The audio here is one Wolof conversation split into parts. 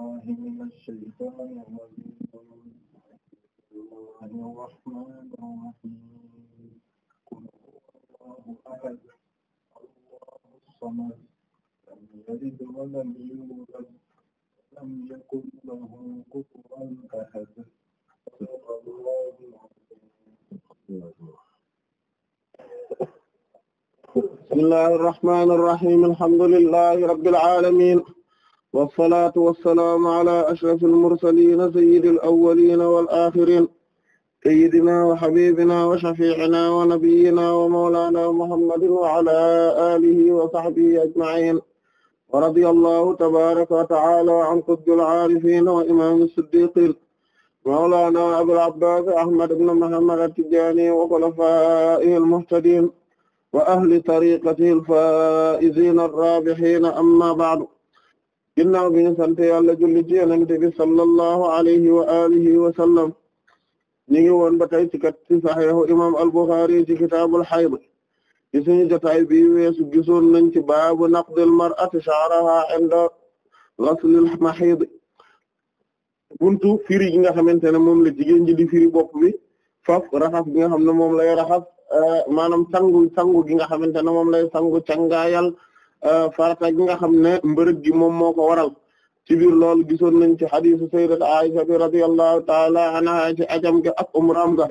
الله من الشيطان الرجيم الله الرحمن الرحيم قل هو الله أحد الله الصمد لم يلد ولم يولد ولم يكن له كفوا أحد صدق الله العظيم بسم الله الرحمن الرحيم الحمد لله رب العالمين wasalaatu wasalaam ala ashrafil mursaliina sayyidil awwaliina wal aaxiriin sayyidinaa wa habiibinaa wa shafii'inaa wa nabiyyinaa wa mawlaanaa muhammadin wa ala aalihi wa sahbihi ajma'iin wa radiyallaahu tabaaraka wa ta'aalaa an qutbil aarifiina wa imaami siddiqiin mawlaanaa abil abbaas ahmad ibn muhammad at-tijaani wa khulafaa'ihil muhtadiin wa ahli tariiqatihil faa'iziina ar-raabihiina ammaa ba'du ginnaaw bi ñu sant yàlla julli ci yonent bi sallallahu alayhi wa alihi wa sallam ñu ngi woon ba tey ci kat ci saxiixu imam al-Bukhari ci kitaabul xayb ci suñu jotaay bi weesu gisoon nañ ci baabu naqdil mar'ati sha'raha 'inda ghaslil mahiid buntu firi gi nga xamante ne moom la jigéen ji di firi bopp bi faf raxas gi nga xam ne moom lay raxas eh, maanaam sangu sangu gi xamante ne moom lay sangu cangaayal Euh, farata gi nga xam ne mbërëg gi moom moo ko waral ci lool loolu gisoon nañ ci hadiisu sayyidat Aisha bi radiyallahu ta'ala anha ci ajam ga ak umraam ga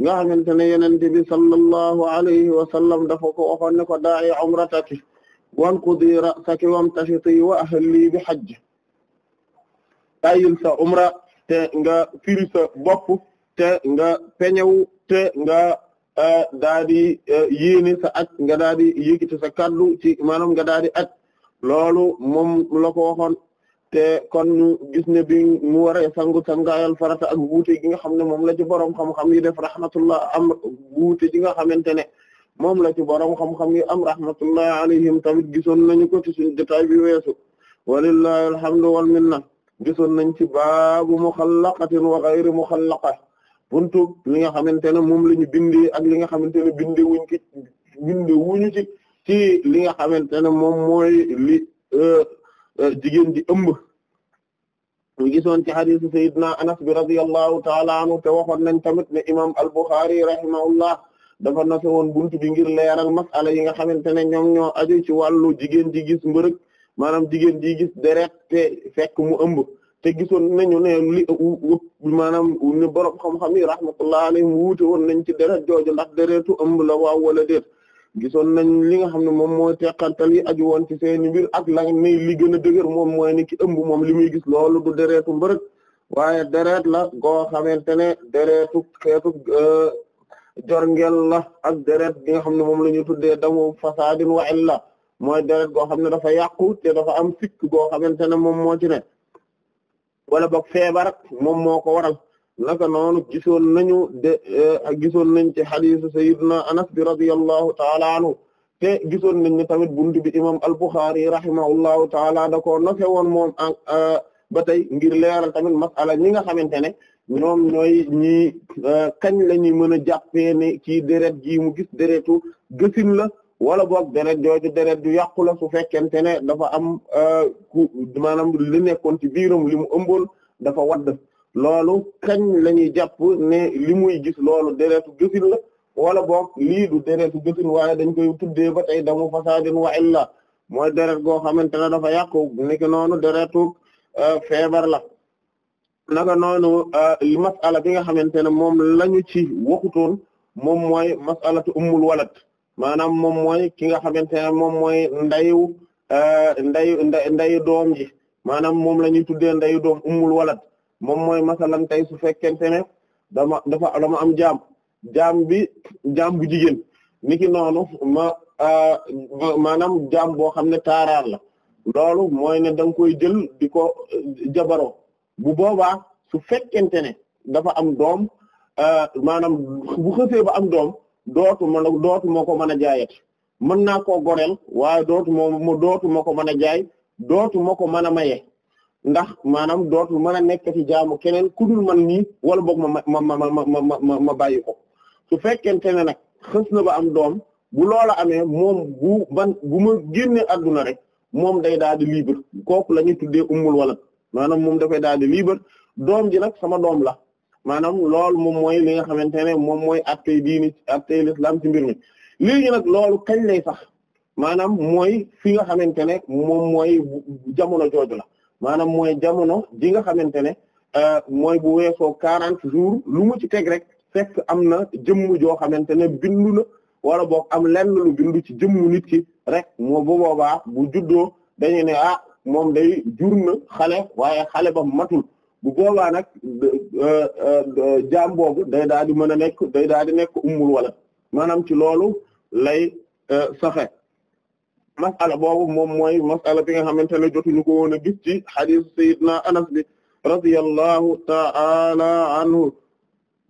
nga xamante ne yenente bi sallallahu alayhi wa sallam dafa ko waxoon ne ko daa'i umrataki wanqudi ra'saki wamtashiti wa ahli bi hajj tayil sa umra te nga firi sa bopp te nga peñew te nga daa di yéene sa aj nga daa di yëkkati sa kaddu ci maanaam nga daa di aj loolu moom la ko waxoon te kon ñu gis ne bi mu waree sangu sangaayal farata ak wuute gi nga xam ne moom la ci borom xam-xam yi def rahmatullah am wuute gi nga xamante ne moom la ci borom xam-xam yi am rahmatullah alayhim tamit gisoon nañu ko ci suñu jotaay bi weesu walillahi alhamdu wal minna gisoon nañ ci baabu muxallaqatin wa ghayri muxallaqa buntu li nga xamante ne moom la ñu ak li nga xamante ne bindee wuñ ci bindee wuñu ci ci li nga xamante ne moom mooy li euh, euh, jigéen di ëmb ñu gisoon ci hadisu sayidna anas bi radiyallahu taala anhu te waxoon nañ tamit ne imam al-Bukhari rahimahullah dafa nase woon buntu bi ngir leeral masala yi nga xamante ne ñoom ñoo aju ci wàllu jigéen di gis mbërëg maanaam jigéen di gis deret te fekk mu ëmb te gisoon nañu ne li maanaam ne borom xam-xam yi rahmatullah alayhim wuute woon nañ ci deret jooju ndax deretu ëmb la waaw wala déet gisoon nañ li nga xam ne moom mooy teqantal yi aju woon ci seeni mbir ak la ni li gën a dëgër moom mooy ni ki ëmb moom li muy gis loolu du deretu mbërëg waaye deret la goo xamante ne deretu xeetu euh, jorngel la ak deret bi nga xam ne moom la ñu tuddee damu fasadin wa illa mooy deret goo xam ne dafa yàqu te dafa am sikk goo xamante ne moom moo ci ne wala boog feebar moom moo ko waral naka noonu gisoon nañu de eh, gisoon nañ ci hadiisu sayyidina anas bi radiyallahu taala anhu te gisoon nañ ne tamit buntu bi imam al-Bukhari rahimahullahu taala da ko nofe woon moom eh, ba tey ngir leeral tamit masala ñi nga xamante ne ñoom ñooy ñi eh, kañ la ñuy mën a jàppee ne kii deret gi mu gis deretu gësin la wala boog deret jooju deret ju yàqu la su fekkente ne dafa am mana euh, maanaam li nekkoon ci biiram li mu ëmboon dafa wadd loolu kañ la ñuy jàpp ne li muy gis loolu deretu gësin la wala boog lii du deretu gësin waaye dañ koy tuddee ba tey damu fasaadin wa la mooy deret goo xamante ne dafa yàqu niki noonu deretu euh, feebar la naka noonu euh, li masala bi nga xamante ne moom lañu ci waxutoon moom mooy masalatu ummul walad maanaam moom mooy ki nga xamante ne moom mooy ndayu ndayu ndayu doom ji maanaam moom la ñuy tuddee ndayu doom ummul walad moom mooy masalan tey su fekkente ne dama dafa dama am jaam jaam bi jaam bu jigéen niki noonu ma euh, maanaam jaam boo xam ne taaraar la loolu mooy ne da koy jël di ko euh, jabaroo bu boobaa su fekkente ne dafa am doom euh, maanaam bu xësee ba am doom dootu ma dootu ko mën a jaayati mën naa koo goreel waaye dootu ma dootu ko mën a jaay dootu ma ko mën a maye ndax maanaam dootu mën a nekk ci jaamu keneen ku dul man nii wala boog ma ma ma ma ma ma ma bàyyi ko su fekkente ne nag xës na ba am doom bu loola amee moom bu ban bu ma génne adduna rek moom day daal di libre kooku la ñuy tuddee ummul wala maanaam moom dafay daal di libre doom ji nag sama doom la. maanaam loolu moom mooy li nga xamante ne moom mooy attey diini attey l'islam ci mbir mi léegi nag loolu kañ lay sax maanaam mooy fi nga xamante ne moom mooy jamono jooju la maanaam mooy jamono ji nga xamante ne euh, mooy bu weesoo quarante jours lu mu ci teg rek fekk am na jëmm joo xamante ne bindu na wala boog am lenn lu bindu ci jëmmu nit ki rek moo bu boobaa bu juddoo dañu ne ah moom day jur na xale waaye xale ba matul bu boobaa nag euh, euh, euh, jaam boobu day daal di mën a nekk day daal di nekk ummul wala maanaam ci loolu lay saxe masala boobu moom mooy masala bi nga xamante ne jotuñu ko woon a gis ci hadith sayyidina anas bi radiyallahu ta'ala anhu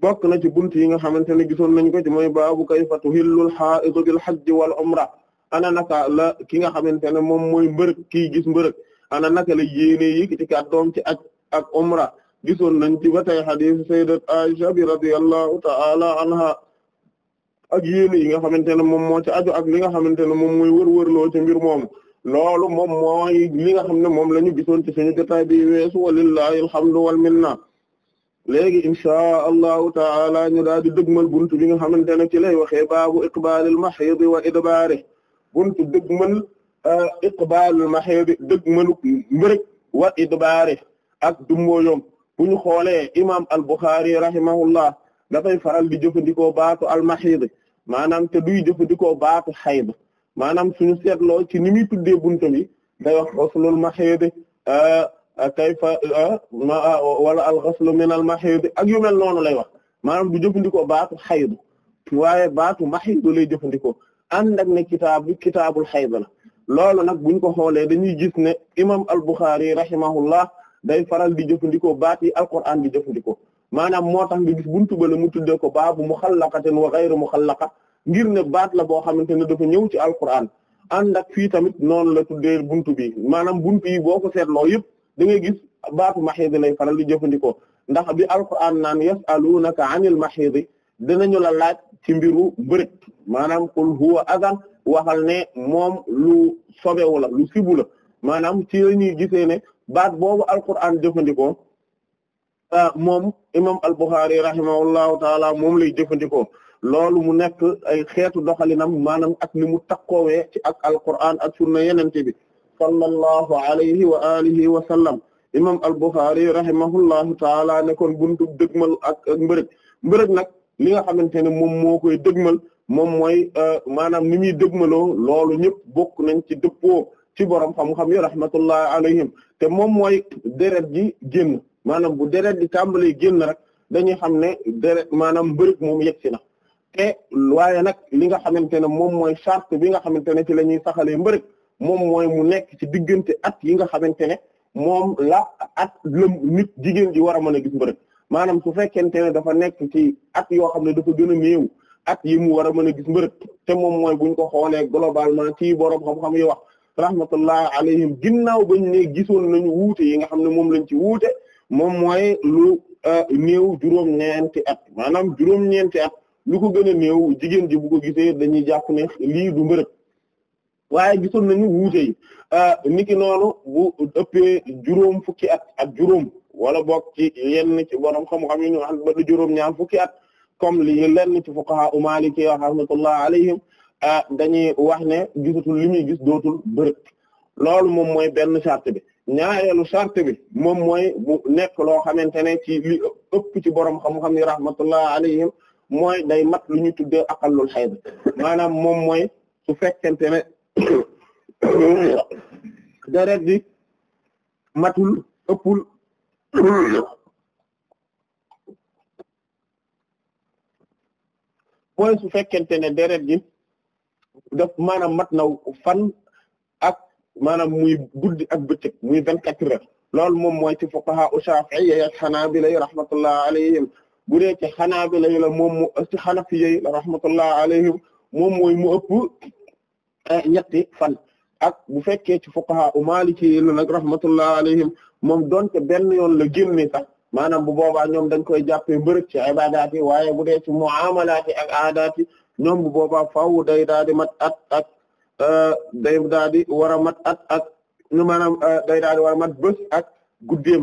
bokk na ci bunt yi nga xamante ne gisoon nañ ko ci mooy baabu kayfa tuhillul ha'idu bil wala wal umra ana naka la ki nga xamante ne moom mooy mbërëg kii gis mbërëg ana naka la yéene yi ci kàddoom ci ak ak umra gisoon nañ ci ba tey hadith sayyidat Aisha bi radiyallahu ta'ala anha ak yéen yi nga xamante ne moom moo ci aju ak li nga xamante ne moom mooy wër-wërloo ci mbir moom loolu moom mooy li nga xam ne moom la ñu gisoon ci suñu jotaay bi weesu walillahi alhamdu wal minna léegi insha allahu taala ñu daal di dëgmal buntu bi nga xamante ne ci lay waxee baabu iqbaalil maxiidi wa idbaari buntu dëgmal iqbaalil maxiidi dëgmalu mbërëg wa idbaari ak dumbooyom bu ñu xoolee imam al-Bukhari rahimahullah dafay faral di jëfandikoo baatu al-mahid maanaam te duy jëfandikoo baatu xayd maanaam suñu seetloo ci ni muy tuddee buntu bi day wax ghuslul mahid ah, kayfa ah, wala al-ghuslu min al-mahid ak yu mel noonu lay wax maanaam du jëfandikoo baatu xayd waaye baatu mahid lay jëfandikoo ànd ak ne kitaab bi kitaabul xayd la loolu nag buñ ko xoolee dañuy gis ne imaam al-Bukhari rahimahullah day faral di jëfandikoo baat yi alquran di jëfandikoo maanaam moo tax nga gis buntu ba la mu tuddee ko baabu muxallaqatin wa ghayru muxallaqa ngir ne baat la boo xamante ne dafa ñëw ci alquran ànd ak fii tamit noonu la tuddee buntu bi maanaam buntu yi boo ko seetloo yëpp da ngay gis baatu maxiidi lay faral di jëfandikoo ndax bi alquran naan yasalunaka anil maxiidi dinañu la laaj ci mbiru bërëg maanaam qul huwa adan waxal ne moom lu sobewu lu sibu la maanaam ci la ñuy gisee ne baat boobu alquran jëfandikoo ah, moom imam al-Bukhari rahimahullahu taala moom lay jëfandikoo loolu mu nekk ay xeetu doxalinam maanaam ak ni mu takkoowee ci ak alquran ak sunna yenente bi sallallahu alayhi wa alihi wa sallam imam al-Bukhari rahimahullahu taala ne kon buntu dëgmal ak ak mbërëg mbërëg nag li nga xamante ne moom moo koy dëgmal moom mooy ah, maanaam ni muy dëgmaloo loolu ñëpp bokk nañ ci dëppoo ci borom xam-xam yi rahmatullah alayhim te moom mooy deret ji génn maanaam bu deret di tàmbalee génn rek dañuy xam ne deret maanaam mbërëg moom yegg si na waaye nag li nga xamante ne moom mooy charte bi nga xamante ne ci la saxalee mbërëg moom mooy mu nekk ci diggante at yi nga xamante ne moom la at lëm nit jigéen ji war a mën a gis mbërëg maanaam su fekkente ne dafa nekk ci at yoo xam ne dafa gën a néew at yi mu war a mën a gis mbërëg te moom mooy buñ ko xoolee globalement ci borom xam-xam yi rahmatullah alayhim ginnaaw bañ ne gisoon nañu wuute yi nga xam ne moom lañ ci wuute moom mooy lu euh, néew juróom-ñeenti at maanaam juróom-ñeenti at lu ko gën a jigéen ji bu ko gisee dañuy jàpp ne lii du mbërëg waaye gisoon nañu wuute yi euh, niki noonu bu ëppee juróom fukki at ak juróom wala boog ci yenn ci borom xam-xam yi ñu wax ba du juróom-ñaar fukki at comme li lenn ci fuqaha u Maliki wa rahmatullah alayhim Ah, dañuy wax ne gisatul li muy gis dootul bëri loolu moom mooy benn charte bi ñaareelu charte bi moom mooy bu nekk loo xamante ne ci li ëpp ci borom xam-xam ni rahmatullah alayhim mooy day mat lu ñu tuddee aqallul hayd maanaam moom mooy su fekkente ne deret bi matul ëppul mooy su fekkente ne deret bi daf maanaam mat na fan ak maanaam muy guddi ak bëccëg muy vingt quatre heures loolu moom mooy ci fuqaha u Shafi'iyya bi Hanabila rahmatullah alayhim bu dee ci Hanabila la moom mu ci Hanafiyya rahmatullah alayhim moom mooy mu ëpp eh, ñetti fan ak bu fekkee ci fuqaha u Maliki la nag rahmatullah alayhim moom donte benn yoon la génne sax maanaam bu boobaa ñoom dañ koy jàppee mbërëg ci ibadaat yi waaye bu dee ci muamalaat yi ak aadaat ñoom bu boobaa faaw day daal mat at ak euh, day daal war a mat at ak maanaam euh, day daal di mat bés ak guddeem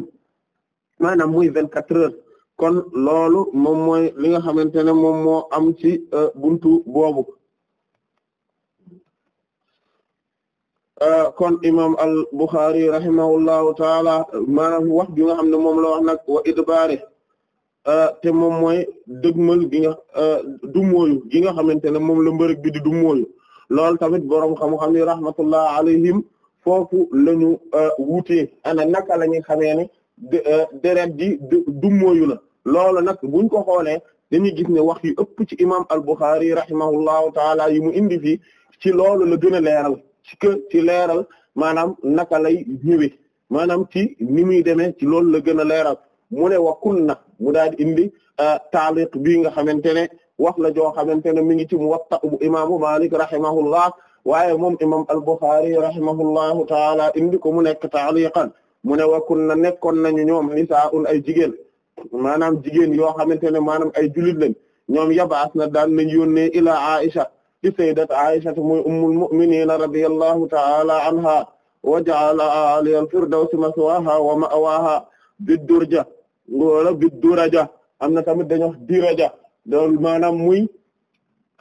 maanaam muy vingt quatre heures kon loolu moom mooy li nga xamante ne moom moo am ci euh, buntu boobu kon imam al Bukhari rahimahullahu taala maanaam wax ju xam ne moom la wax wa idbaari Euh, te moom mooy dëgmal gi nga euh, du mooyu gi nga xamante ne moom la mbërëg bi di du mooyu loolu tamit boroom xam-xam yi rahmatullah alayhim foofu la ñu euh, wuutee ana naka la ñuy xamee ne deret ji du mooyu la loolu nag buñ ko xoolee dañuy gis ne wax yu ëpp ci imam al-Bukhari rahimahullahu taala yi mu indi fii ci loolu la gën a leeral ci que ci leeral maanaam naka lay ñëwee maanaam ci ni muy demee ci loolu la gën a leeral mu ne wa kunna mu daal di indi euh, taaliq bii nga xamante ne wax la joo xamante ne mi ngi ci Muwatta bu imaamu Malik rahimahullah waaye moom imaam al-Bukhari rahimahullahu taala indi ko mu nekk taaliqan mu ne wa kunna nekkoon nañu ñoom nisaa'un ay jigéen maanaam jigéen yoo xamante ne maanaam ay julit lañ ñoom yabaas na daan nañ yónnee ilaa Aisha di sayyidat Aisha muy ummul mu'minina radiyallahu ta'ala anha wa ja'ala al-firdaws maswaha wa ma'waha bid-durja wala bi duraja am na tamit dañuy wax diraja loolu maanaam muy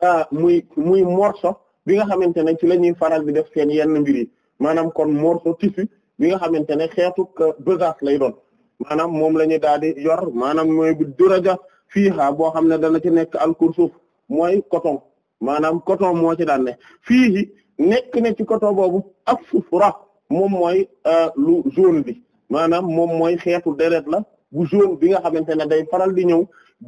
ah muy muy morceau bi nga xamante ne ci la ñuy faral di def seen yenn mbir yi maanaam kon morceau tissu bi nga xamante ne xeetu besace lay doon maanaam moom la ñuy daal di yor maanaam mooy bi duraja fii xaa boo xam ne dana ci nekk alkursuuf mooy coton maanaam coton moo ci daan ne fii nekk na ci coton boobu ak sufra moom mooy lu jaune bi maanaam moom mooy xeetu deret la. bu jaune bi nga xamante ne day faral di ñëw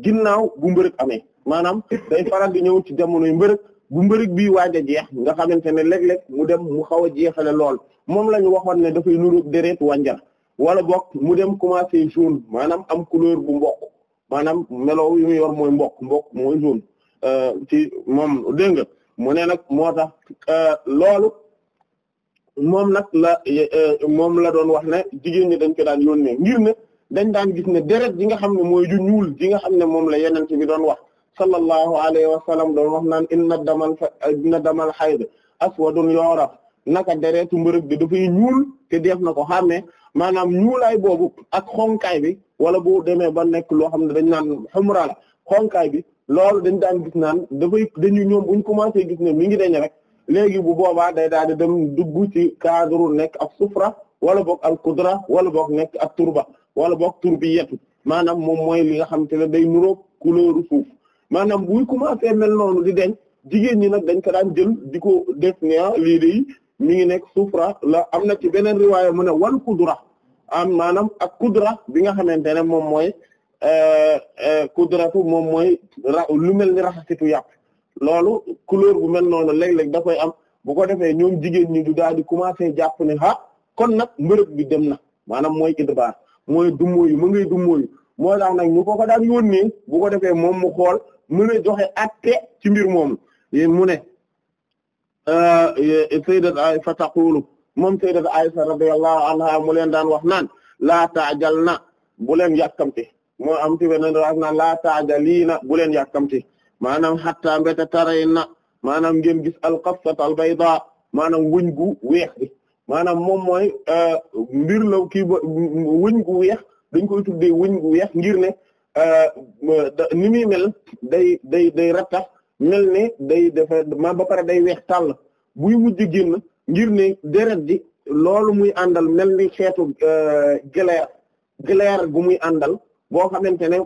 ginnaaw bu mbërëg amee maanaam day faral di ñëw ci jamonoy mbërëg bu mbërëg bi waaj a jeex nga xamante ne léeg-léeg mu dem mu xaw a jeexale lool moom la ñu waxoon ne dafay nuru deret wànjar wala bokk mu dem commencé jaune maanaam am couleur bu mboq maanaam melo yu mu yor mooy mboq mboq mooy jaune euh, ci moom dégg nga mu ne nag moo tax euh, loolu moom nag la euh, moom la doon wax ne jigéen ñi dañ ko daan yónnee ngir ne dañ daan gis ne deret ji nga xam ne mooy ju ñuul ji nga xam ne moom la yenente bi doon wax sallallahu alayhi wa sallam doon wax naan inna damal inna damal hayd aswadun yu'raf naka deretu mbërëg bi dafay ñuul te def na ko xàmmee maanaam ñuulaay boobu ak xonkaay bi wala boo demee ba nekk loo xam ne dañ naan xumra xonkaay bi loolu dañ daan gis naan dafay dañu ñoom buñ commencé gis ne mi ngi dañ rek léegi bu boobaa day daal di dem dugg ci cadre nekk ak sufra wala boog al kudra wala boog nekk ak turba wala boog tur bi yetu maanaam moom mooy li nga xamante ne day nuroog couleur suuf maanaam buy commencé mel noonu di deñ jigéen ñi nag dañ ko daan jël di ko def ne ah lii de mi ngi nekk sufra la am na ci beneen riwaaya mu ne wal kudra am maanaam ak kudra bi nga xamante ne moom mooy euh, euh, kudratu moom mooy ra lu mel ni raxasitu yàpp loolu couleur gu mel noonu léeg-léeg da koy am bu ko defee ñoom jigéen ñi du daal di commencé jàpp ne ah kon nag mbërëb bi dem na maanaam mooy idbaar mooy dummóoyu mu ngay dummóoyu moo tax nag ñu ko ko daan yónnee bu ko defee moom mu xool mu a joxe atte ci mbir moomu yéen mu ne euh, sayyidat Aisha taqulu moom sayyidat Aisha radiyallahu anha mu leen daan wax naan laa taajalna bu leen yàkkamte moo am ci beneen wax naan laa taajaliina bu leen yàkkamte maanaam hatta mbete tarayna maanaam ngeen gis al qafsata al bayda maanaam wuñ gu weex bi maanaam moom mooy euh, mbir la kii ba wëñ gu weex dañ koy tuddee wëñ gu weex ngir ne euh, euh, ni muy mel day day day rattax mel ne day dafa ma ba pare day weex tàll buy mujj génn ngir ne deret ji loolu muy àndal mel ni xeetu glaire glaire gu muy àndal boo xamante ne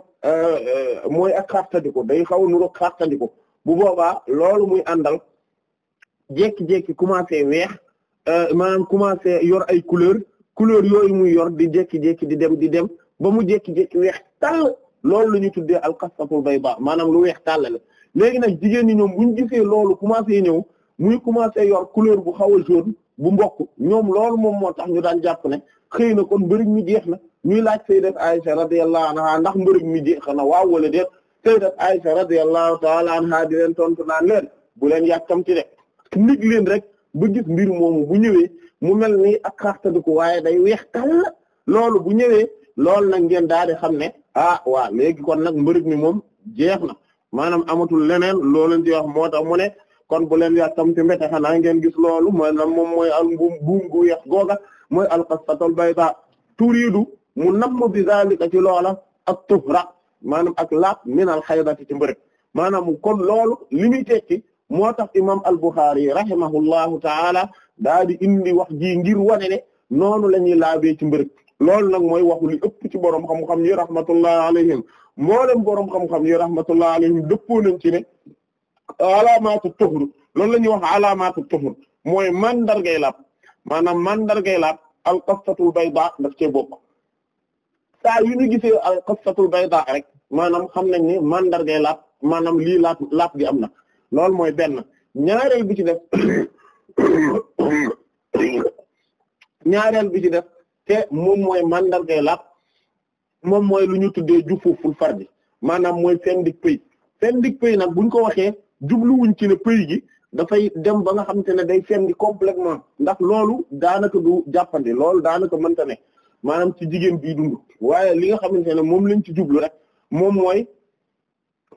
mooy ak xaartandiko day xaw a nuroog xaartandiko bu boobaa loolu muy àndal jékki-jékki commencé weex Euh, maanaam commencé yor ay couleur couleur yooyu muy yor di jekki-jekki di dem di dem ba mu jekki-jekki weex tàll loolu la ñuy tuddee bay bayda maanaam lu weex tàll la léegi nag jigéen ñi ñoom bu ñu gisee loolu commencé ñëw muy commencé yor couleur bu xaw a jaune bu mbokk ñoom loolu moom moo tax ñu daan jàpp ne xëy na kon mbërig mi jeex na ñuy laaj sayyidat Aisha radiyallahu anha ndax mbërig mi jeex na waaw wala déet sayyidat Aisha radiyallahu ta'ala anha di leen tontu naan leen bu leen yàkkamti rek nig leen rek ba gis mbir moomu bu ñëwee mu mel ni ak xaxtadiko waaye day weex kàll loolu bu ñëwee loolu na ngeen daal di xam ne ah waa léegi kon nag mbërëg mi moom jeex na maanaam amatul leneen looleen di wax moo tax mu ne kon bu leen yàkkamti mbete xanaa ngeen gis loolu maanaam moom mooy al mbuum buum gu yeex googa mooy alxastatul bayda turiidu mu namm bi zalika ci loola ak tuhra maanaam ak laab minal xaydati ci mbërëg maanaam kon loolu li muy moo tax imam al-Bukhari rahimahullahu taala daa di indi wax ji ngir wane noonu la ñuy laabee ci mbërëg loolu nag mooy waxu li ëpp ci borom xam-xam yi rahmatullah alayhim mboolem borom xam-xam yi rahmatullah alayhim dëppoo nañ ci ne alaamaatu tuhur loolu la ñuy wax alaamaatu tuhur mooy mandargay laab maanaam mandargay laab al-qassatul bayda daf cee bokk saa yi ñu gisee al-qassatul bayda rek maanaam xam nañ ne mandargay laab maanaam lii laab gi am na loolu mooy benn ñaareel bi ci def ñaareel bi ci def te moom mooy mandargay làpp moom mooy lu ñu tuddee jufuuful bi maanaam mooy seen dig pëy seen dig pëy nag buñ ko waxee jubluwuñ ci ne pëy gi dafay dem ba nga xamante ne day seen di complètement ndax loolu daanaka du jàppandi loolu daanaka mënta ne maanaam ci jigéen bii dund waaye li nga xamante ne moom lañ ci jublu rek moom mooy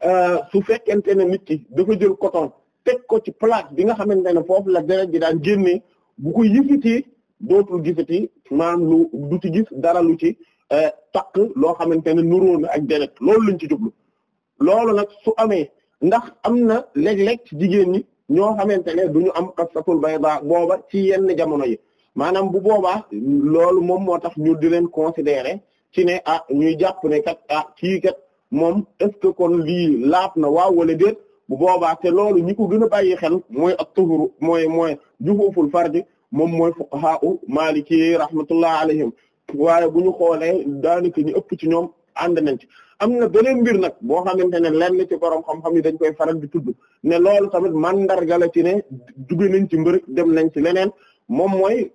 Euh, su fekkente ne nit ki dafa jël coton teg ko ci plaque bi nga xamante ne foofu la deret ji daan génnee bu ko yëkkati dootul gisati maanaam lu du ci gis dara lu ci euh, takk loo xamante ne nuroo na ak deret loolu lañ ci jublu loolu nag su amee ndax am na léeg-léeg ci jigéen ñi ñoo xamante ne du ñu am kasatul bayda booba ci yenn jamono yi maanaam bu boobaa loolu moom moo tax ñu di leen considérer ci ne ah ñuy jàpp ne kat ah kii kat moom est ce que kon lii laab na waaw wala déet bu boobaa te loolu ñi ko gën a bàyyi xel mooy a tuhur mooy mooy jufuuful farj moom mooy fuqahaa u maaliki rahmatullah alayhim waaye bu ñu xoolee daanaka ñu ëpp ci ñoom ànd nañ ci am na beneen mbir nag boo xamante ne lenn ci borom xam-xam yi dañ koy faral di tudd ne loolu tamit mandarga la ci ne juge nañ ci mbir dem nañ ci leneen moom mooy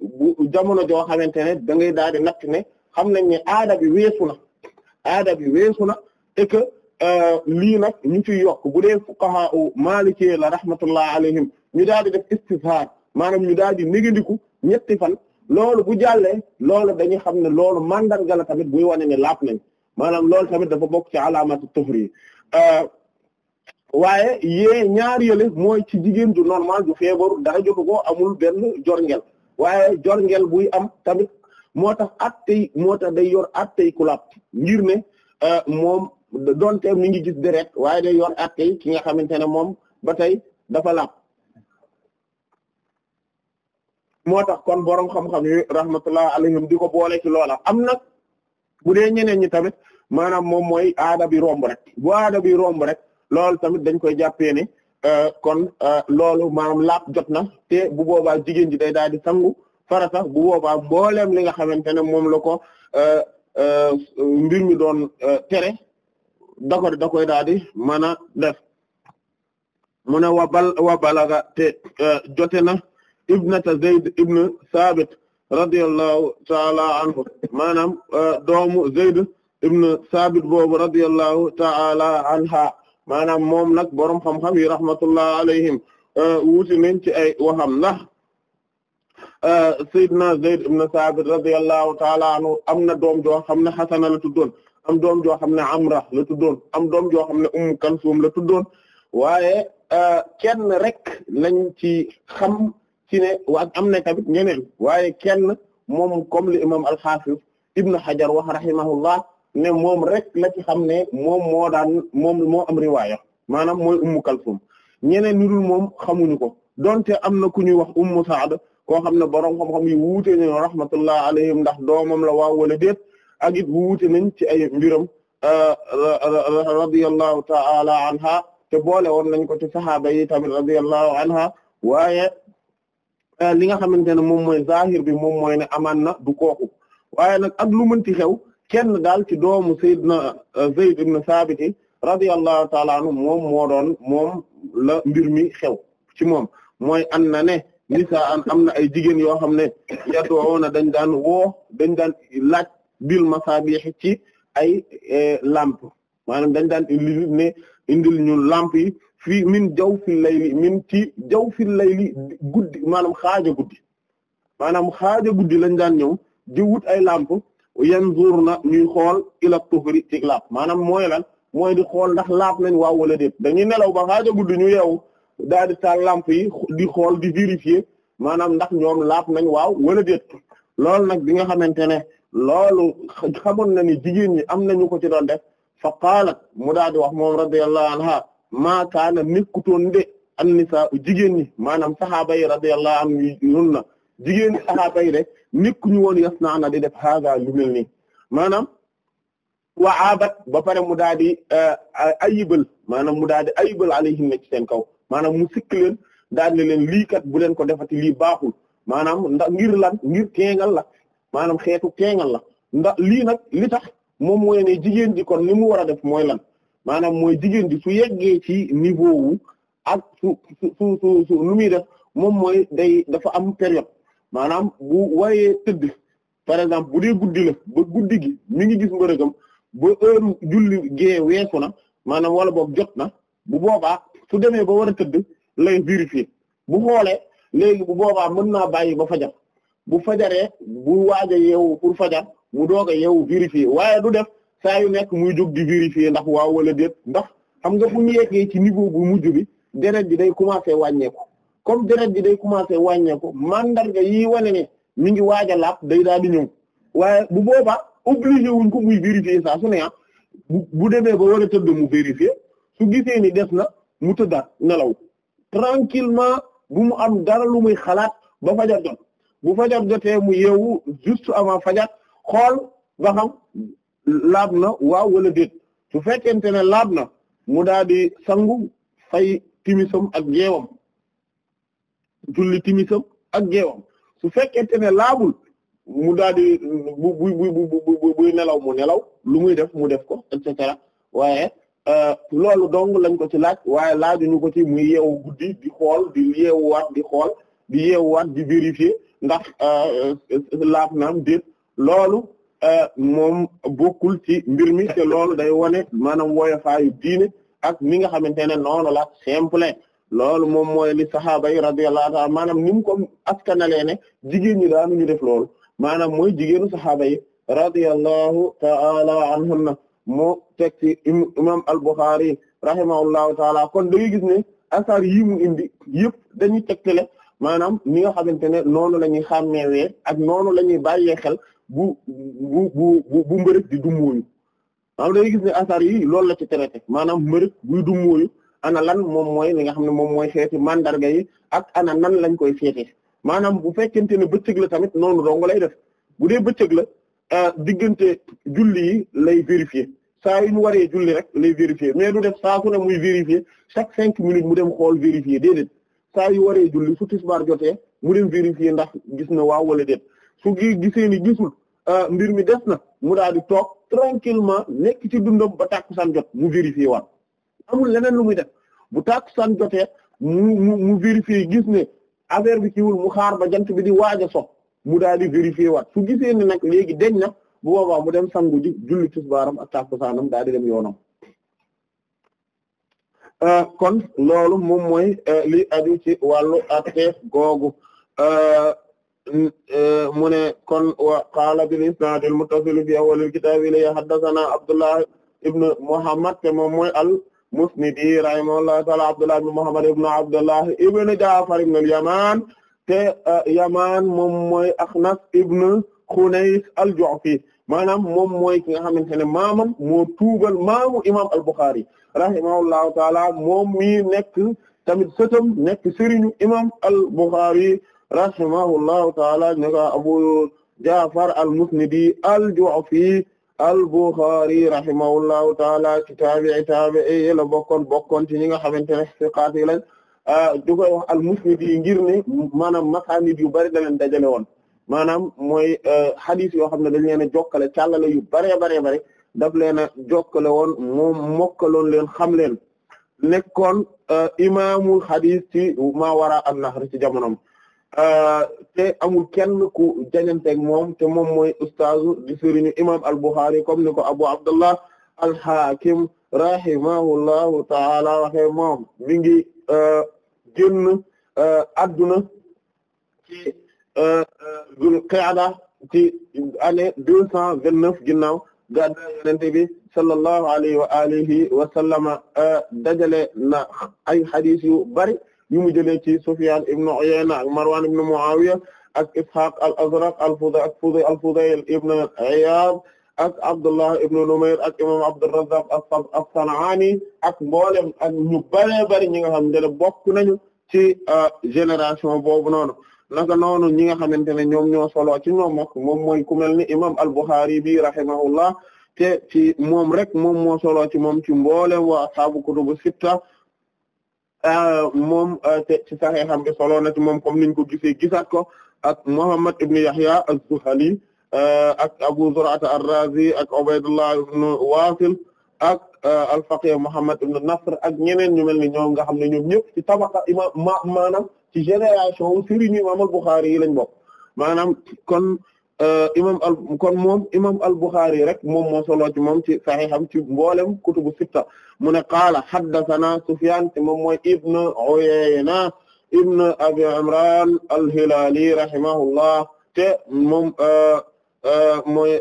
jamono joo xamante ne da ngay daal di natt ne xam nañ ne aada bi weesu na aada bi weesu na et que euh, lii nag ñu ciy yokk bu dee fuqaha u maalikee la rahmatullah alayhim ñu daal def istizhar maanaam ñu daal di négandiku ñetti fan loolu bu jàllee loolu dañuy xam ne loolu mandarga la tamit buy wane ne laap nañ maanaam loolu tamit dafa bokk ci alaamatu tufri euh, waaye yee ñaar yële mooy ci jigéen ju normal du feebaru dara jotu ko amul benn jorngel waaye jorngel buy am tamit moo tax at tey moo tax day yor at tey ku laap ne euh, moom donte mi ngi gis deret waaye day yor at ki nga xamante ne moom ba tey dafa laab moo tax kon borom xam-xam yi rahmatullah alayhim di ko boole ci loola am nag bu dee ñeneen ñi tamit maanaam moom mooy aada bi romb rek bu aada bi romb rek loolu tamit dañ koy jàppee ne euh, kon euh, loolu maanaam laab jot na te bu boobaa jigéen ji day daal di sangu farata bu boobaa mbooleem li nga xamante ne moom la ko euh, mbir mi doon tere. da ko da koy daal di mën a def mu wa bal wa balaga te e, jote na ibnata Zayd ibn Sabit radiyallahu ta'ala anhu maanaam e, doomu Zayd ibn Sabit boobu radiyallahu ta'ala anha maanaam moom nag borom xam-xam yi rahmatullah alayhim e, wuti nañ ci ay waxam ndax Seydina Zayd ibn Sabit radiyallahu ta'ala anhu am na doom joo xam ne Hasan la tuddoon am doom joo xam ne Amra la tuddoon am doom joo xam ne Umm Kalsum la tuddoon waaye euh, kenn rek lañ ci xam ci ne waa am na tamit ñeneen waaye kenn moom comme li imam al-Hafiz na Hajar wax rahimahullah ne moom rek la ci xam ne moom moo daan moom moo am riwaaya maanaam mooy Umm Kalsum ñeneen ñu dul moom xamuñu ko donte am na ku ñuy wax Umm Saad koo xam ne borom xam-xam yi wuute ñu rahmatullah alayhim ndax doomam la waaw wala déet ak it nañ ci ay mbiram euh, radiyallahu ta'ala anha te boole woon nañ ko ci saxaaba yi tamit radiyallahu anha waaye euh, li nga xamante ne moom mooy zahir bi moom mooy ne amaan na du kooku waaye nag ak lu mënti xew kenn daal ci doomu Seydina euh, Zayd ibn Sabit radiyallahu ta'ala anhu moom moo doon moom la mbir mi xew ci moom mooy an na ne nisaa am na ay jigéen yoo xam ne yatoo na dañ daan woo dañ daan laaj bil masabih ci ay eh, lamp maanaam dañ daan indi ne indil ñu làmp yi fii min jaw fi layli min ci jaw fi layli guddi maanaam xaaja guddi maanaam xaaja guddi lañ daan ñëw di wut ay lamp na ñuy xool ila tuhri ci laap maanaam mooy lan mooy di xool ndax laap nañ waaw wala déet dañuy nelaw ba xaaja guddi ñu yeewu daal di taal lamp yi di xool di vérifier maanaam ndax ñoom laap nañ waaw wala déet loolu nag bi nga xamante ne loolu xamoon na ni jigéen ñi am nañu ko ci doon def fa qaalat mu daal di wax moom radiyallahu anha maa kaana nekkutoon de an nisaa jigéen ñi maanaam saxaaba yi radiyallahu anhum na jigéen ñi saxaaba yi de nekkuñu woon yas naa na di def haaga lu mel nii maanaam wa aabat ba pare mu daal di eh, ayibal maanaam mu daal di ayibal alayhim na ci seen kaw maanaam mu sikk leen daal di leen lii kat bu leen ko defati lii baaxul maanaam ndax ngir lan ngir teengal la. maanaam xeetu keengal la ndax lii nag li tax moom mooy jigéen ji kon li mu war a def mooy lan maanaam mooy jigéen ji su yeggee ci niveau wu ak su su su su lu muy def moom mooy day dafa am période maanaam bu waree tëdd par exemple bu dee guddi la ba guddi gi mi ngi gis mbërëgam bu heure julli gee weesu na maanaam wala boog jot na bu boobaa su demee ba war a tëdd lay vérifier bu xoolee léegi bu boobaa mën naa bàyyi ba fajar bu fajaree bu waaj a yeewu pour fajar mu doog a yeewu vérifier waaye du def saa yu nekk muy jóg di vérifier ndax waaw wala déet ndax xam nga bu ñu yeggee ci niveau bu mujj bi deret bi day commencer wàññeeku comme deret bi day commencer wàññeeku mandarga yi wane mi ngi waaj a laab day daal di ñëw waaye bu boobaa obligé wuñ ko muy vérifier saa su ne ah bu demee ba war a tëdd mu vérifier su gisee ni des na mu tëddaat nelaw tranquillement bu mu am dara lu muy xalaat ba fajar jot bu fajar jotee mu yewu juste ama fajar xool ba xam laab na waaw wala déet su fekkente ne laab na mu daal di sangu fay timisam ak geewam julli timisam ak geewam su fekkente ne laabul mu daal di bu bu bu buy nelaw mu nelaw lu muy def mu def ko et cetera waaye euh, loolu dong lañ ko ci laaj waaye laajuñu ko ci muy yeewu guddi di xool di yeewuwaat di xool di yeewuwaat di vérifier ndax euh, euh, laab na am déet loolu euh, moom bokkul ci mbir mi te loolu day wane maanaam woyofaayu diine ak ni nga xamante ne noonu la simple loolu moom mooy li saxaaba yi radiyallahu ta'ala maanaam ni mu kom askanalee ne jigéen ñi daanu ñu def lool maanaam mooy jigéenu saxaaba yi radiyallahu ta'ala anhunna moo teg ci imam al-Bukhari rahimahullahu ta'ala kon da gis ne asar yi mu indi yëpp dañuy tegtale maanaam ni nga xamante ne noonu la ñuy xàmmeewee ak noonu la ñuy bàyyee xel bu bu bu bu di dummóoyu maanaam dañuy gis ne asar yi loolu la ci traité maanaam mbërëg buy dummóoyu ana lan moom mooy li nga xam ne moom mooy seeti mandarga yi ak ana nan lañ koy seeti maanaam bu fekkente ne bëccëg la tamit noonu dong lay def bu dee bëccëg la euh, diggante julli yi lay vérifier saa yi ñu waree julli rek lay vérifier mais du def saa su ne muy vérifier chaque cinq minutes mu dem xool vérifier déedéet saa yu waree julli su tisbaar jotee mu dem vérifier ndax gis na waaw wala déet su gisee ni gisul euh, mbir mi des na mu daal di toog tranquillement nekk ci dundam ba tàkkusaan jot mu vérifier waat amul leneen lu muy def bu tàkkusaan jotee mu mu mu vérifier gis ne affaire bi kiwul mu xaar ba jant bi di waaj a so mu daal di vérifier waat su gisee ne nag léegi deñ na bu boobaa mu dem sangu ji julli tisbaaram ak tàkkusaanam daal di dem yoonam Euh, kon loolu moom mooy euh, li aju ci wàllu atteef googu euh, mu ne kon wa qaala bil isnaad al muttasil fi awwal al kitaab ilay Abdullah ibn Muhammad te moom mooy al musnidi rahimahullahu ta'ala Abdullah ibn Muhammad ibn Abdullah ibn Ja'far ibn al te Yamaan moom mooy Akhnas ibn Khunays al Ju'fi maanaam moom ki nga xamante ne maamam moo tuugal maamu imaam al Bukhari rahimahullahu taala moom mii nekk tamit sëtam nekk sëriñu imam al-Bukhari rahimahullahu taala ñu ko Abu Ja'far al-Musnidi al-Ju'fi al-Bukhari rahimahullahu taala ci taabi'i taabi'i yi la bokkoon bokkoon ci ñi nga xamante ne siqaat yi lañ ah, du koy wax al-Musnidi ngir ne maanaam masaanid yu bari da leen dajale woon maanaam mooy ah, hadith yoo xam ne dañ leen a jokkale càllale yu bare bare bare daf leen a jokkale woon moom mokkaloon leen xam leen nekkoon euh, imamu hadis ci maa wara an-nahr ci jamonoom euh, te amul kenn ku jañanteeg moom te moom mooy ustaazu di sëriñu imaam al-Bukhari comme ni Abu Abdullah al-Hakim rahimahullahu ta'ala waxe moom mi ngi euh, génn adduna ci Dhul Qa'da ci deux cent vingt neuf ginnaaw gàddaa yonent bi sallallahu alayhi wa alihi wa sallama euh, dajale na ay xadis yu bari yu mu jëlee ci Sufyan ibn Uyayna ak Marwan ibn Muawiya ak Ishaq al-Azraq al-Fudayl ak al-Fudayl ibn Iyad ak Abdullah ibn Numayr ak imam Abdurrazzaq as-San'ani ak mboolem ak ñu bari bari ñi nga xam ne bokk nañu ci euh, génération boobu noonu. naka noonu ñi nga xamante ne ñoom ñoo solo ci ñoom moom mooy ku mel ni imam al-Bukhari bi rahimahullah te ci moom rek moom moo solo ci moom ci mboole waa ashaabu kutubu sitta euh, moom euh, te ci saxiixam bi solo na ci moom comme niñ ko gisee gisaat ko ak Muhammad ibn Yahya az-Zuhali euh, ak Abu Zur'ata ar-Razi ak Ubaydullah ibn Wasil ak al-Faqih Muhammad ibn Nasr ak ñeneen ñu mel ni ñoom nga xam ne ñoom ñëpp ci tabaqa imam maanaam ci génération wu sëriñu imam al-Bukhari yi bokk maanaam kon euh, imam kon moom imam al-Bukhari rek moom moo solo ci moom ci sahiham ci mboolem kutubu sitta mu ne qaala haddathana Sufyan te moom mooy ibn Uyayna ibn Abi Imran al-Hilali rahimahullah te moom euh, euh, mooy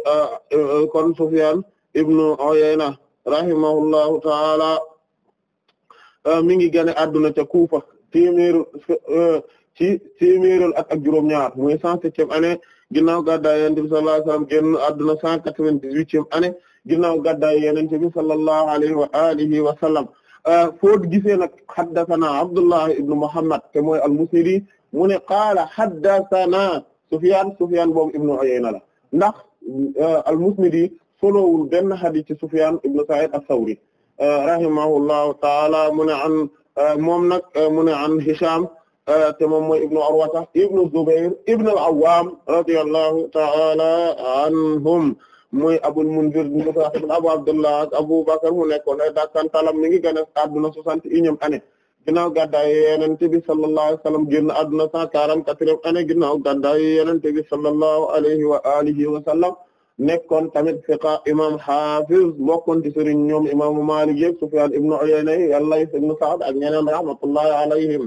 kon Sufyan ibn Uyayna rahimahullahu taala mi ngi gane adduna ca Kufa téeméeru euh, ci téeméeru at ak juróom-ñaar muy cent septième année ginnaaw gàddaay Yonent bi sallallahu alayhi wa sallam génn àdduna cent quatre-vingt-dix-huitième année ginnaaw gàddaay Yonent bi sallallahu alayhi wa alihi wa sallam euh, foo gisee nag haddathana Abdullah ibn Muhammad te mooy al-Musnidi mu ne qaala haddathana Sufyan Sufyan boobu ibn Uyayna la ndax euh, al-Musnidi solowul benn hadith ci Sufyan ibn Sa'id as-Sawri rahimahullahu ta'ala mu ne an Euh, moom nag euh, mu ne an Hisham euh, te moom mooy ibnu Urwata ibnu Zubayr ibnu al-Awwam radiyallahu ta'ala anhum mooy Abul Munzir ibn Abu Abdullah Abu Bakr mu nekkoon ay dakkan talam mi ngi gane adduna soixante et unième année ginnaaw gàddaay Yonent bi sallallahu alayhi wa sallam génn adduna cent quarante-quatrième année ginnaaw gàddaay Yonent bi sallallahu alayhi wa alihi wa sallam nekkoon tamit fiqa imam hafiz bokkoon ci sëriñ ñoom imaamu Maalik yëpp Sufyaan ibnu Uyayna al-Layth ibnu Sa'd ak ñeneen rahmatullahi alayhim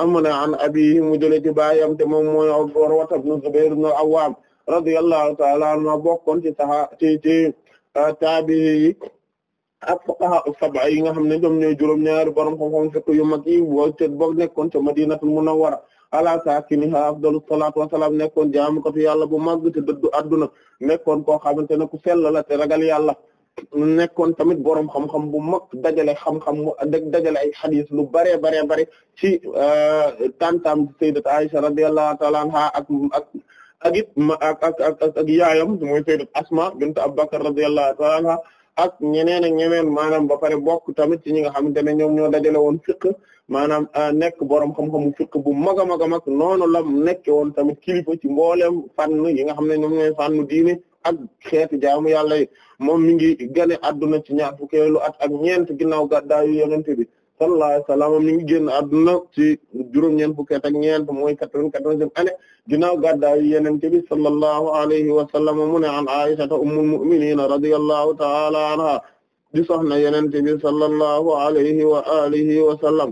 amu ne an abihi mu jële ci baayam te moom mooy Urwata ibnu Zubayr ibnu Awwaam radiyallahu ta'ala anhu bokkoon ci saha ci ci taabi'i ak fuqaha sab'a yi nga xam ne ñoom ñooy juróom-ñaari borom xam-xam fiqh yu mag yi boo te boo nekkoon ca Madinatul ala saakiniha afdalu salaatu wasalaam nekkoon jaamukatu yàlla bu màgg te dëddu adduna nekkoon koo xamante ne ku sell la te ragal yàlla nekkoon tamit borom xam-xam bu mag dajale xam-xam dajale ay xadis lu bare bare bare ci euh, tantam sayyidat Aisha radiyallahu ta'ala anha ak ak ak it ak ak ak yaayam mooy sayyidat Asma bint Abu Bakr radiyallahu ta'ala anha ak ñeneen ak ñeneen maanaam ba pare bokk tamit ci ñi nga xam ne ñoom ñoo dajale woon fiqh maanaam euh, nekk borom xam-xamu fiqh bu mag a mag a mag noonu la nekke woon tamit kilifa ci mboolem fànn yi nga xam ne ñoom ñooy fànn diine ak xeetu jaamu yàlla yi moom mi ngi gane adduna ci ñaar fukkeelu at ak ñeent ginnaaw gàddaayu yonent bi sallallahu alayhi wa sallam mi ngi génn ci juróom-ñeent fukki at ak ñeent mooy quatre-vingt-quatorzième année ginnaaw gàddaayu Yonent bi sallallahu alayhi wa sallam mu ne an Aisha ummul mu'minin radiyallahu ta'ala anha di soxna Yonent bi sallallahu alayhi wa alihi wa sallam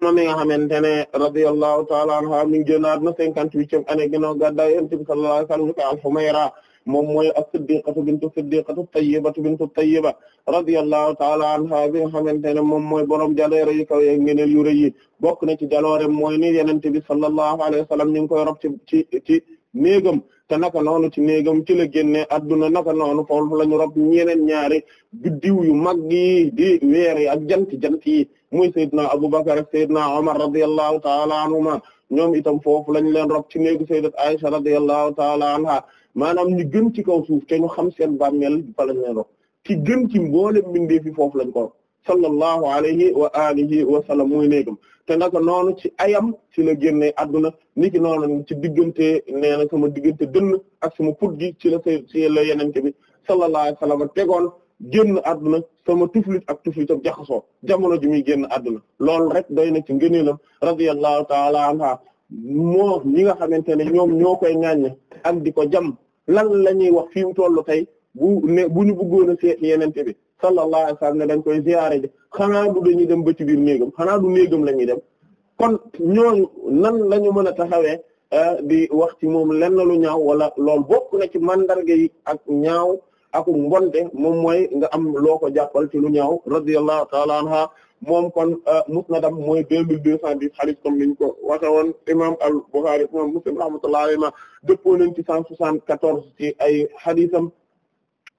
moom mi nga xamante ne radiyallahu ta'ala anha mi ngi génn àdduna cinquante-huitième année ginnaaw gàddaayu Yonent bi sallallahu alayhi wa sallam al-Humayra moom mooy as-siddiqatu bintu siddiqatu tayyibatu bintu tayyiba radiyallahu ta'ala anha bi nga xamante ne moom mooy borom jaloore yu kaw yeeg ngeneel yu rëy yi bokk na ci jaloore mooy ni yenente bi sallallahu alayhi wa sallam ñu ngi koy rob ci ci ci néegam te naka noonu ci néegam ci la génne adduna naka noonu foofu la ñu rob ñeneen ñaari biddiw yu mag yi di weer yi ak jant jant yi muy Seydina Abubakar ak Seydina Omar radiyallahu ta'ala anhuma ñoom itam foofu lañ leen rob ci néegu Sayyidat Aisha radiyallahu ta'ala anha maanaam ñu gën ci kaw suuf te ñu xam seen bàmmeel fa lañ leen rob ci gën ci mboole mbindee fi foofu lañ ko rob sallallahu alayhi wa alihi wa sallam muy néegam te naka noonu ci ayam ci la génne adduna niki noonu ci diggante nee na sama diggante dënn ak sama put gi ci la ci la yenente bi sallallahu alayhi wa tegoon génn adduna sama tuflit ak am jaxasoo jamono ji muy génn adduna loolu rek doy na ci ngëneelam radiyallahu ta'ala anha moo ñi nga xamante ne ñoom ñoo koy ŋàññ ak di ko jam lan la ñuy wax fi mu toll tey bu ne bu ñu bëggoon a seet yenente bi sallallahu alayhi wa sallam ne dañ koy ziyaare ji xanaa du dañuy dem ba ci biir néegam xanaa du néegam la ñuy dem kon ñoo nan la ñu mën a taxawee euh, di wax ci moom lenn ñaaw wala loolu bokk na ci mandarga yi ak ñaaw ak mbonte moom mooy nga am loo ko jàppal ci lu ñaaw radiyallahu ta'ala anha moom kon euh, musnadam mooy deux mille deux cent dix hadith comme ko waxe woon imam al-Bukhari imam Muslim rahmatullahi alayhima dëppoo nañ ci cent soixante-quatorze ci ay haditham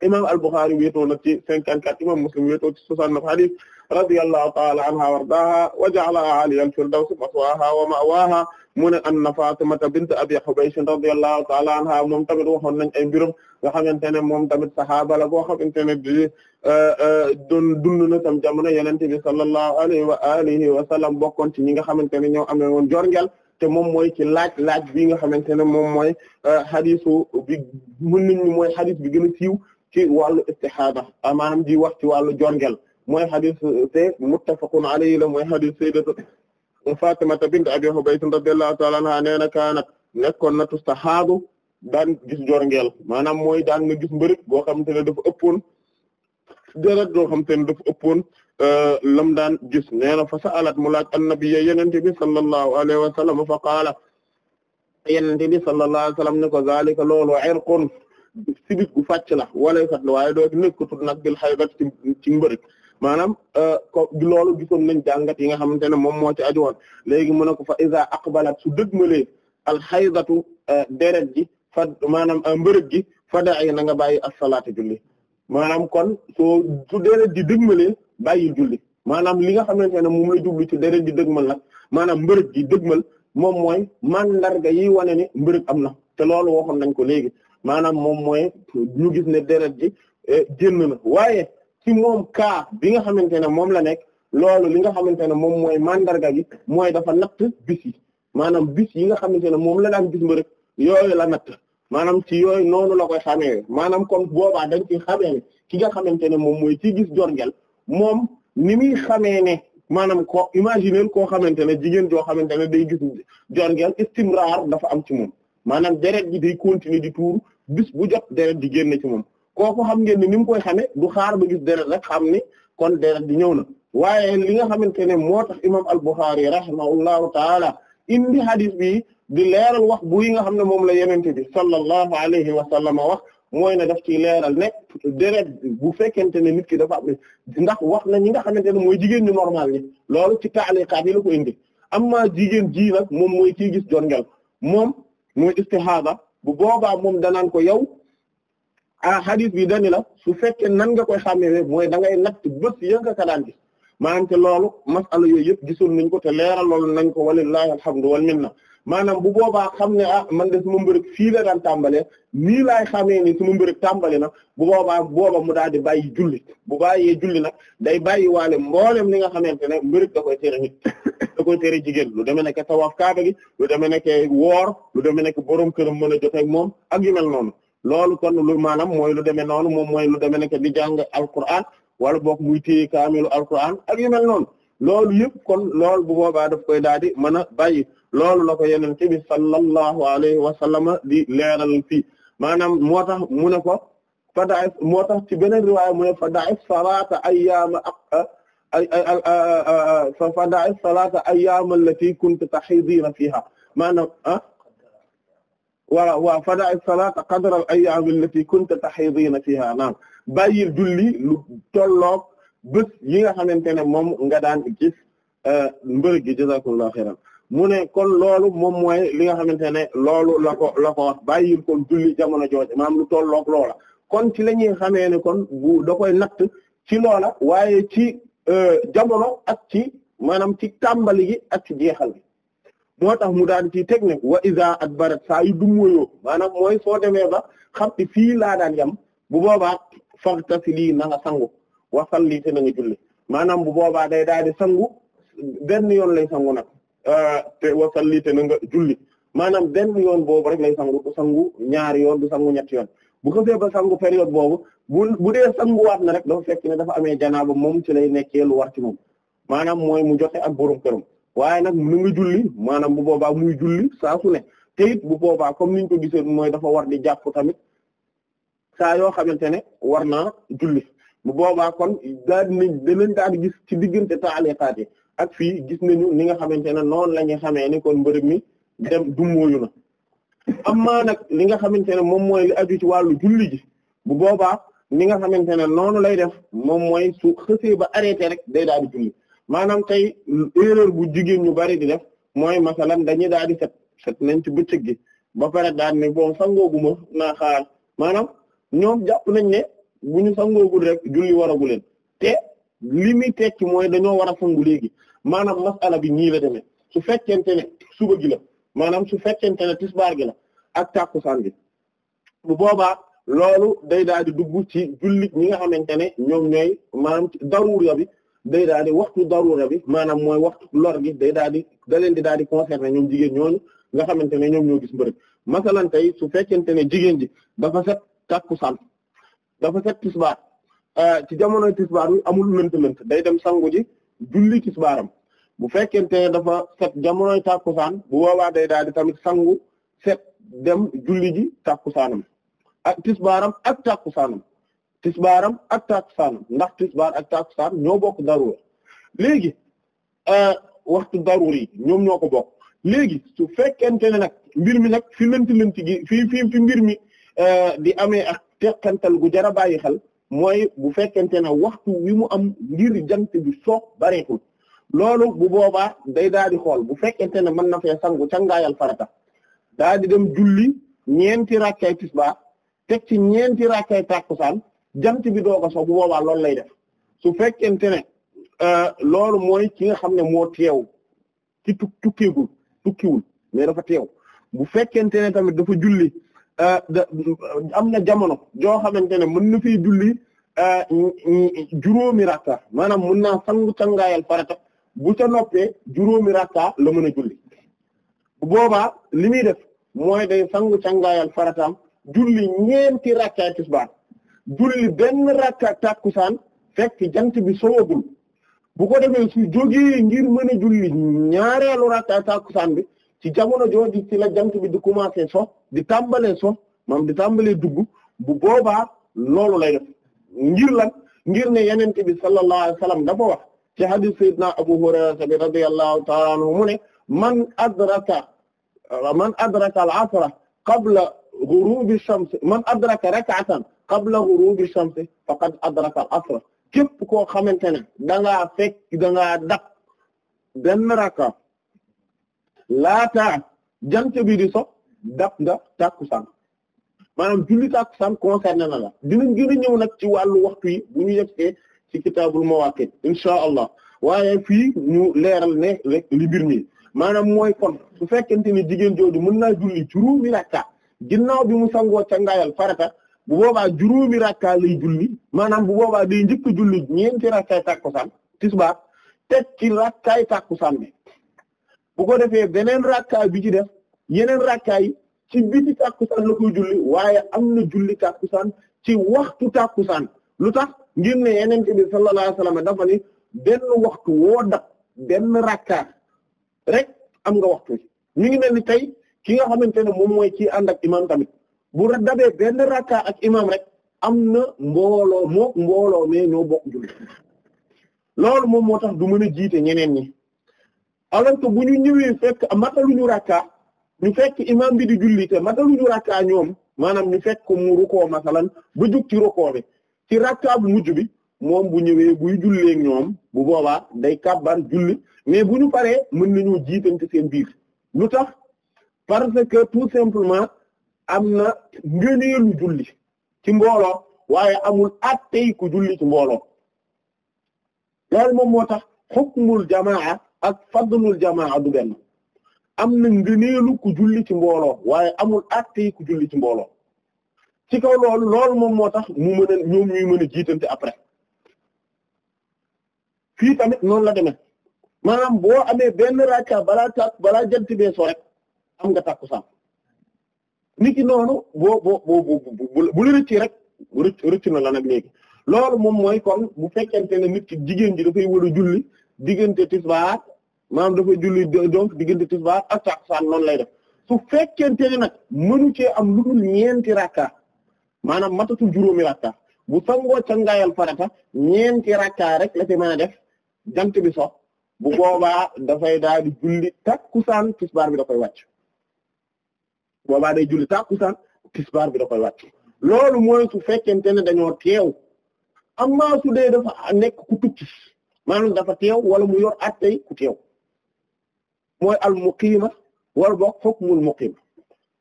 imam al-Bukhari wéetoo na ci cinquante-quatre imam Muslim wéetoo ci soixante-neuf hadith radiyallahu ta'ala anha wardaha a ja'alaha 'aliyan firdawsi maswaha wa ma'waha mu ne anna Fatimata bint Abi Hubaysh radiyallahu ta'ala anha moom tamit waxoon nañ ay mbirum nga xamante ne moom tamit sahaaba la boo xamante ne Euh, euh, doon dund na tam jamono yenente bi sallallahu alayhi wa alihi wa sallam bokkoon ci ñi nga xamante ne ñoo amee woon jorngel te moom mooy ci laaj laaj bi nga xamante ne moom mooy xadisu euh, bi mën nañu mooy xadis bi gën a siiw ci wàllu istihada maanaam di wax ci wàllu jorngel mooy xadis te muttafaqun alayhi la mooy xadis sayyidatu Fatimata bint Abi Hubayt radiyallahu ta'ala anha nee na kaanat nekkoon na tustahaadu daan gis ngel maanaam mooy daan nga gis mbërëg boo xam ne dafa ëppoon deret doo xam te ne dafa ëppoon euh, lam daan gis nee na fa sa'alat mu laaj annabiyya yenente bi sallallahu alayhi wa sallam fa qaala yenente bi sallallahu alayhi wa sallam ne ko zalika loolu irqun sibit gu fàcc la walay fat la waaye doo nekkatul nag bil xaybat ci ci mbërëg maanaam euh, ko loolu gisoon nañ jàngat yi nga xamante ne moom moo ci aju woon léegi mu ne ko fa iza aqbalat su dëgmalee al xaydatu euh, deret gi fa maanaam mbërëg gi fa da'i na nga bàyyi as-salaata julli maanaam kon soo su deret di dëgmalee bàyyi julli maanaam li nga xamante ne moom la jublu ci deret di dëgmal na maanaam mbërëg gi dëgmal moom mooy ndarga yi wane ne mbërëg am na te loolu waxoon nañ ko léegi maanaam moom mooy ñu gis ne deret ji eh, génn na waaye ci moom kaa bi nga xamante ne moom la nekk loolu li nga xamante ne moom mooy mandarga gi mooy dafa natt bis yi maanaam bis yi nga xamante ne moom la daan gis mbërëg yooyu la natt maanaam ci yooyu noonu la koy xamee maanaam kom boobaa dañ ciy xamee ne ki nga xamante ne moom mooy ci gis jorgel moom ni muy xamee ne maanaam ko imaginer koo xamante ne jigéen joo xamante ne day gis jorgel istimraar dafa am ci moom maanaam deret bi continuer di tuur bis bu jot deret di génn ci moom kooku xam ngeen ne ni mu koy xamee du xaar ba gis deret rek xam ni kon deret di ñëw na waaye li nga xamante ne moo tax imam al-Bukhârî rahimahullahu taala indi hadith bi di leeral wax bu yi nga xam ne moom la yenente bi sallallahu alayhi wa sallam wax mooy ne daf ci leeral ne deret bu fekkente ne nit ki dafa am ndax wax na ñi nga xamante ne mooy jigéen ñu normal ñi loolu ci taaliqaat yi la ko indi amma jigéen ji nag moom mooy kii gis jongel moom mooy istihada bu boobaa moom danaan ko yow a hadith bi dani la su fekkee nan nga koy xàmmee mooy dangay ngay natt bés ya nga ka daan gis maanaam te loolu masala yooyu yëpp gisul nañ ko te leeral loolu nañ ko walillahi alhamdu wal minna maanaam bu boobaa xam ne ah man de su ma mbërëg fii la daan tàmbale nii laay xamee ni su ma tàmbali na bu boobaa booba mu daal di bàyyi julli bu bàyyee julli nag day bàyyi waale mboolem li nga xamante ne mbërëg da koy tere nit da koy tere jigéen lu demee nekk tawaaf kaaba gi lu demee nekk woor lu demee nekk borom këram mën a jot ak moom ak yu mel noonu loolu kon lu maanaam mooy lu demee noonu moom mooy lu demee nekk di jàng Alquran wala boog muy téye kaamilu Alquran ak yu mel noonu loolu yëpp kon loolu bu boobaa daf koy daal di mën a bàyyi loolu la ko yenente bi sallallahu alayhi wa sallama di leeral fii maanaam moo tax mu ne ko fa daif moo tax ci beneen riwaaya mu ne fa daif salaata ayyaama ak fa daif salaata ayyaama allati kunta taxidiina fiiha maanaam ah voilà waaw fa daif salaata qadra al ayyaam allati kunta taxidiina fiiha naam bàyyil julli lu tolloog bés yi nga xamante ne moom nga daan gis eh, mbër gi jazakumullahu xayran mu ne kon loolu moom mooy li nga xamante ne loolu lako ko la ko kon julli jamono jooju maanaam lu tolloog loola kon ci la ñuy xamee ne kon bu da koy natt ci loola waaye ci euh, jamono ak ci maanaam ci tàmbali gi ak ci jeexal gi moo tax mu daan ciy teg ne wa iza ak barat saa yu dumoyoo maanaam mooy soo demee ba xam te fii laa daan yam bu boobaa faghtasili na nga sangu wa salli te na nga julli maanaam bu boobaa day daal di sangu benn yoon lay sangu nag Euh, te wasalli te na nga julli maanaam benn yoon boobu rek lay sangu du sangu ñaari yoon du sangu ñetti yoon bu ko ba sangu période boobu bu bu dee sanguwaat na rek dafa fekk ne dafa amee janaaba moom ci lay nekkee lu war ci moom maanaam mooy mu joxe ak borom këram waaye nag mu ngi julli maanaam bu boobaa muy julli saa su ne te bu boobaa comme niñ ko gisee mooy dafa war di jàpp tamit saa yoo xamante ne war naa julli bu boobaa kon daal dinañ dinañ daal di gis ci diggante taaliqaat ak fii gis nañu ni nga xamante ne noonu la ñu xamee ni kon mbërëg mi dem dummóoyu na amma nag li nga xamante ne moom mooy li aju ci wàllu julli ji bu boobaa ni nga xamante ne noonu lay def moom mooy su xësee ba arrêté rek day daal di julli maanaam tey erreur bu jigéen ñu bari di def mooy masalan dañuy daal di set set nañ ci bëccëg gi ba pare daal ne bon sangooguma naa xaar maanaam ñoom jàpp nañ ne bu ñu sangoogul rek julli waragu leen te li muy tekki mooy dañoo war a sangu léegi maanaam masala bi ñii la demee su fekkente ne suba gi la maanaam su fekkente ne tisbaar gi la ak tàkkusaan bi bu boobaa loolu day daal di dugg ci jullit ñi nga xamante ne ñoom ñooy maanaam daruura bi day daal di waxtu daruura bi maanaam mooy waxtu lor gi day daal di da di daal di concerner ñoom jigéen ñooñu nga xamante ne ñoom ñoo gis mbërëg masalan tey su fekkente ne jigéen ji dafa set tàkkusaan dafa set tisbaar Euh, ci jamonoy tisbaar bi amul lënt-lënt day dem sangu ji julli tisbaaram bu fekkente ne dafa set jamonoy tàkkusaan bu boobaa day daal di tamit sangu set dem julli ji tàkkusaanam ak ah, tisbaaram ak tàkkusaanam tisbaaram ak tàkkusaanam ndax tisbaar ak tàkkusaan ñoo bokk darura léegi euh, waxtu daruri ñoom ñoo ko bokk léegi su fekkente ne nag mbir mi nag fi lënt-lënt gi fi mbir mi euh, di amee ak teqantal gu jar a bàyyi xel mooy bu fekkente ne waxtu wi mu am ngir jant bi soog bareetul loolu bu boobaa day daal di xool bu fekkente ne mën na fee sangu cangaayal farata daal di dem julli ñeenti rakkay tisbaar teg ci ñeenti rakkay tàkkusaan jant bi doog a soog bu boobaa loolu lay def su fekkente ne euh, loolu mooy ki nga xam ne moo teew ci tukkiwul tukkiwul mais dafa teew bu fekkente ne tamit dafa julli Euh, euh, am na jamono joo xamante ne mën na fi julli euh, juróomi rakka maanaam mën na sangu sangaayal farata bu ca noppee juróomi rakka la mën a julli booba boobaa li muy def mooy day sangu sangaayal farataam julli ñeenti rakka tisbaar julli benn rakka takkusaan fekk jant bi soogul bu ko defee su jógee ngir mën a julli ñaareelu rakka takkusaan bi ci jamono jooju ci la jant bi di commencer so di tàmbalee so man di tàmbalee dugg bu boobaa loolu lay def ngir lan ngir ne yeneen bi sallallahu wa sallam dafa wax ci hadith sayyidina Abu Hurayra bi radiyallahu ta'ala mu ne man adraka man adraka al-asra qabla ghurubi ash-shams man adraka rak'atan qabla ghurubi ash-shams faqad adraka al-asra képp koo xamante ne danga ngaa fekk da ngaa dab raka laata jant bi di sox dab nga tàkkusaan maanaam julli tàkkusaan concerné na la dina gën a ñëw nag ci wàllu waxtu yi bu ñu yegsee ci kitaabul mawaqit inchaa allah waaye fii ñu leeral ne li mbir mi maanaam mooy kon su fekkente ni jigéen jooju mën naa julli juróomi rakka ginnaaw bi mu sangoo ca ngaayal farata bu boobaa juróomi rakka lay julli maanaam bu boobaa day njëkk julli ñeenti rakkaay tàkkusaan tisbaar teg ci rakkaay tàkkusaan bi bu ko defee beneen rakka bi ci def yeneen rakka yi ci biti tàkkusaan la koy julli waaye am na julli tàkkusaan ci waxtu tàkkusaan lu tax ngir ne yeneen bi sallallahu alayhi wasallam dafa ni benn waxtu woo dab benn rakka rek am nga waxtu ñu ngi mel ni tey ki nga xamante ne moom mooy ci ànd ak imam tamit bu dabee benn rakka ak imam rek am na mbooloo mook mbooloo mais ñoo bokk julli loolu moom moo tax du mën a jiite ñeneen ñi alors que bu ñu ñëwee fekk mataluñu rakka ñu fekk imam bi di julli te mataluñu rakka ñoom maanaam ñu fekk mu rukoo masalan ba jug ci rukoo bi ci rakka bu mujj bi moom bu ñëwee buy jullee ñoom bu boobaa day kàbbar julli mais bu ñu paree mën nañoo jiitante seen biir lu tax parce que tout simplement am na ngëneelu julli ci mbooloo waaye amul attey ku julli ci mbooloo loolu moom moo tax xukmul jamaa ak fadlul jamaa du benn am na ngëneelu ku julli ci mbooloo waaye amul acte yi ku julli ci mbooloo ci kaw lool loolu moom moo tax mu mën a ñoom mën a jiitante après fii tamit noonu la demee maanaam boo amee benn ràcca balaa balaa jant bee so am nga tàkkusaan nit ki noonu boo boo bu bu rëcc rek rëcc rëcc na la nag léegi loolu moom mooy kon bu fekkente ne nit ki jigéen ji dafay war a julli diggante tisbaar maanaam dafay julli donc diggante tisbaar ak takkusaan noon lay def su fekkente ne nag mënu cee am lu dul ñeenti rakka maanaam matatul juróomi rakka bu sangoo cangaayal farata ñeenti rakka rek la ci mën a def jant bi so bu boobaa dafay daal di julli takkusaan tisbaar bi da koy wàcc boobaa day julli takkusaan tisbaar bi da koy wàcc loolu mooy su fekkente ne dañoo teew amma su dee dafa nekk ku tukki maanaam dafa teew wala mu yor at tey ku teew mooy al mu muqiima wala boog hukmul muqiim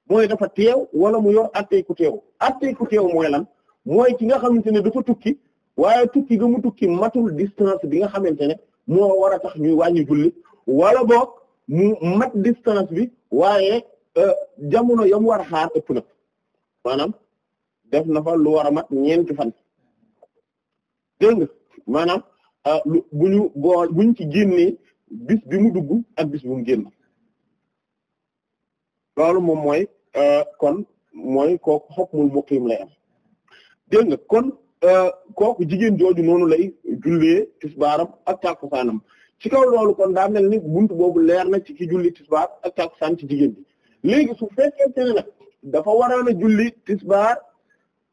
mooy dafa teew wala mu yor attey ku teew attey ku teew mooy lan mooy ki nga xamante ne dafa tukki waaye tukki ga mu tukki matul distance bi nga xamante ne moo war a tax ñuy wàññi julli wala boog mu mat distance bi waaye euh, jamono yam war a xaar ëpp na maanaam def na fa lu war a mat ñeenti fan dégg nga maanaam euh, bu ñu boo buñ ci génnee bis bi mu dugg ak bis bi mu génn loolu moom mooy euh, kon mooy kooku hukmul mu lay am dégg na kon euh, kooku jigéen jooju noonu lay jullee ak takkusaanam ci kaw loolu kon daa mel ni buntu boobu leer na ci ki julli tisbaar ak takkusaan ci jigéen bi léegi su fekkente ne nag dafa waroon a julli tisbaar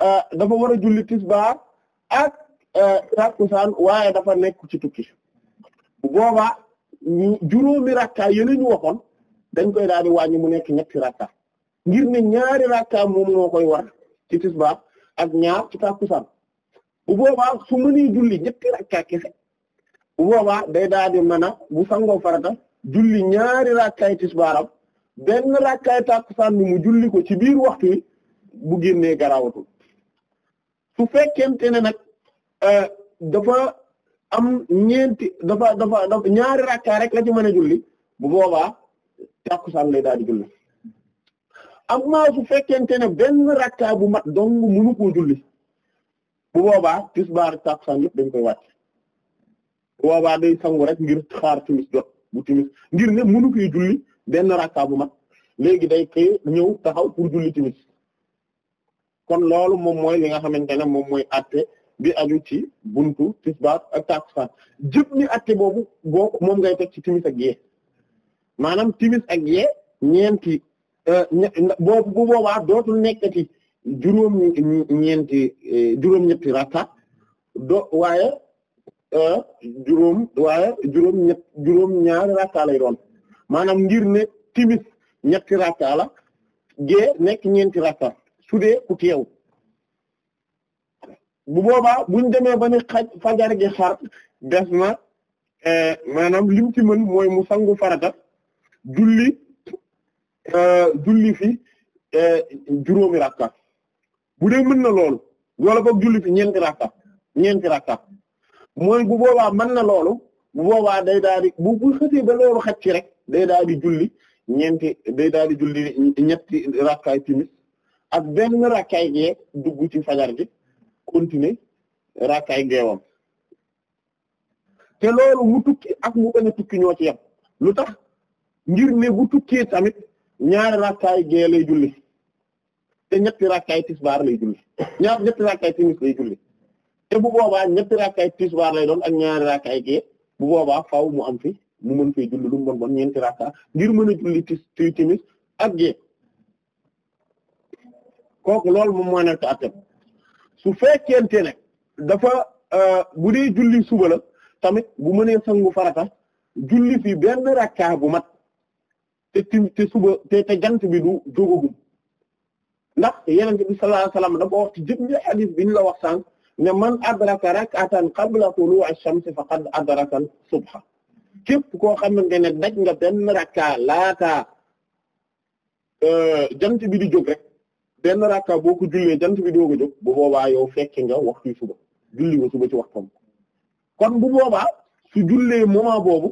euh, dafa war a julli tisbaar ak takkusaan waaye dafa nekk ci tukki bu boobaa. juróomi rakka yële ñu waxoon dañ koy daal di wàññi mu nekk ñetti rakka ngir ne ñaari rakka moom moo koy war ci tisbaar ak ñaar ci tàkkusaan bu boobaa su mënee julli ñetti rakka kese bu boobaa day daal mana mën bu sangoo farata julli ñaari rakkaay tisbaaram benn rakkaay tàkkusaan bi mu julli ko ci biir waxtu wi bu génnee garaawatul su fekkente ne nag euh, dafa. am ñeenti dafa dafa ñaari rakka rek la ci mën a julli bu boobaa tàkkusaan lay daal di julli am su fekkente ne benn rakka bu mat dong mënu koo julli bu boobaa tisbaar tàkkusaan yëpp dañ koy wàcc bu boobaa day sangu rek ngir xaar timis jot bu timis ngir ne mënu koy julli benn rakka bu mat léegi day koy ñëw taxaw pour julli timis kon loolu moom mooy li nga xamante ne moom mooy àtte bi aju ci buntu tisbaar ak takusaan jëpp ni atte boobu boo moom ngay teg ci timis ak yee maanaam timis ak yee ñeenti euh, boobu bu boobaa dootul nekkati juróom ñeenti euh, juróom ñetti do waaye euh, juróom waaye juróom ñett juróom ñaari rakka lay doon maanaam ngir ne timis ñetti rakka la gee nekk ñeenti rakka sudee dee ku teew bu boobaa buñ demee ba ni xaj fajar gi xar des na eh, maanaam lim ci mën mooy mu sangu farata julli eh, julli fi eh, juróomi rakka bu dee mën na loolu wala boog julli fi ñeenti rakka ñeenti rakka mooy bu boobaa mën na loolu bu boobaa day daal di bu bu xësee ba loolu xaj ci rek day daal di julli ñeenti day daal di julli ñetti rakkaay timis ak benn rakkaay gee dugg ci fajar gi continuer raakaay ngeewam te loolu mu tukki ak mu bañ a tukki ñoo ci yem lu tax ngir ne bu tukkee tamit ñaari raakaay gee lay julli te ñetti raakaay tisbaar lay julli ñaar ñetti raakaay timis lay julli te bu boobaa ñetti raakaay tisbaar lay doon ak ñaari raakaay gee bu booba faaw mu am fi mu mën fee julli lu mu bon bon ñeenti raakaay ngir mën a julli tis timis ak gee kooku loolu moom moo nekk àttam. bu fekkente ne dafa euh, bu dee julli suba la tamit bu mënee sangu farata julli fi benn rakka bu mat te tim suba te te jant bi du jógagum ndax yenente bi sallallahu alayhi wasallam dafa wax ci jëm ñi hadith la wax sànq ne man adraka rak'atan qabla tulu'i ash-shams faqad adraka subha képp koo xamante ne daj nga benn rakka laataa euh, jant bi di jóg benn rakka boo ko jullee jant bi doog a jóg bu boobaa yow fekke nga waxtu suba julli nga suba ci waxtoom kon bu boobaa su jullee moma boobu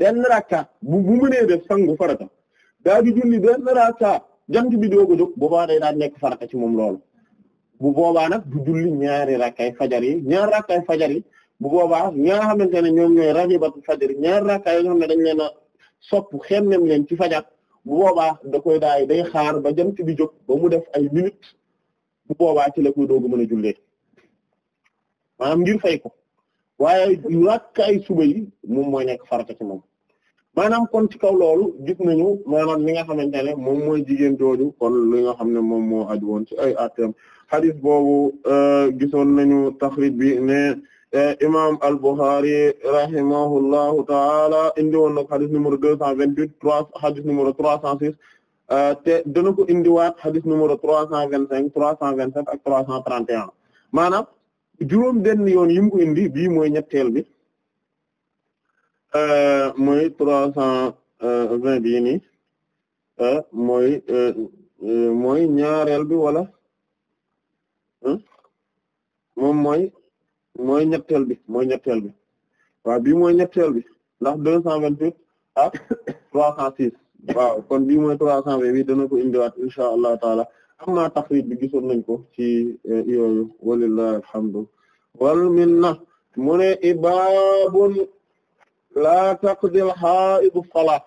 benn rakka bu bu mënee def sangu farata daa di julli benn rakka jant bi doog a jóg boobaa day daan nekk farata ci moom loolu bu boobaa nag du julli ñaari rakkay fajar yi ñaar rakkay fajar yi bu boobaa ñi xamante ne ñoom ñooy rajabatu fajar ñaar xam ne dañ a sopp xemmem leen ci fajar bu boobaa da koy daay day xaar ba jant bi jog ba mu def ay minutes bu boobaa ci la koy doogu mën a jullee maanaam ngir fay ko waaye rakkaay ay yi moom mooy nekk farata ci moom maanaam kon ci kaw loolu gis nañu maanaam li nga xamante ne moom mooy jigéen jooju kon li nga xam ne moom moo aju woon ci ay atem hadith boobu euh, gisoon nañu taxrij bi ne E, imam al-Bukhari rahimahullahu taala indi woon na ko xadis numéro deux cent vingt-huit trois xadis numéro trois cent six e, te dana ko indiwaat xadis numéro trois cent vingt-cinq trois cent vingt-sept trente et un maanaam juróom benn yoon yi mu indi bii mooy ñetteel bi e, mooy trois cent vingt bii nii mooy mooy ñaareel bi wala moom mooy mooy ñetteel bi mooy ñetteel bi waaw bii mooy ñetteel bi ndax deux cent vingt-huit ak trois cent six waaw kon bii mooy trois cent vingt-huit dana ko indiwaat insha allah taala am naa tafrid bi gisoon nañ ko ci eh, yooyu walillahi alhamdu wal minna mu ne ibaabun laa taqdil haidu salat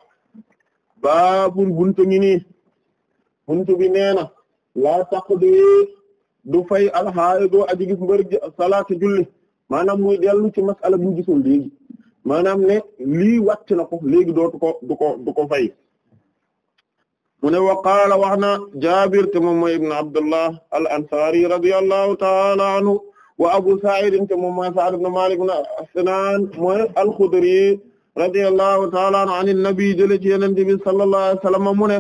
baabun buntu ngi nii buntu bi nee na laa taqdi du fay do doo aji gis mbërëg salaata julli maanaam muy dellu ci masala bu ñu gisoon léegi maanaam ne lii wàcc na ko léegi dootu ko du ko du fay mu wa qaala wax na Jaabir te moom mooy ibn Abdullah al ansari radiyallahu ta'ala anhu wa Abu Sa'id te moom mooy Sa'd Malik ibn Sinan mooy al-Khudri radiyallahu ta'ala anhu an an wa sallam mu ne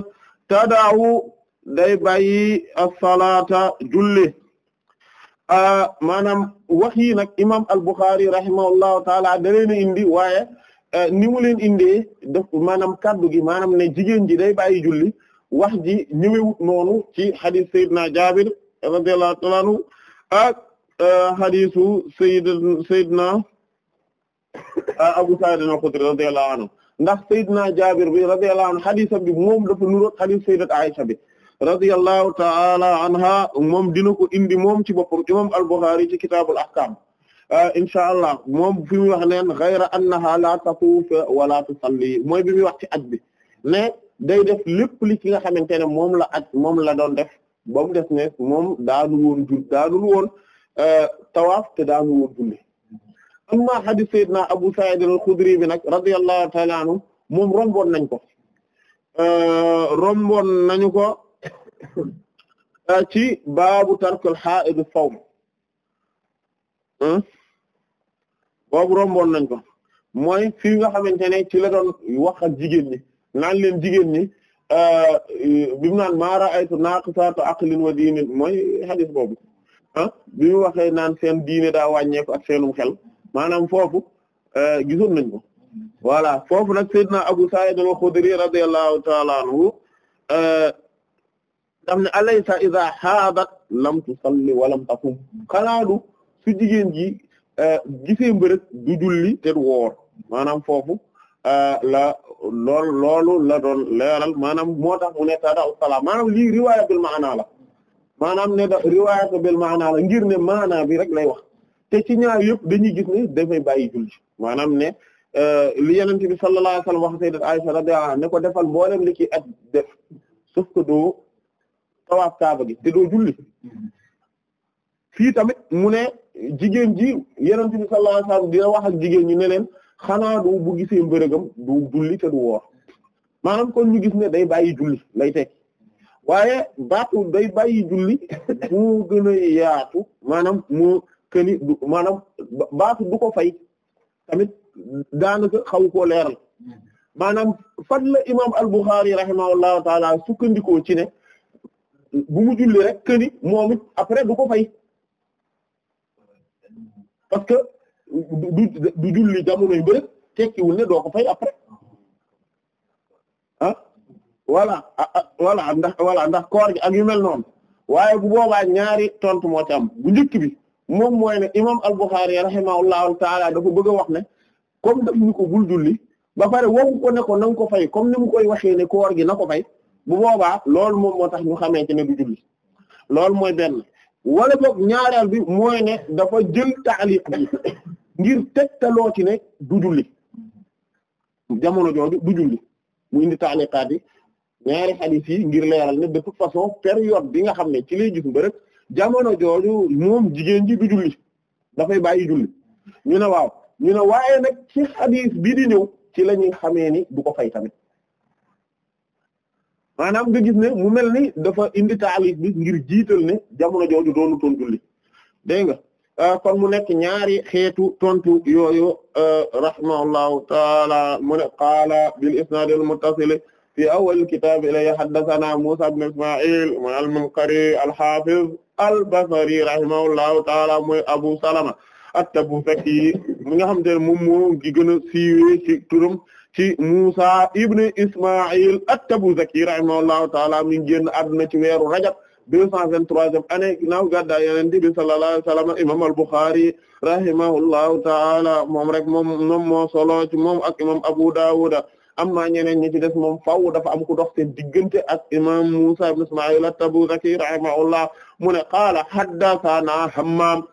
day bàyyi as-salaata julli maanaam wax yi nag imaam al-Bukhari rahimahullahu taala da indi waaye e, ni mu leen indee daf maanaam kaddu gi maanaam ne jigéen ji day bàyyi julli wax ji ñëwewut noonu ci xadis Seydina Jaabir radiyallahu taala anhu ak xadisu e, Seyd Seydina Abu Sa'id al-Khudri radiyallahu anhu ndax Seydina Jaabir bi radiyallahu anhu xadisam bi moom dafa nuroog xadis Sayyidat Aisha bi radiyallahu ta'ala anha moom dina ko indi moom ci boppam imam al-Bukhari ci kitaabul ahkam euh, insha allah moom fi muy wax neen ghayra annaha la tatuuf wala tusalli mooy bi muy wax ci at bi mais day def lépp li ci nga xamante ne moom la at moom la doon def ba mu def ne moom daanul woon jul daanul woon euh, tawaaf te daanul woon julli amma hadith na Abu Sa'id al-Khudri bi nag radiyallahu ta'ala anhu moom romboon nañ ko euh, romboon nañu ko ci baabu tarkul haid sawm boobu romboon nañ ko mooy fi nga xamante ne ci la doon wax ak jigéen ñi naan leen jigéen ñi euh, bi mu naan ma naax naqisata aqlin wa diinin mooy hadis boobu ah bi mu waxee naan seen diine daa wàññeeku ak seenum xel maanaam foofu euh, gisoon nañ ko voilà foofu nag Seydina Abu Sa'id al-Khudri radiyallahu ta'ala anhu euh, daf ne alaysa iza haadat lam tusalli wa lam tafum xalaadu su jigéen ji euh, gisee mbërëg du julli te du woor maanaam foofu euh, la loolu la doon leeral maanaam moo tax mu ne tada usala maanaam lii riwaaya bil maana la maanaam ne da riwaaya bil maana la ngir ne maana bi rek lay wax te ci ñaar yëpp dañuy gis ne dafay bàyyi julli maanaam ne euh, li yenente bi sallallahu alayhi wasallam wax a Aisha radiyallahu anha ne ko defal mboolem li ci at def sauf que doo tawaaf kaaba gi te doo julli fii tamit mu ne jigéen ji yonent bi sallallahu alayhi wasallam dina wax ak jigéen ñi ne leen xanaa du bu gisee du julli te du woor maanaam kon ñu gis ne day bàyyi julli lay teg waaye baatu day bàyyi julli moo gën a yaatu maanaam moo këni du baatu du ko fay tamit daanaka xaw koo leeral maanaam fan la imaam al-Bukhari rahimahullahu taala sukkandikoo ci ne. bu mu julli rek que ni après du ko fay parce que du du julli jamono yu bëri tekkiwul ne doo ko fay après ah voilà ah, ah, voilà ndax voilà ndax koor gi ak yu mel noonu waaye bu boobaa ñaari tontu moo ci am bu njëkk bi moom mooy ne imam al-Bukhari rahimahullahu taala dafa bëgg a wax ne kom da ñu ko bul julli ba pare waxu ko ne ko na ko fay comme ni mu koy waxee ne koor gi na ko fay. bu boobaa loolu moom moo tax ñu xamee ci ne du julli loolu mooy benn wala boog ñaareel bi mooy ne dafa jël taaliq bi ngir tegtaloo ci ne du julli jamono jooju du julli mu indi taaliqaat yi ñaari hadith ngir leeral ne de toute bi nga xam ne ci lay gis mbërëg jamono jooju moom jigéen ji du julli dafay bàyyi julli ñu ne waaw ñu ne waaye nag ci hadith bi di ñëw ci la ñuy xamee ni du ko fay tamit maanaam nga gis ne mu mel ni dafa indi taalif ngir jiital ne jamono jooju doonu toon julli dégg ah, kon mu nekk ñaari xeetu tontu yooyu ah, rahimahullahu taala mu ne qaala bil isnaad al muttasil fi awwal kitaab ilay haddathana Musa ibn Isma'il al-Minqari al-Hafiz al-Basri rahimahullahu taala mooy Abu Salama at-Tabuzaki mi nga xam te ne moom moo gën a siiwee ci turam ci Musa ibn Isma'il at-Tabuzaki rahimahullahu ta'ala mi ngi génn àdduna ci weeru rajab deux cent vingt-troisième année ginnaaw gàddaay Yonent bi sallallahu alayhi wa sallam imam al-Bukhari rahimahullahu ta'ala moom rek moom moom moo solo moom ak imam Abu Dawud amma ñeneen ñi ci des moom faw dafa am ku dox seen diggante ak imam Musa ibn Isma'il at-Tabuzaki rahimahullah mu ne qaala haddathana Hammam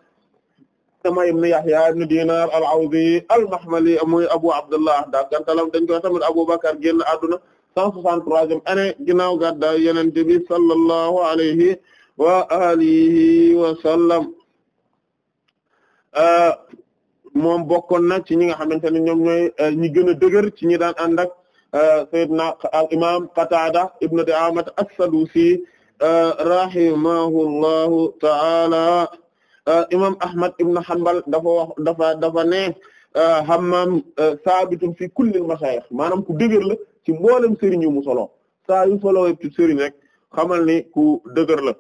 Ikrima ibn Yahya ibn Dinar al-Awdi al-Mahmali muy Abu Abdullah da gantalam dañ koy tamit Abu Bakr génn àdduna 163e année ginnaaw gàddaay Yonent bi sallallahu alayhi wa alihi wa sallam euh, moom bokkoon na ci ñi nga xamante ne ñoom ñooy euh, ñi gën a dëgër ci ñi daan ànd euh, al imam Qatada ibn Di'amat as-Sadusi rahimahullahu ta'ala Euh, imam Ahmad ibn Hanbal dafa wax dafa dafa ne euh, hammam euh, saabitun fi kullil masaayix maanaam ku dëgër la ci mboolem sëriñ yu mu solo saa yu solo ci sëriñ rek xamal ni ku dëgër la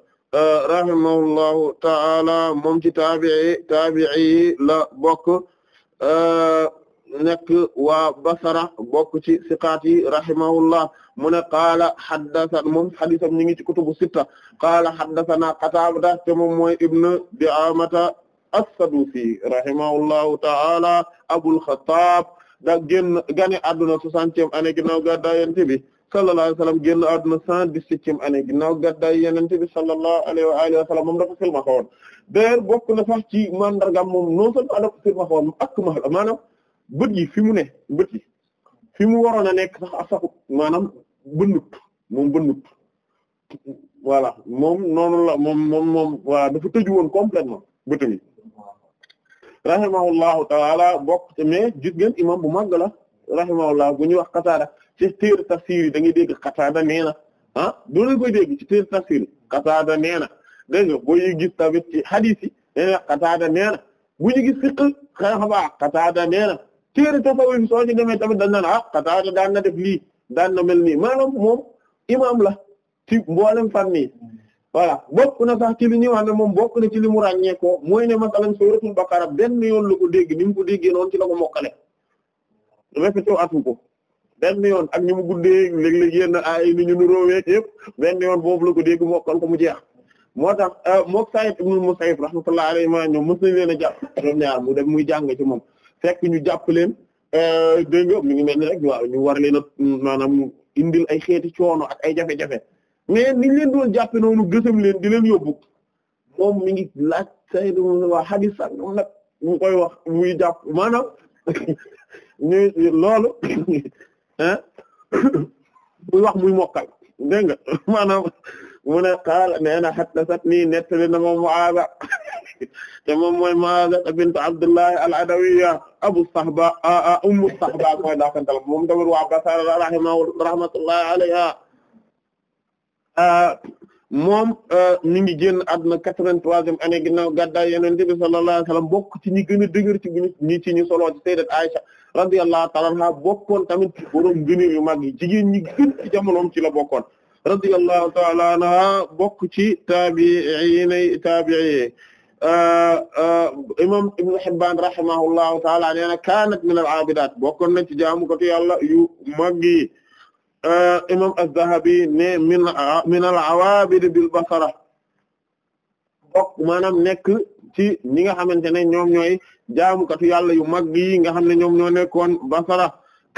rahimahullahu taala moom ci taabi'i taabi'i la bokk nekk waa Basra bokk ci siqaat yi rahimahullah mu ne qaala haddasa moom hadisam ñu ngi ci kutubu sitta qaala haddasana Qataada te moom mooy ibn Di'aamata as-Sadusi rahimahullahu ta'ala Abul Khattab da génn gane adduna soixantième année ginnaaw gàddaay Yonent bi sallallahu alayhi wa sallam génn adduna cent dix-septième année ginnaaw gàddaay Yonent bi sallallahu alayhi wa alihi wa sallam moom dafa silmaxa woon na sax ci mandargam moom non seulement dafa silmaxa woon ak maanaam bët yi fi mu ne bët yi fi mu waroon a nekk sax asakut maanaam bënnut moom bënnut voilà moom noonu la moom moom waa dafa tëju woon complètement bët yi rahimahullahu taala bokk mais gis ngeen imam bu màgg la rahimahullah bu ñuy wax Qataada ci téere tafsir yi da ngay dégg Qataada nee na ah doo leen koy ci téere tafsir yi Qataada nee na dégg tamit ci hadith yi dañuy wax bu ñu gis fiqh xam-xam téere tasawuf soo ci demee tamit dañ naan ah Qataada daan na def lii daan na mel nii maanaam moom imaam la ci mboolem fànn yi voilà bokk na sax ci li ñuy wax ne moom bokk na ci li mu ràññee ko mooy ne masalan suuratul Baqara benn yoon la ko dégg mu ko déggee noonu ci la ko mokkale répété atu ko benn yoon ak ñu mu guddee léeg-léeg yenn ay ni ñu nuróowee yëpp benn yoon boobu la ko dégg ko mu jeex moo tax euh, mook Sayyid ibn Musayyib rahmatullahi alayhi ma ñoom mës leen a jàpp ñoom ñaar mu dem muy jàng ci moom fekk ñu jàpp leen euh, dégg nga mi ngi mel rek ñu war leen a maanaam indil ay xeeti coono ak ay jafe-jafe mais ni leen doon jàppe noonu gësam leen di leen yóbbu moom mi ngi laaj say dom waa xadis sàngam nag mu koy wax muy jàpp maanaam loolu ah muy wax muy mokka dégg nga maanaam mu ne qaala nee na xattasat nii nettali na ma muaaba te moom mooy Maazat bint Abdullahi al Abu Sahba Ummu Sahba koy daakantal moom tamit waa Basra rahmatullahi alayha moom mi ngi génn àdduna quatre-vingt-troisième année ginnaaw gàddaay Yonent bi sallallahu bokk ci ñi gën a ci ñu ñi ci ñu soloo ci sayyidat Aisha radiyallahu ta'ala anha bokkoon tamit ci borom gënir yu mag yi jigéen ñi gën ci Euh, euh, imam Ibn Hibban rahimahullahu taala nee na kaanat min al abidat bokkoon na ci jaamukatu yàlla yu mag yi euh, imam az-Zahabi ne min min al awaabid bil Basra bokk maanaam nekk ci ñi nga xamante ne ñoom ñooy jaamukatu yàlla yu mag yi nga xam ne ñoom ñoo nekkoon Basra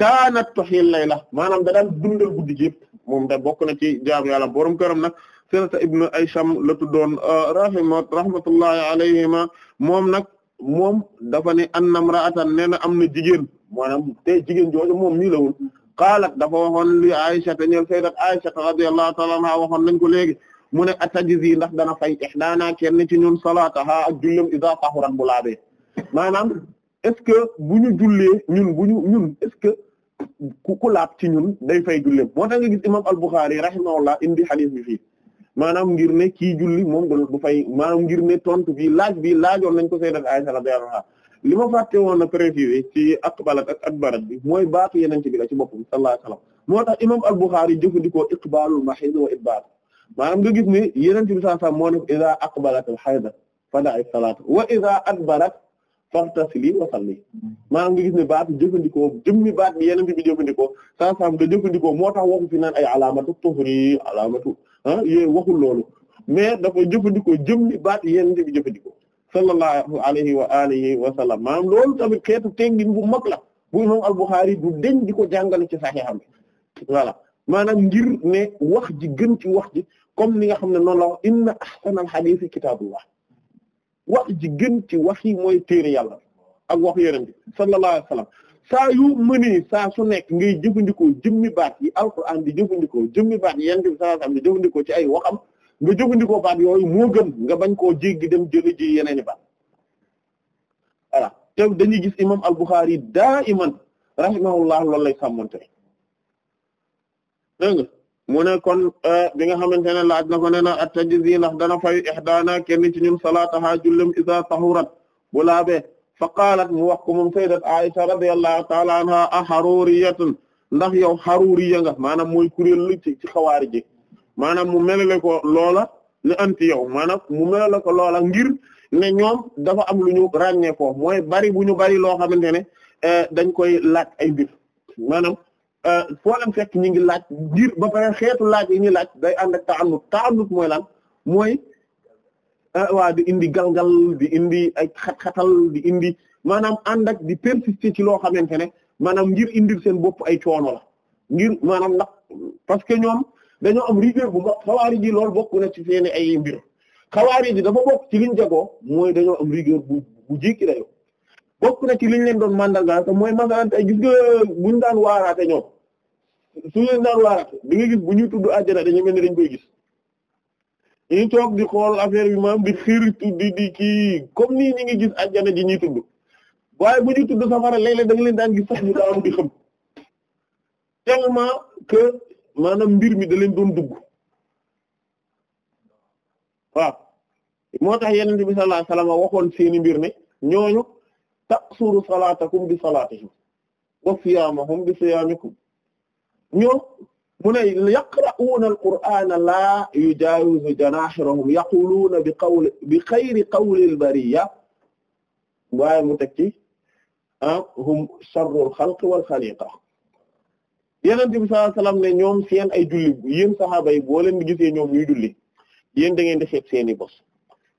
kaanat tuhil layla maanaam da daan dundal guddi gi yëpp moom da bokk na ci jaamu yàlla borom këram nag Sirata ibnu Aysham la tuddoon euh, rahima rahmatullahi alayhima moom nag moom dafa ne anna imra'atan nee na am na jigéen maanaam te jigéen jooju moom mii lawul qaalat dafa waxoon li Aisha te ñeel sayyidat Aisha radiyallahu ta'ala anha waxoon nañ ko léegi mu ne atajzi ndax dana fay ihdaana kenn ci ñun salaataha ak jullam idha tahurat bu laabee maanaam est-ce que bu ñu jullee ñun bu ñu ñun est-ce que ku ku laab ci ñun day fay julleem moo ta nga gis imam al-Bukhari rahimahullah maanaam ngir ne kii julli moom du fay maanaam ngir ne tontu bi laaj bi laajoon nañ ko sayyidat Aisha radiyallahu anha li ma fàtte woon na précisé ci balat ak adbarat bi mooy baatu ci bi la ci boppam sallallahu alayhi wasallam moo tax imam al-Bukhari jëfandikoo iqbalul mahid wa idbar maanaam nga gis ne yenente bi sallallahu alayhi wasallam moo ne idha aqbalat al-hayd fada'i salata wa ak adbarat fartasili wa salli maanaam nga gis ne baat jëfandikoo jëmmi baat bi yeneen jëfandikoo saa saam nga moo tax waxu fi naan ay alaamatu tuhri alaamatu ah yooyu waxul loolu mais dafa jëfandikoo jëmmi baat yeneen bi jëfandikoo sallallahu alayhi wa alihi wa sallam maanaam loolu tamit xeetu teggin bu mag la bu imam al-Bukhari du deñ ko jàngale ci saxiixam bi voilà maanaam ngir ne wax ji gën ci wax ji comme ni nga xam ne noonu la wax inna ahsanal hadiisi kitaabullah wax ji gën ci wax yi mooy téere yàlla ak wax yeneen bi sallallahu alayhi saa yu mënee saa su nekk ngay jëfandikoo jëmmi baat yi alquran bi jëfandikoo jëmmi baat yi yeneen bi sallallahu alayhi wasallam jëfandikoo ci ay waxam nga jëfandikoo baat yooyu moo gën nga bañ koo jéggi dem jëli ji yeneen i baat voilà te dañuy gis imam al-Bukhari daa iman rahimahullah loolu lay sàmmonte dégg nga mu ne kon eh, bi nga xamante ne laaj na ko ne na at-tajzi ndax dana fay ihdaana kenn ci ñun salaataha jullem isa tahurat bu laabee fa qaalat mu wax ko moom sayyidat Aisha radiyallahu ta'ala anha a haruriyatun ndax yow haruriya nga maanaam mooy kuréel lu ci ci xawaari ji maanaam mu melale ko loola li anti yow maanaam mu melale ko loola ngir ne ñoom dafa am lu ñu ràññee ko mooy bari bu ñu bari loo xamante ne eh, dañ koy laaj ay mbir Euh, foo leen fekk ñu ngi laaj ngir ba pare xeetu laaj yi ñuy laaj day ànd ak taanut taanut mooy lan mooy euh, waa di indi galgal di indi ay xat-xatal di indi maanaam ànd ak di persister ci loo xamante ne maanaam ngir indil seen bopp ay coono la ngir maanaam ndax parce que ñoom dañoo am rigueur bu mot xawaari ji loolu bokk na ci seeni ay mbir xawaari ji dafa bokk ci liñ jagoo mooy dañoo am rigueur bu bu jékki bokk na ci li leen doon mandargaal te mooy masalan a gis nga buñ daan waaraate ñoom su leen daan waaraate di nga gis bu ñuy tudd àjjana dañu mel ni dañ koy gis ñu toog di xool affaire bi maanaam di xiritu di di kii comme ñi ngi gis àjjana ji ñuy tudd waaye bu ñuy tudd safara léeg-léeg da leen daan gis sax ñu daaw di xam tellement que maanaam mbir mi da leen doon dugg waaw moo tax yeneen bi sallallahu alayhi wasallam waxoon seeni mbir ne ñooñu taqsuru salaatakum bi salaatihim wa siyaamahum bi siyaamikum ñoom mu ne yaqra'uuna al-qur'aana laa yujaawizu janaahirahum yaquluuna bi qawli bi xayri qawli al-bariyya waaye mu teg ci ah hum sharrul xalqi wal xaliqa Yonent bi sallallahu ne ñoom seen ay julli yéen saxaaba yi boo leen gisee ñoom ñuy julli yéen da ngeen di xeeb seen i bos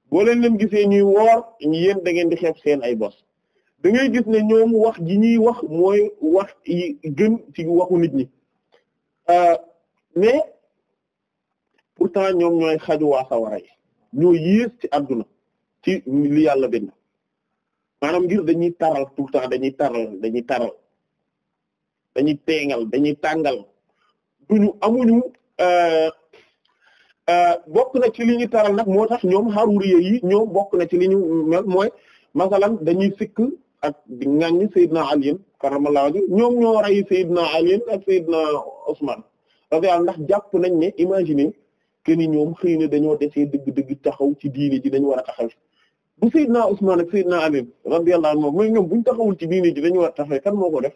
boo leen leen gisee ñuy woor yéen da ngeen di xeeb seen ay bos. da gis ne ñoom wax ji ñuy wax mooy wax yi gën ci waxu nit ñi euh, mais pourtant ñoom ñooy xaju waa sawara yi ñoo yées ci àdduna ci li yàlla benn maanaam ngir dañuy taral tout le temps dañuy taral dañuy taral dañuy teengal dañuy tàngal duñu amuñu euh, euh, bokk na ci li ñuy taral nag moo tax ñoom xaruriye yi ñoom bokk na ci li ñu mel mooy masalan dañuy sikk ak di ŋaññi Seydina Ali karamallahu wajhu ñoom ñoo rey Seydina Ali ak Seydina Ousmane radiyallahu ndax jàpp nañ ne imaginer que ni ñoom xëy na dañoo desee dëgg-dëgg taxaw ci diine ji dañ war a taxaw bu Seydina Ousmane ak Seydina Ali radiyallahu anhum mooy ñoom buñ taxawul ci diine ji dañu war a taxaw kan moo ko def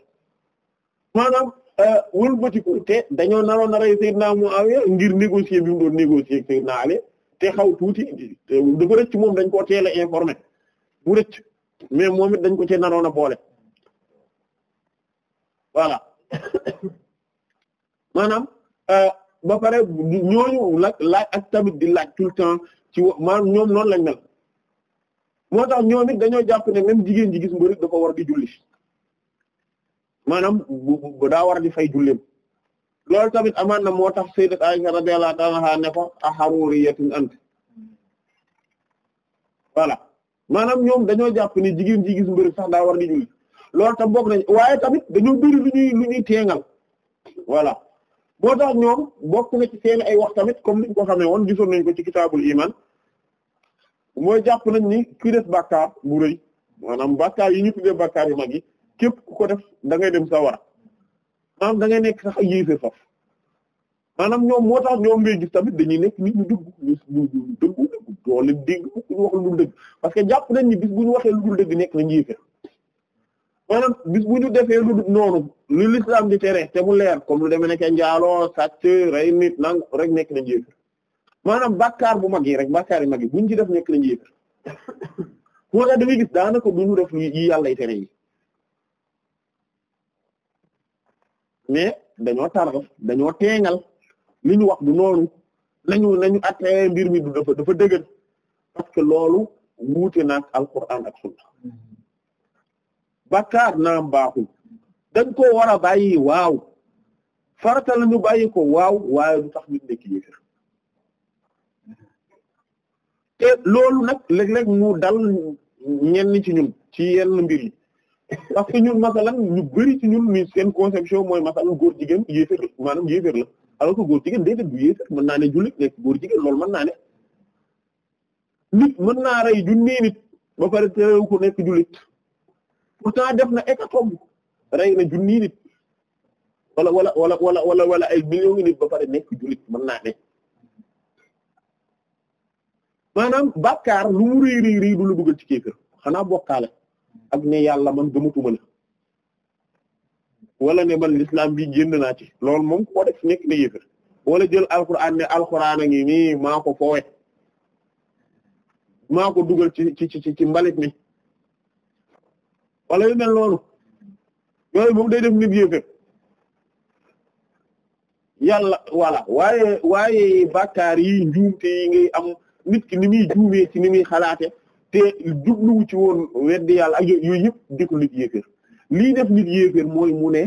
maanaam euh, wëlbatiku te dañoo naroon a rey Seydina Muawiya ngir négocier bi mu doon négocier ak Seydina Ali te xaw tuuti dafa rëcc moom dañ koo teel a informé bu mais moom it dañ ko ci naroon a boole voilà maanaam euh, ba pare ñooñu la laaj ak tamit di laaj tout temps ci ma ñoom noonu lañ mel moo tax ñoom it dañoo jàpp ne même jigéen ji gis mbir dafa war di julli maanaam bu daa war di fay julleem loolu tamit amaan na moo tax sayyidat Aisha radiyallahu ta'ala anha ne ko a haruriyatin ant voilà maanaam ñoom dañoo jàpp ni jigéen ji gis mbërëg sax daa war di julli loolu tam bokk nañ waaye tamit dañoo bëri lu ñuy lu ñuy teengal voilà moo tax ñoom bokk na ci seen ay wax tamit comme liñ ko xamee woon gisoon nañ ko ci kitaabul iman mooy jàpp nañ ni ku def bàkkaar bu rëy maanaam bàkkaar yi ñu tuddee bàkkaar yu mag yi képp ku ko def da ngay dem sa war a maanaam da ngay nekk sax ak yéeféer faf maanaam ñoom moo tax ñoom ngay gis tamit dañuy nekk nit ñu dëgg ñu dëggu dëggu doo leen dégg ñu wax lu dul dëgg parce que jàpp nañ ni bis bu ñu waxee lu dul dëgg nekk na yéefe maanaam bis bu ñu defee lu noonu lu l'islam di tere te mu leer comme lu demee nekk njaaloo sàcc nit nang rek nekk nañ yéefe maanaam bàkkaar bu mag yi rek bàkkaar yi mag yi buñ ci def nekk nañ yéefe moo tax dafay gis daanaka duñu def yi yàlla tere yi mais dañoo taraf dañoo teengal li ñu wax du noonu nañu nañu attee mbir mi dafa dafa dëgër parce que loolu wuute naag alquran ak sunna bàkkaar naam baaxul dañ ko war a bàyyi waaw farata la ñu bàyyi ko waaw waaye du tax nit nekk yéefér te loolu nag léeg-léeg mu dal ñenn ci ñun ci yenn mbir yi parce que ñun masalan ñu bari ci ñun ni seen conception mooy masalan góor jigéen yéefér la la alooko que góor jigéen du yéefar mën naa ne jullit nekk góor jigéen loolu mën naa ne nit mën naa rey junnee nit ba pare teew ko nekk jullit pourtant def na hécatombe rey na junni nit wala wala wala wala wala wala ay millions nit ba pare nekk jullit mën naa ne maanaam bàkkaar lu ri réy réy du la bëggal ci kéefër xanaa bokkaale ak ne yàlla man gëmatuma la wala ne man l'islam bi génn naa ci lool moom koo def nekk na yéefar wala jël alquran ne alquran ngi nii maa ko foowe maa ko dugal ci ci ci ci mbalit mi wala yu mel noonu yooyu moom day def nit yéefar yàlla voilà waaye waaye bàkkaar yi njuumte yi ngay am nit ki ni muy juumee ci ni muy xalaate te jubluwu ci woon weddi yàlla ak yooyu yëpp nit yéefar lii def nit yéeféer mooy mu ne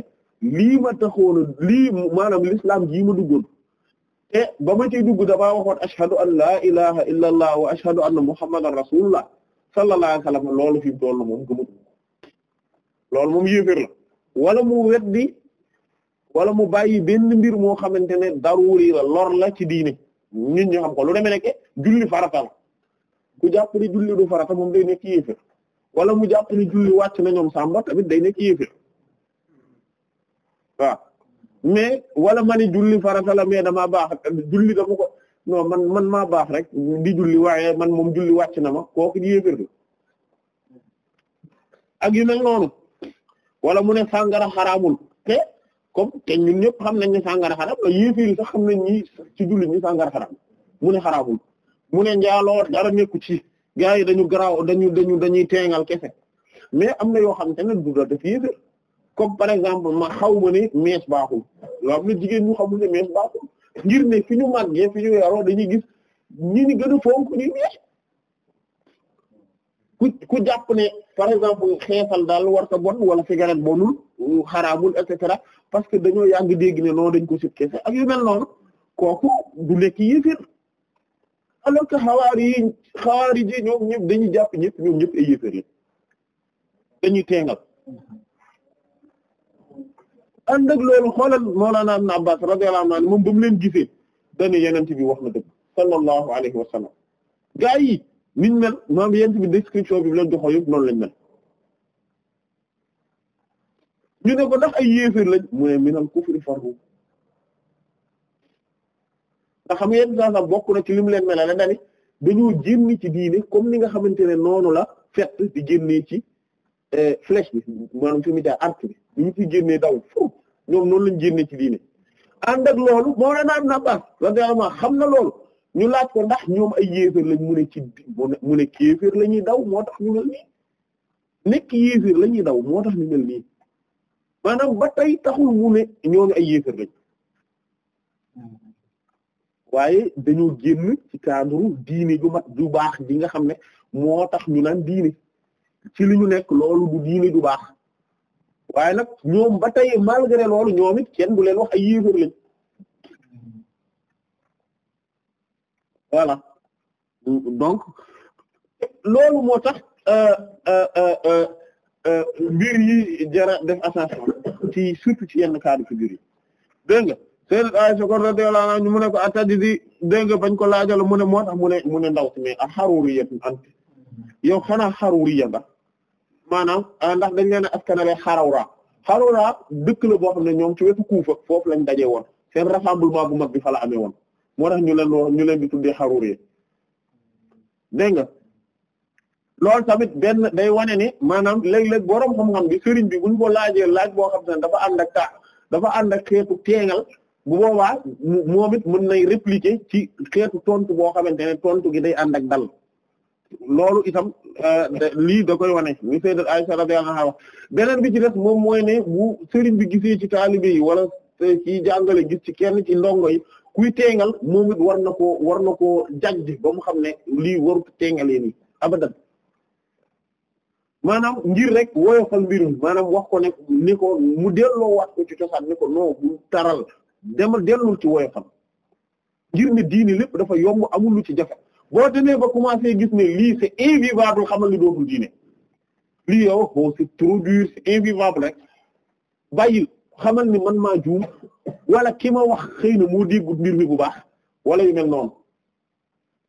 lii ma taxoon lii maanaam lislaam jii ma duggoon te ba ma ciy dugg damaa waxoon ashhadu an laa ilaha illa allah wa ashhadu anna muhammadan rasulullah sallallahu sallam loolu fi mu toll moom gëmatu loolu moom yéeféer la wala mu weddi wala mu bàyyi benn mbir moo xamante ne daruri la lor la ci diine nit ñi xam ko lu demee nekke julli farata la ku julli du farata moom day nekk yéeféer wala mu jàpp ni julli wàcc na ñoom sàmba tamit day nekk yéefir waaw mais wala ma ni julli farata la mais damaa baax julli dama ko non man man maa baax rek di julli waaye man moom julli wàcc na ma kooku di yéefir la ak yu mel noonu wala mu ne sàngara xaraamul te comme te ñun ñëpp xam nañ ne sàngara xaraam la yéefir yi sax xam nañ ñi ci julli ñi sàngara xaraam mu ne xaraamul mu ne njaaloo dara nekku ci gars yi dañu garaaw dañu dañu dañuy teengal kese mais am na yoo xamante ne du la def yéefér comme par exemple ma xaw ma ne mees baaxul loo am na jigéen ñu xamul ne mees baaxul ngir ne fi ñu màggee fi ñu yaroo dañuy gis ñi ni gën a fonk ñuy mees ku ku jàpp ne par exemple xeesal daal war ta bon wala cigarette bonul xaraamul et cetera parce que dañoo yàgg dégg ne noonu dañ ko sib kese ak yu mel noonu kooku du nekk yéefér alors que xawaari yi xawaari ji ñoom ñëpp dañuy jàpp ñëpp ñoom ñëpp ay yéefar yi dañuy teengal ànd ak loolu xoolal Mawlana Ibn Abbas radiyallahu anhu moom ba mu leen gisee dañu yenent bi wax na dëgg sallallahu alayhi wa sallam yi niñ mel moom yenent bi description bi leen joxo yëpp noonu lañ mel ñu ne ko dax ay yéefar lañ mu ne minal kufri farhu te xam ngeen saa saa bokk na ci lim leen melale dani dañoo génn ci diine comme ni nga xamante ne noonu la fett di génnee ci eh, flèche bi maanaam fi mu jaar arc bi ni ñu ci génnee daw foofu ñoom noonu lañ génnee ci diine ànd ak loolu moo la naan nabaas radiyallahu xam na loolu ñu laaj ko ndax ñoom ay yéeféer lañ mu ne ci mu ne la ñuy daw moo tax ñu mel nii nekk yéeféer la daw moo tax ñu nii maanaam ba tey taxul mu ne ñooñu ay yéeféer lañ waaye dañoo génn ci cadre diini ju ma ju baax ji nga xam ne moo tax ñu naan diine ci li ñu nekk loolu du diine ju baax waaye nag ñoom ba tey malgré loolu ñoom it kenn bu leen wax ay yéefar voilà donc loolu moo tax euh, euh, euh, mbir yi jara def attention ci surtout ci yenn cadre figure yi dégg nga sayyidat Aisha kon radiyallahu anha mu ne ko atadri dégg nga bañ ko laajal mu ne moo tax mu ne mu ndaw si mais a xaruriyatun anti yow xanaa xaruriya nga maanaam ah, ndax dañ leen askanale xarawra xarawra dëkk la boo xam ne ñoom ci wetu Kuufa foofu lañ daje woon seen rassemblement bu mag bi fala la amee woon moo tax ñu leen ñu leen di tuddee xaruriya dégg nga loolu tamit benn day wane ni maanaam léeg-léeg borom xam-xam bi sëriñ bi buñ ko laajee laaj boo xam ne dafa ànd ak taa dafa ànd ak xeetu teeŋal bu boobaa moom it mën nay répliquer ci xeetu tontu boo xamante ne tontu gi day ànd ak dal loolu itam euh, lii da koy wane ni sayyidat Aisha radiyallahu anha wax beneen bi ci des moom mooy ne bu sëriñ bi gisee ci taalibe yi wala euh, ci jàngale gis ci kenn ci ndongo yi kuy teengal moom it war na koo war na koo jajj ba mu xam ne lii warut teengalee nii abadan maanaam ngir rek woyofal mbir mi maanaam wax ko ne ni ko mu delloo waat ko ci cosaan ni ko bu taral demal dellul ci woyofam ngir ne diini lépp dafa yomb amul lu ci jafe boo demee ba commencé gis ne lii c'est invivable xamal li dootul diine lii yow bon oh, c'est trop dur c'est invivable rek bàyyil xamal ni man maa juum wala ki ma wax xëy na moo déggut mbir mi bu baax wala yu mel noonu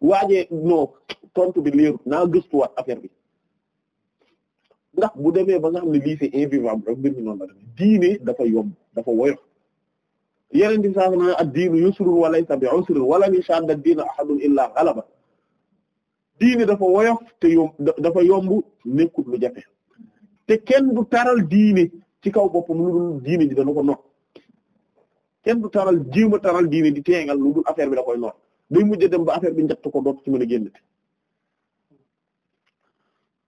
waajee non tontu bi leeru naa gëstuwaat affaire bi ndax bu demee ba nga xam ne lii c'est invivable rek mbir mi noonu la diine dafa yomb dafa woyof yeneen di saa ne ad-diinu yusrun wa laysa bi usrin wa lan yashadda ad-diina ahadun illaa ghalaba diini dafa woyof te yom dafa yomb nekkut lu jafe te kenn bu taral diine ci kaw boppam lu dul diine ji dana ko noot kenn du taral jéem a taral diine di teengal lu dul affaire bi da koy noot day mujj dem ba affaire bi njatt ko doot ci mën a génn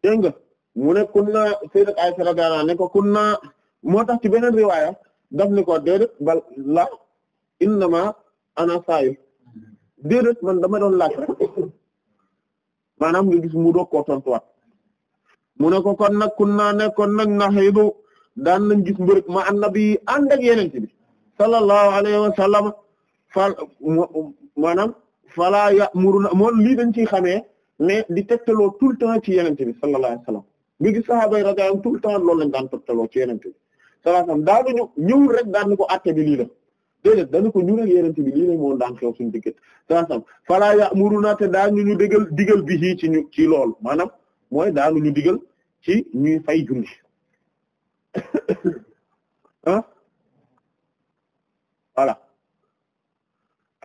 dégg nga mu ne kunna sayyidat Aisha radiyallahu anha ne ko kunna moo tax ci beneen riwaaya daf ni ko déedéet bal la innama ana saayu déedéet man dama doon laaj maanaam nga gis mu doog koo tontuwaat mu ne ko kon nag kun naa ne kon nag na xëydu daan nañ gis mbërëg ma annabi ànd ak yeneen ci bi sallallahu alayhi wa sallam fal maanaam fala ya'muruna moom lii dañ ciy xamee mais di tegtaloo tout le temps ci yeneen ci bi sallallahu alayhi wa sallam nga gis sahaaba yi radiyallahu tout le temps loolu lañ daan tegtaloo ci yeneen ci bi sallallahu alayhi wasallam daanuñu ñëwul rek daan ko àtte bi lii la déedéet dañu ko ñu rek bi lii la moo daan xew suñu diggante sallallahu alayhi wasallam falaa ya'muruna te daañu ñu digal digal bi ci ci ñu ci lool maanaam mooy daanu ñu digal ci ñuy fay julli ah voilà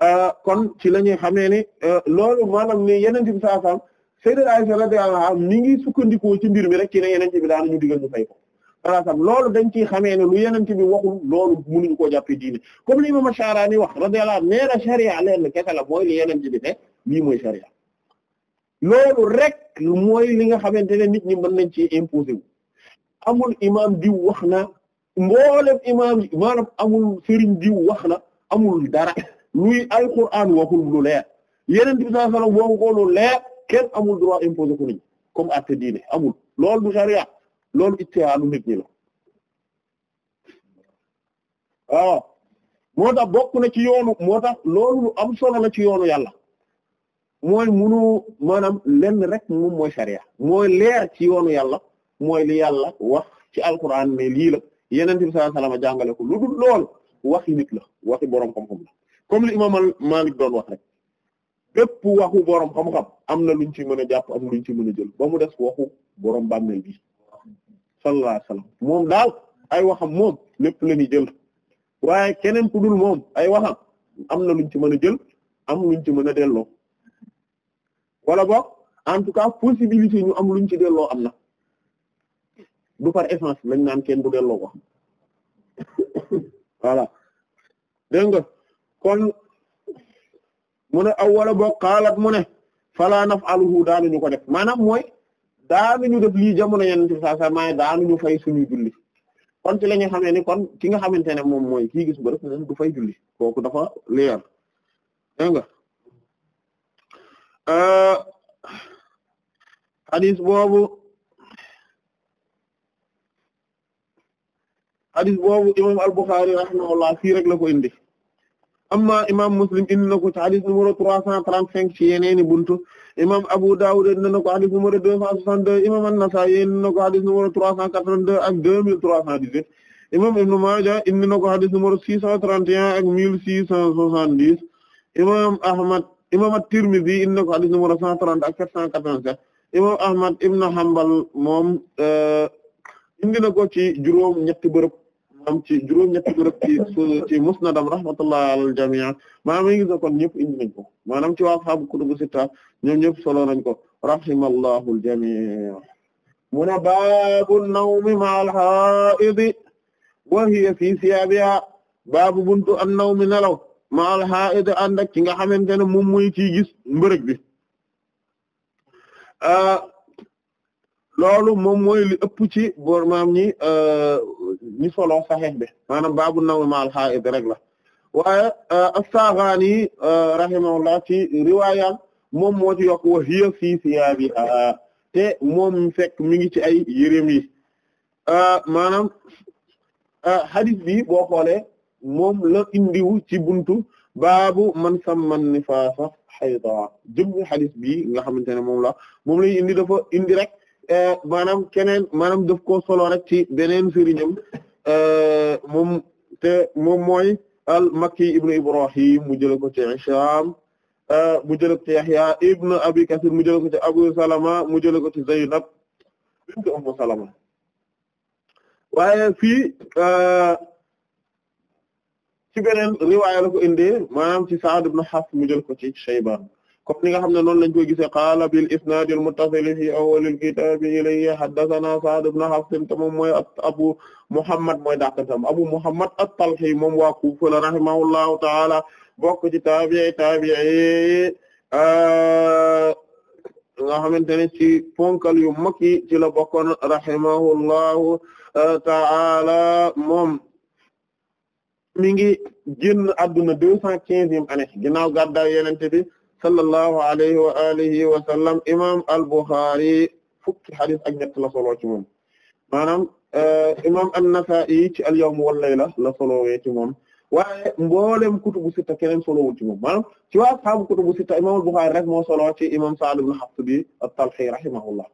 euh, kon ci la ñuy xamee ne euh, loolu maanaam ne yenente bi sallallahu alayhi wasallam sayyidatu Aisha radiyallahu anha mi ci mbir mi rek ci ne yenente bi ñu digal ñu fay salaam loolu dañ ciy xamee ne lu yenente bi waxul loolu ñu koo jàppee diine comme li imam Sha'rani wax radiyallahu anhu nee na sharia leen kese la mooy li yenente bi ne lii mooy sharia loolu rek mooy li nga xamante ne nit ñi mën nañ ci imposer wu amul imam diw wax na mboolem imam maanaam amul sëriñ diw wax na amul dara luy alquran waxul lu leer yeneen bi sallallahu alayhi ko lu leer kenn amul droit imposer ko nit comme acte diine amul loolu du sharia loolu ittihaadu nit ñi la waaw moo tax bokk na ci yoonu moo tax loolu am solo la ci yoonu yàlla mooy munu maanaam lenn rek moom mooy sariya mooy leer ci yoonu yàlla mooy li yàlla wax ci alquran ne lii la yeneen bi sallallahu alayhi wasallam jàngale ko lu dul lool waxi nit la waxi borom xam-xam la comme li imam Malik doon wax rek bépp waxu boroom xam-xam am na luñ ci mën a jàpp am luñ ci mën a jël ba mu des waxu boroom bàmmeel bi sallallahu alayhi wasallam moom daal ay waxam moom lépp la ñuy jël waaye keneen ku dul moom ay waxam am na luñ ci mën a jël am luñ ci mën a delloo wala boog en tout cas possibilité ñu am luñ ci delloo am na du par essence lañ naan kenn bu delloo ko voilà dégg nga kon mu ne aw wala boog xaalaat mu ne fala daal aluhu ñu ko def maanaam mooy daanuñu def lii jamono yeneen ci saa saa u daanuñu fay suñuy julli kon ci la ñu xamee ni kon ki nga xamante ne moom mooy kii gis ba rek du fay julli kooku dafa leer dégg nga euh, hadis boobu hadis boobu imam al-Bukhari rahimahullah fii rek la ko indi amma imam Muslim indi na ko ci trois cent trente cinq ci yeneeni buntu imam Abu Dawud indi na ko hadith numéro deux cent soixante deux imam An-Nasa'i indi na ko hadith numéro trois cent quatre vingt deux ak deux mille trois cent dix huit imam Ibn Maaja indi na ko hadith numéro six cent trente et un ak mille six cent soixante dix imam Ahmad imam At-Tirmidhi indi na ko hadith numéro cent trente ak sept cent quatre vingt sept Ahmad ibn Hanbal moom euh, indi na ko ci juróom ñetti bërëb moom ci juróom-ñetti bërëb ci ci musnadam rahmatullah alal jamii maanaam mi ngi gis kon ñëpp indi nañ ko maanaam ci waa xaabu kutubu sitta ñoom ñëpp solo nañ ko rahimallahu al jamii mu ne baabu nawmi ma'al haa'idi wa hiya fii siyaabiha baabu buntu an nawmi nelaw ma'al haa'idi ànd ak ki nga xamante ne moom mooy ciy gis mbërëg bi loolu moom mooy li ëpp ci boor maam ñi euh, ñi solo saxeex bi maanaam babu naw maal haid rek la waaye euh, as-Saghani euh, rahimahullah ci riwaayam moom moo ci yokk wa hiya fii siyaabiha te moom fekk mi ngi ci ay yërëm a maanaam hadis bi boo xoolee moom la indiw ci buntu baabu man samman nifaasa hayda jëm hadis bi nga xamante ne moom la moom lay indi dafa indi rek Eh, maanaam keneen maanaam def koo solo rek ci beneen sëriñam eh, moom te moom mooy al Makki ibnu Ibrahim mu jëlee ko ci Hisham eh, mu jëlee ko ci Yahya ibnu Abi Kasir mu jëlee ci Abu Salama mu jëlee ko ci Zaynab bint Umm Salama waaye fii ci beneen riwaaya la ko indee maanaam ci saad ibnu Hafs mu jël ko ci Shaybaan comme ni nga xam ne noonu lañ koy gisee qaala bil isnaadil muttasili fi awwalil kitaabi ilayhi haddasanaa Sa'd ibn Hafs te mooy abu Muhammad mooy dàqatam abu Muhammad at-Talhi moom waa Kuufa la rahimahullahu ta'ala bokk ci taabi'i taabi'i euh, nga xamante ne ci ponkal yu mag yi ci la bokkoon rahimahullahu euh, ta'ala moom mi ngi génn adduna deux cent quinzième année sallallahu alayhi wa alihi wa sallam imam al-Bukhari fukki hadith ak ñett la solo ci moom maanaam euh, imam an-Nasa'i ci al-yawm wal layla la solowee ci moom waaye mboolem kutubu sitta keneen solowul ci moom maanaam ci waa ashaabu kutubu sitta imam al-Bukhari rek moo solo ci imam Sa'd ibn Hafs bi at-Talhi rahimahullah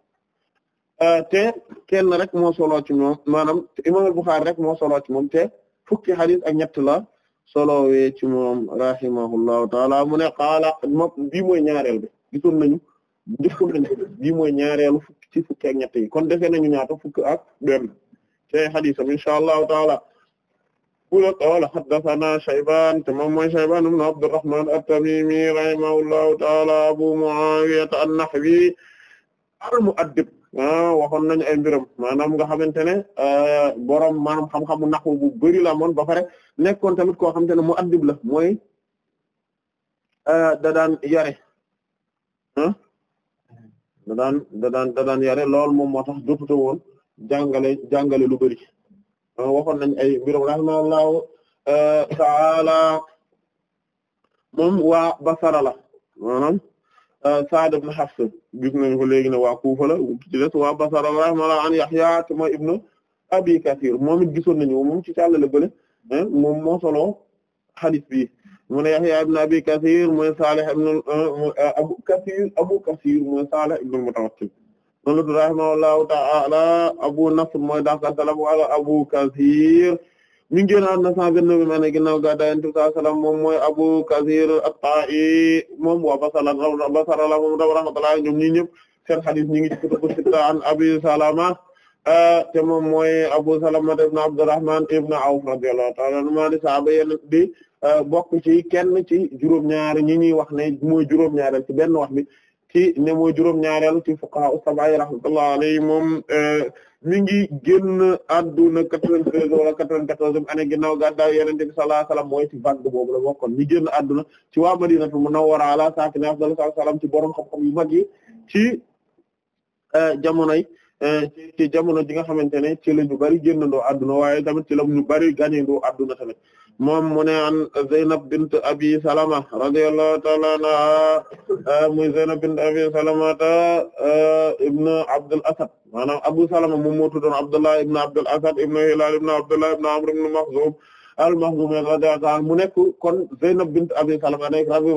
euh, te kenn rek moo solo ci moom maanaam imam al-Bukhari rek moo solo ci moom te fukki hadith ak ñett la solowee ci moom rahimahullahu taala mu ne qaala moom bii mooy ñaareel bi gisoon nañu njëkkoon nañu mooy ñaareelu fukki ci fukki ak ñett yi kon defee nañu ñaata fukki ak benn ci ay xadiisam insha allahu taala pula qawla haddathana Shaybaan te moom mooy Shaybaan ibn Abdurrahmaan at-Tamiimi rahimahullahu taala Abu Mu'aawiya an-Nahwi al-Mu'addib Ah, waxoon nañu ay mbiram maanaam nga xamante ne ah, borom maanaam xam-xamu naqu bu bëri la moon ba pare nekkoon tamit koo xamante ne mu addib la mooy ah, da yare ah da daan da yare loolu moom moo tax jotuta woon jàngale jàngale lu bëri waxoon nañ ay mbiram rahimahullahu taala moom waa Basara la maanaam Euh, Sa'd ibn Hafs gis nañu waa Kufa la ci des waa Basra rahimahullah an Yahya tuma ibnu Abi Kathir moom it gisoon nañu moom ci càllale bële moom moo solo hadith bi mu ne Yahya ibn Abi Kathir mooy Salih ibn euh, Abu Kathir Abu Kathir mooy Salih ibn al-Mutawakkil noonu la rahimahullahu ta'ala Abu Nasr mooy dakantalam wala Abu Kathir mi ngi génn àdduna 129 ma ne ginnaaw gàddaay Yonent bi sallallahu alayhi wa sallam moom mooy Abu Kathir at-Ta'i moom waa Basra Basra la moom rahmatullahi ñoom ñi ñëpp seen hadith ñi ngi ci kutubu sitta an Abi Salama eh, te moom mooy Abu Salama ibn Abdurrahman ibn Awf radiyallahu ta'ala anhu di sahaaba di eh, bokk ci kenn ci juróom-ñaari ñi ñuy wax ne mooy juróom-ñaareel ci benn wax bi ci ne mooy juróom-ñaareel ci fuqaha as-sab'a mi ngi génn àdduna 93 wala 94 année ginnaaw gàddaay Yonent bi sallallahu alayhi wasallam mooy ci vague boobu la bokkoon ñi génn àdduna ci waa Madinatu Munawwara ala saakinihaa afdalu salaam ci borom xam-xam yu mag yi ci eh, jamonoy. Euh, ci jamono ji nga xamante ne ci la ñu bari génnandoo adduna waaye tamit ci la ñu bari gañandoo adduna tamit moom mu ne an Zeynab bint Abi Salama radiyallahu ta'ala anha euh, muy Zeynab bint Abi Salama ta euh, ibn Abdul Asad maanaam Abu Salama mu moo tuddoon Abdullah ibn Abdul Asad ibn Hilal ibn Abdullah ibn Amr al-Makhzumi radiyallahu ta'ala mu nekk kon Zeynab bint Abi Salama nekk rabbi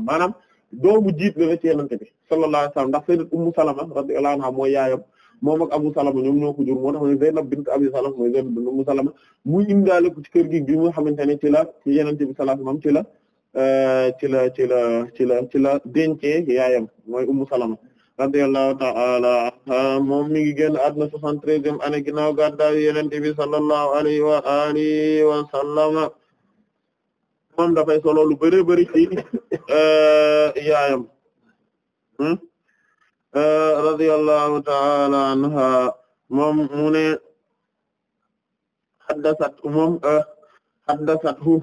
maanaam doomu jiit la ci yenante bi sallallahu alayhi wasallam ndax sayyidat ummu salama radiyallahu anha mooy yaayam moom ak abu salama ñoom ñoo ko jur moo tax ne zaynab bint abi salama mooy zaynab bint ummu salama muy kër gi bi nga xamante ne ci la ci yenante bi sallallahu alayhi wasallam ci la euh, ci la ci la ci la ci la dencee yaayam mooy ummu salama radiyallahu ta'ala anha moom mi ngi génn àdduna soixante-treizième année ginnaaw gàddaay yenante bi sallallahu alayhi wa alihi wa sallama moom dafay solo lu bari bari ci euh, yaayam hmm? euh, radiyallahu ta'ala anha moom mu ne haddasat moom euh, haddasathu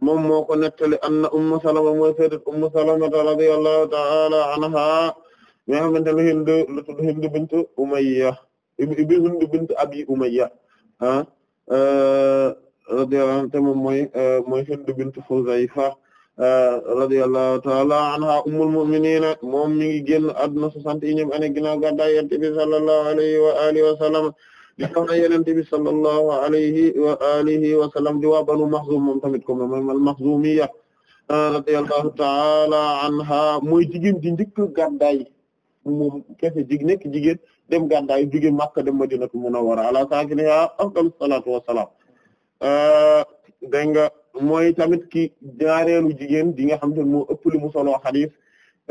moom moo ko nettali anna ummu salama mooy sayyidat ummu salama ta'ala anha mi nga xamante ne Hind la tudd Hind bint Umayya ibn Hind bint Abi Umayya ah, radiyallahu anha moom mooy euh, mooy Hind bint Huzayfa euh, radiyallahu ta'ala anha ummul mu'minin moom mi ngi génn àdduna soixante et unième année ginnaaw gàddaay Yonent bi sallallahu alayhi wa alihi wa sallam di soxna Yonent wa alihi wa sallam di waa Banu Makhzum moom tamit comme moom al-Makhzumiyya euh, radiyallahu ta'ala anha mooy jigéen di njëkk gàddaay moom kese jig nekk jigéen dem gàddaay jóge Makka dem Madinatul Munawwara ala saakinihaa afdalu wa salaam Euh, dégg nga mooy tamit ki ñaareelu jigéen di nga xam te moo ëpp lu mu solo xadis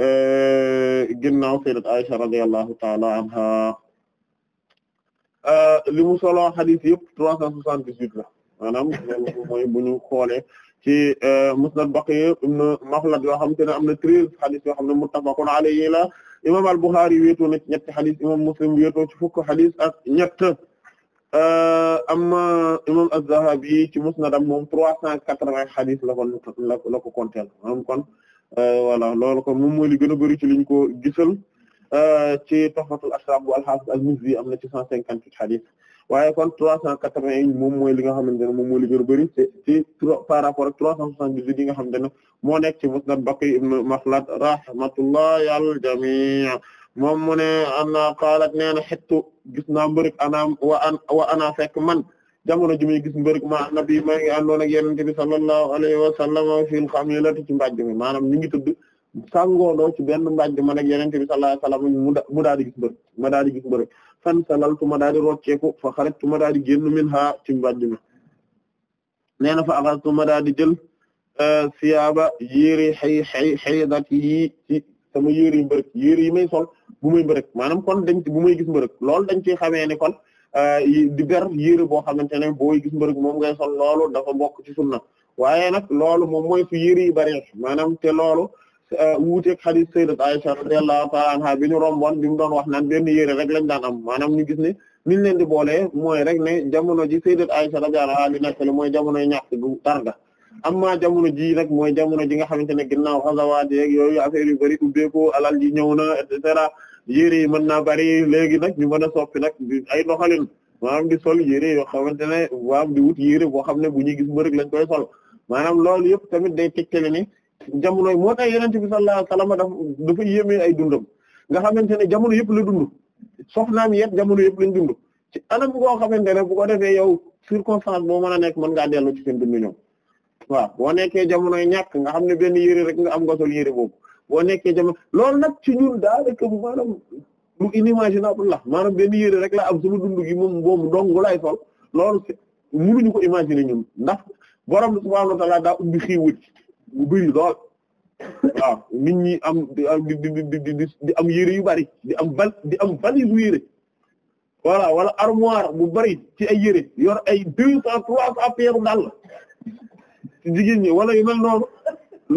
euh, ginnaaw sayyidat Aisha radiyallahu ta'ala anha euh, li mu solo xadis yëpp trois cent soixante-dix-huit la maanaam loolu mooy bu ñu xoolee ci musnad Baqi ibn Makhlad yoo xam te am na treize xadis yoo xam ne muttafaqun alayhi la yi al-Bukhari wéetoo na ci ñetti xadis imam Muslim wéetoo ci fukk xadis ñet Euh, amma imam Az-Zahabi ci musnadam moom trois cent quatre-vingts hadith la ko la la ko konteel moom kon euh, voilà loolu kon moom mooy li gën a bëri ci liñ ko gisal euh, ci Tuhfatul Ashraf bu al-Hafiz al-Mizzi am na ci cent cinquante-huit hadith waaye kon trois cent quatre-vingts yi moom mooy li nga xamante ne moom mooy li gën a bëri ci ci par rapport ak trois cent soixante-dix-huit yi nga xamante ne moo nekk ci musnad Baqi ibn Makhlad rahmatullahi al-jami' moom mu ne ana qaalat nee na xettu gis naa mbërëg anaam wa an wa ana fekk man jamono ji muy gis mbërëg ma nabi maa ngi àndoon ak yonent bi sallallahu alayhi wa sallam fil xamilati ci mbàjj mi maanaam ñu ngi tudd sàngoondoo ci benn mbàjj man ak yonent bi sallallahu alayhi wa mu daal di gis mbërëg ma daal di gis mbërëg fan salaltu ma daal di rocceeku fa xarajtu ma daal di génn min ha ci mbàjj mi nee na fa axastu ma daal di jël eh, siyaaba yéri xay xay xaydat yi ci sama yéri mbërëg yéri yi may sol bu muy mbërëg maanaam kon dañ bu muy gis mbërëg loolu dañ ciy xamee ne kon euh, di ber yére boo xamante ne booy gis moom ngay sol loolu dafa bokk ci na waaye nag loolu moom mooy su yére yi bari maanaam te loolu euh, wuuteeg hadith sayyidat Aisha radiyallahu ta'ala anha bi ñu romboon bi mu doon wax naan benn yére rek lañ daan am maanaam ñu gis ne niñ leen di boolee mooy rek ne jamono ji sayyidat Aisha radiyallahu anha na nekkale mooy jamono ñàkk gu targa amma jamono ji nag mooy jamono ji nga xamante ne ginnaaw xasawaat yeeg yooyu affaire yu bari ubbeeku alal ji ñëw na et cetera yére yi mën naa bari léegi nag ñu mën a soppi nag ay doxalin maanaam di sol yére yoo xamante ne waam di wut yére boo xam ne bu ñuy gis mbërëg lañ koy sol maanaam loolu yëpp tamit day tegtale ni jamono yi moo tax yenente bi sallallahu alayhi wasallam dafa dafa yéemee ay dundam nga xamante ne jamono yëpp la dund soxnaam yet jamono yëpp lañ dund ci anam bu koo xamante ne bu ko defee yow circonstance boo mën a nekk mën ngaa dellu ci seen dund ñoom waaw boo nekkee jamonoy ñàkk nga xam ne benn yére rek nga am nga sol yére boobu boo nekkee jamono loolu nag ci ñun daanaka maanaam lu inimaginable la maanaam benn yére rek la am sama dund gi moom boobu dong lay sol loolu mënuñu ko imaginer ñun ndax borom subhaanahu wa ta'aala daa ubbi xiiw bu bëri lool waaw nit ñi am di di di di di am yére yu bari di am bal di am valise bu yére wala armoire bu bari ci ay yére yor ay deux cent trois cent paires dal jigéen ñi wala yu mel noonu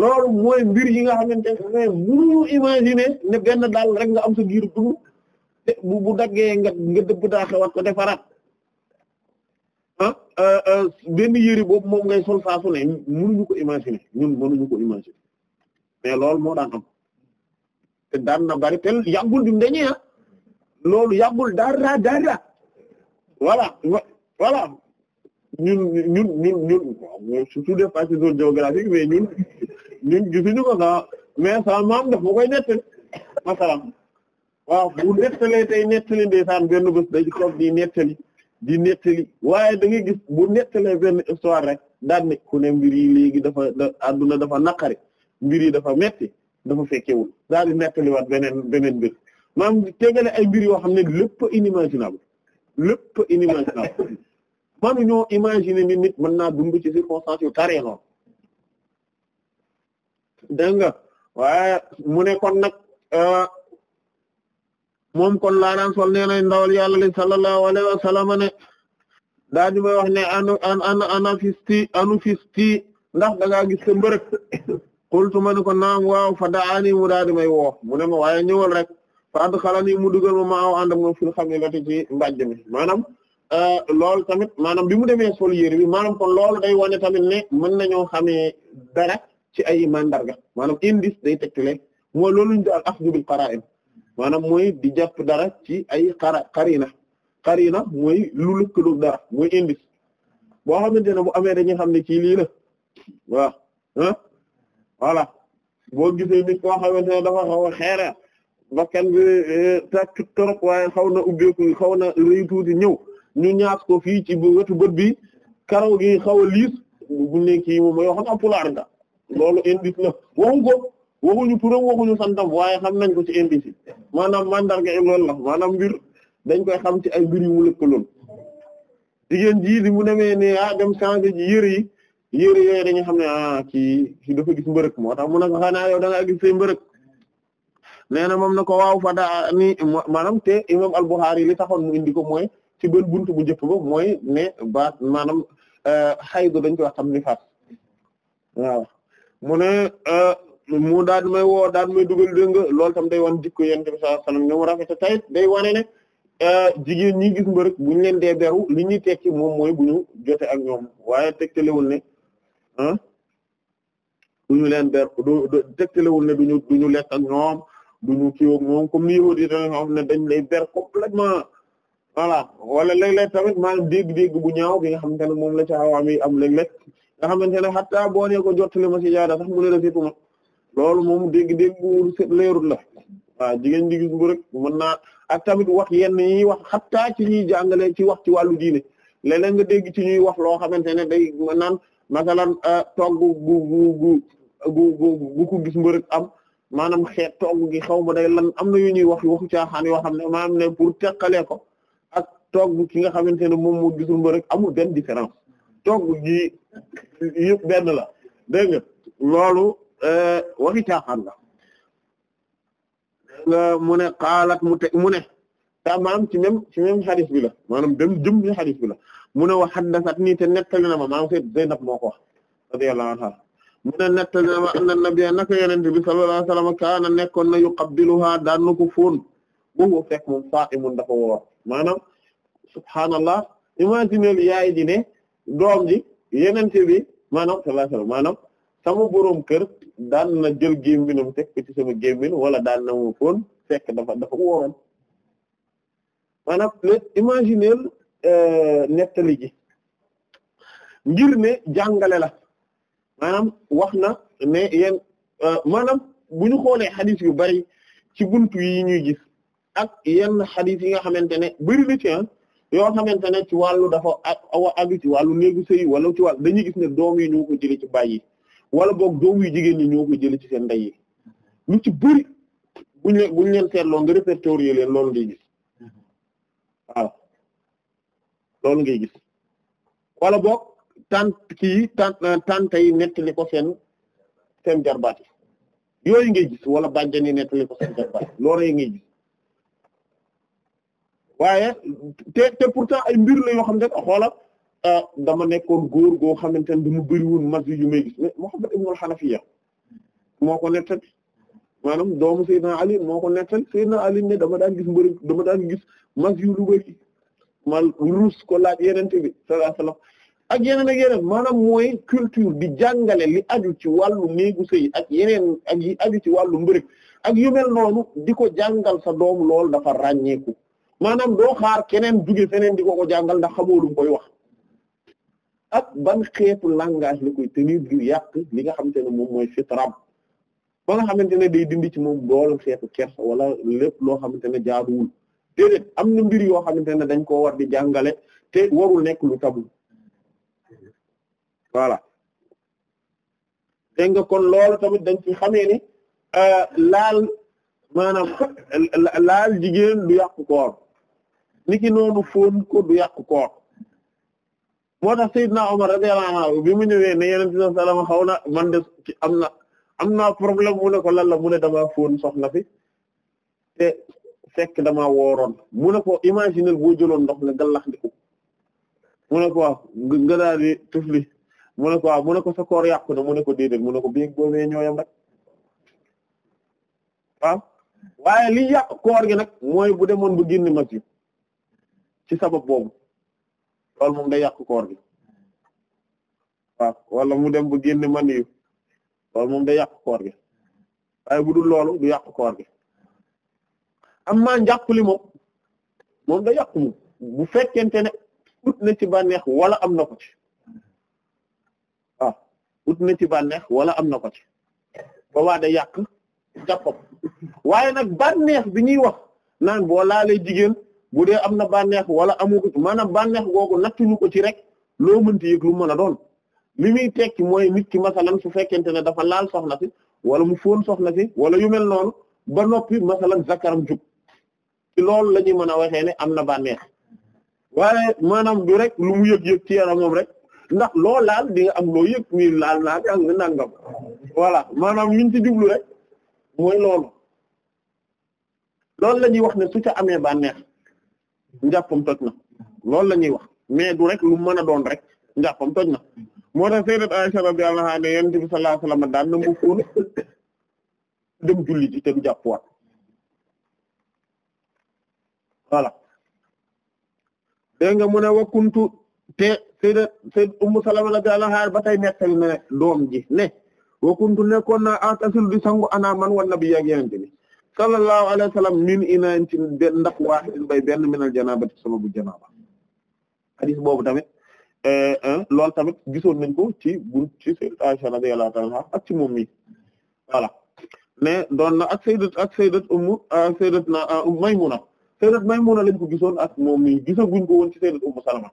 loolu mooy mbir yi nga xamante ne mënuñu imaginer ne benn daal rek nga am sa giiru dund bu bu daggee nga nga dëbb daaxewaat ko defaraat ah euh, euh, benn yëri boobu moom ngay sol saa su ne mënuñu ko imaginer ñun mënuñu ko imaginer mais loolu moo daan am te daan na bari tel yàggul bi mu dañee ah loolu yàggul dara dara voilà voilà ñun ñun ñun ñun waaw surtout des fois ci zone géographique mais ñun ñun gisuñu ko sax mais sa maam daf ma koy nettali masalam waaw bu nettalee tey nettali ndeysaan benn bés day toog di nettali di nettali waaye da ngay gis bu nettalee benn histoire rek daan ne ku léegi dafa da adduna dafa naqari mbir yi dafa metti dafa fekkewul daal di nettaliwaat beneen beneen mbir maam tegale ay mbir yoo xam ne lépp inimaginable lépp inimaginable manu ñoo imaginer ni nit mën naa dund ci circonstance yu taree noonu dégg nga waaye mu ne kon nag euh, moom kon laa daan sol nee na ndawal yàlla li sallallahu ne daa di may wax ne ndax da ngaa gis sa mbërëk qultu ma ne ko naam waaw fa daani mu daa di may woo mu ne ma waaye ñëwal rek fa adxalani mu dugal ma ma aw fil xam ne lati mi maanaam Euh, loolu tamit maanaam bi mu demee sol yére bi maanaam kon loolu day tamit ne mën nañoo xamee dara ci ay mandarga maanaam indice day tegtale mooy loolu ñu daal axdu bil qara'in maanaam mooy di jàpp dara ci ay xara xarina xarina mooy lu lëkkaloog dara mooy indice boo xamante ne bu amee dañuy xam ne ci lii la waaw ah voilà boo gisee nit koo xamante ne dafa xaw a xeere bakkan bi euh, tàkk trop xaw na ubbeeku xaw na rëy tuuti ñëw ñu ñaas ko fii ci wetu bët bi karaw gi xaw a liis buñ ne kii moom mooy waxoon ab pulaar nga loolu indice la ko waxuñu turam waxuñu santam waaye xam nañ ko ci indice yi maanaam mandarga yi loolu la maanaam mbir dañ koy xam ci ay mbir yu mu lëkkaloon jigéen jii li mu demee ne ah dem changer ji yëre yi yëre yooyu dañuy xam ne ah kii kii gis mbërëk moo tax mu na ko xanaa yow da gis say mbërëk nee na moom na ko waaw fa daa ni maanaam te imam al-Bukhari li taxoon mu indi ko mooy ci bën buntu bu njëkk ba mooy ne baat maanaam euh, xaydu dañ koy wax tam nifaas waaw mu euh, mu daal di may woo daal may dugal dégg nga loolu tam day wan jikko yonent bi sallallahu alayhi wasallam ñoom rafet tayit day wane ne euh, jigéen ñi buñ mbërëk bu ñu leen dee beru li ñuy tekki moom mooy bu ñu jote ak ñoom waaye tegtalewul ne ah leen ber du tegtalewul ne duñu du ñu lekk ak ñoom du ñu kiiwag ñoom comme ni yow di da nga xam ne dañ lay ber complètement voilà wala léeg le tamit maanaam dégg-dégg bu ñaaw bi nga xamante ne moom la ci awaam yi am léeg-léeg nga xamante ne xataa ko jottali ma ci jaada sax mu ne rafetuma loolu moom dégg-dégg bu leerut la waaw jigéen ji gis bu rek mën naa a tamit wax yenn yi wax xataa ci ñuy jàngale ci wax ci wàllu diine léeg-léeg nga dégg ci ñuy wax loo xamante ne day mën naan masalan euh, togg gu gu gu gu ko gis mbërëg am maanaam xeet togg gi xaw ma day lan am na yu ñuy wax waxu caaxaan yoo xam ne maanaam ne pour teqalee ko toog ki nga xamante ne moom moo gisul mbër rek amul benn différence toog gi yëpp benn la dégg nga loolu eh, waxi caaxaan la mu ne xaalaat mu te mu ne ta maanaam ci même ci même hadith bi la maanaam dem jëm ci hadith bi la mu ne wax haddasat nii te nettali na ma maanaam seet Zaynab moo ko wax radiyallahu mu ne nettali na ma anna nabiyya naka yonent bi sallallahu alayhi wa sallam kaana nekkoon na yuqabbiluha daan na ko fóon bu fekk moom saa'imun dafa woor maanaam subhaanallah imagineel yaay ji ne doom ji yenente bi maanaam maanaam sama boroom kër daal na jël gémminam teg ko ci sama gémmin wala daan na mu fekk dafa dafa wooroon maanaam le imagineel euh, nettali ji ngir ne jàngale la maanaam wax na ne yéen euh, maanaam bu xoolee xadis yu bari ci buntu yi ñuy gis ak yenn xadis yi nga xamante ne bari na ci ah, yoo xamante ne ci wàllu dafa awa aju ci wàllu néegu sëy wala ci wàllu dañuy gis ne doom yi ñoo ko jëlee ci baay wala boog doom yu jigéen ñi ñoo ko jëlee ci seen ndey yi lu ci bëri buñ leen buñ leen seetloo nga répertorier leen loolu ngay gis waaw wala boog tant kii tant euh, tant nettali ko seen seen jarbaat yi yooyu ngay gis wala bàjjani nettali ko seen jarbaat yi loolu ngay gis. waaye te te pourtant ay mbir la yoo xam ne xoolal euh, dama nekkoon góor goo xamante ne dama bëri woon mas yu may gis mais Muhammad ibn al-Hanafiya moo ko nettali maanaam doomu Seydina Ali moo ko nettali Seydina Ali ne dama daan gis mbëri dama daan gis mas yu lu bëri man ruus ko laaj yeneen bi sallallahu alayhi wasallam ak yeneen ak yeneen maanaam mooy culture di jàngale li aju ci wàllu néegu sëy ak yeneen ak yi aju ci wàllu mbërëg ak yu mel noonu di ko jàngal sa doom lool dafa ràññeeku maanaam doo xaar keneen juge feneen di ko ko jàngal ndax xamoo lu koy wax ak ban xeetu langage la koy tenir ngir yàq li nga xamante ne moom mooy fitraam ba nga xamante ne day dindi ci moom dool xeetu kersa wala lépp loo xamante ne jaaduwul déedéet am nu mbir yoo xamante ne dañ koo war di jàngale te warul nekk lu tabu voilà dégg nga kon loolu tamit dañ ci xamee ni euh, laal maanaam laal jigéen du yàq koor niki noonu fóon ko du yàqu koor moo tax Seydina Omar radiyallahu anhu bi mu ñëwee ne yeneen bi sallallahu alayhi wasallam xaw na man de am na am naa problème mu ne ko lan la mu ne damaa fóon soxna fi te fekk damaa wooroon mu ne ko imaginer bo jëloon ndox nga gallax ndiku mu ne ko waaw nga daal di tufli mu ne ko waaw mu ne ko sa koor na mu ne ko déedéet mu ne ko biig boobee ñooyam rek waaye li yàq koor gi nag mooy bu demoon bu génn masjid ci sabab boobu loolu moom day yàq koor gi waaw wala mu dem ba génne man yu loolu moom da yàq koor gi waaye bu dul loolu du yàq koor gi amma njàpp li moom moom day yàq moom bu fekkente ne ut na ci bànneex wala am na ko ci waaw na ci bànneex wala am na ko ci ba waa day yàq jàppam waaye nag bànneex bi ñuy wax naan boo laalee jigéen bu dee am na bànneex wala amu ko maanaam bànneex googu nattuñu ko ci rek loo mënti yëg lu mën a doon li muy tekki mooy nit ki masalan su fekkente ne dafa laal soxna si wala mu fóon soxna si wala yu mel noonu ba noppi masalan zakaram jug ci loolu la ñuy mën a waxee ne am na bànneex waaye maanaam du lu mu yëg-yëg ci yaramam rek ndax loo laal di nga am loo yëg nii laal naa fi am nga nangam voilà maanaam liñ ci jublu rek mooy loolu loolu la ñuy wax ne su ca amee bànneex njàppam toj na loolu la ñuy wax mais du rek lu mën doon rek njàppam toj na moo tax sayyidat Aisha radiyallahu anha ne yonent bi na mu fóon dem julli ji te du jàppwaat voilà dégg nga mu ne wa kuntu te sayyidat sayyidat Ummu Salama radiyallahu anha ba tey nettali na doom ji ne wa kuntu nekkoon naa atasil di sangu ana man wan nabi ak yonent bi sallallahu alayhi wa sallam min inaan ci ndax waaxidin bay benn minal janaabati sama bu janaaba hadith boobu tamit eh, eh, loolu tamit gisoon nañ ko ci bunt ci sayyidat Aisha radiyallahu ta'ala ak ci moom mi voilà mais doon na ak sayyidat ak sayyidat ummu eh, sayyidat na Maymuna sayyidat Maymuna lañ ko gisoon ak mom mi gisaguñ ko woon ci sayyidat Ummu Salama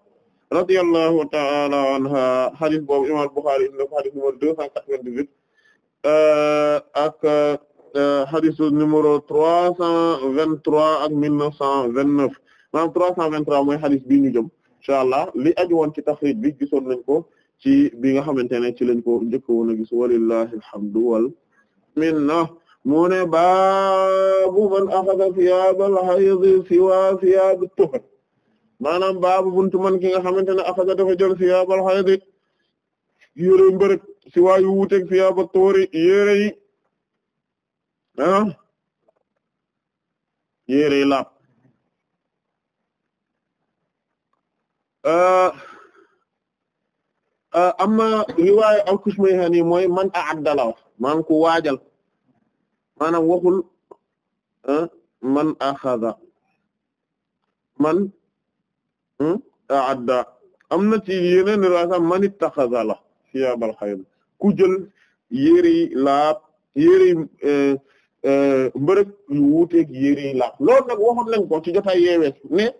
radiyallahu ta'ala anha hadith boobu imam Bukhari indi ko hadith numéro cent quatre-vingt-dix-huit Euh, hadith numéro trois cent vingt trois ak mille neuf cent vingt neuf maanaam trois cent vingt trois mooy hadith bii ñu jëm incha allah li aju woon ci taxriij bi gisoon nañ ko ci bi nga xamante ne ci lañ ko njëkk woon a gis walillahi alhamdu wal minna mu ne baabu man axada siyaabal hayd siwa siyaab at-tuhr maanaam baabu buntu man ki nga xamante ne axada dafa jël siyaabal hayd yére mbërëg siwaa yu wuuteeg siyaab at-tuhr yére ah yére yi laab amma riwaayu al-Kushmayhani mooy man a addala man ku waajal maanaam waxul man axada man hmm? a adda am na ci yeneen riwaaya sax man ittaxada la siyaabal xayr ku jël yére laab yére eh, Euh, mbërëg yu wuuteeg yére yi laab loolu nag waxoon nañ ko ci jotaay yeewees mais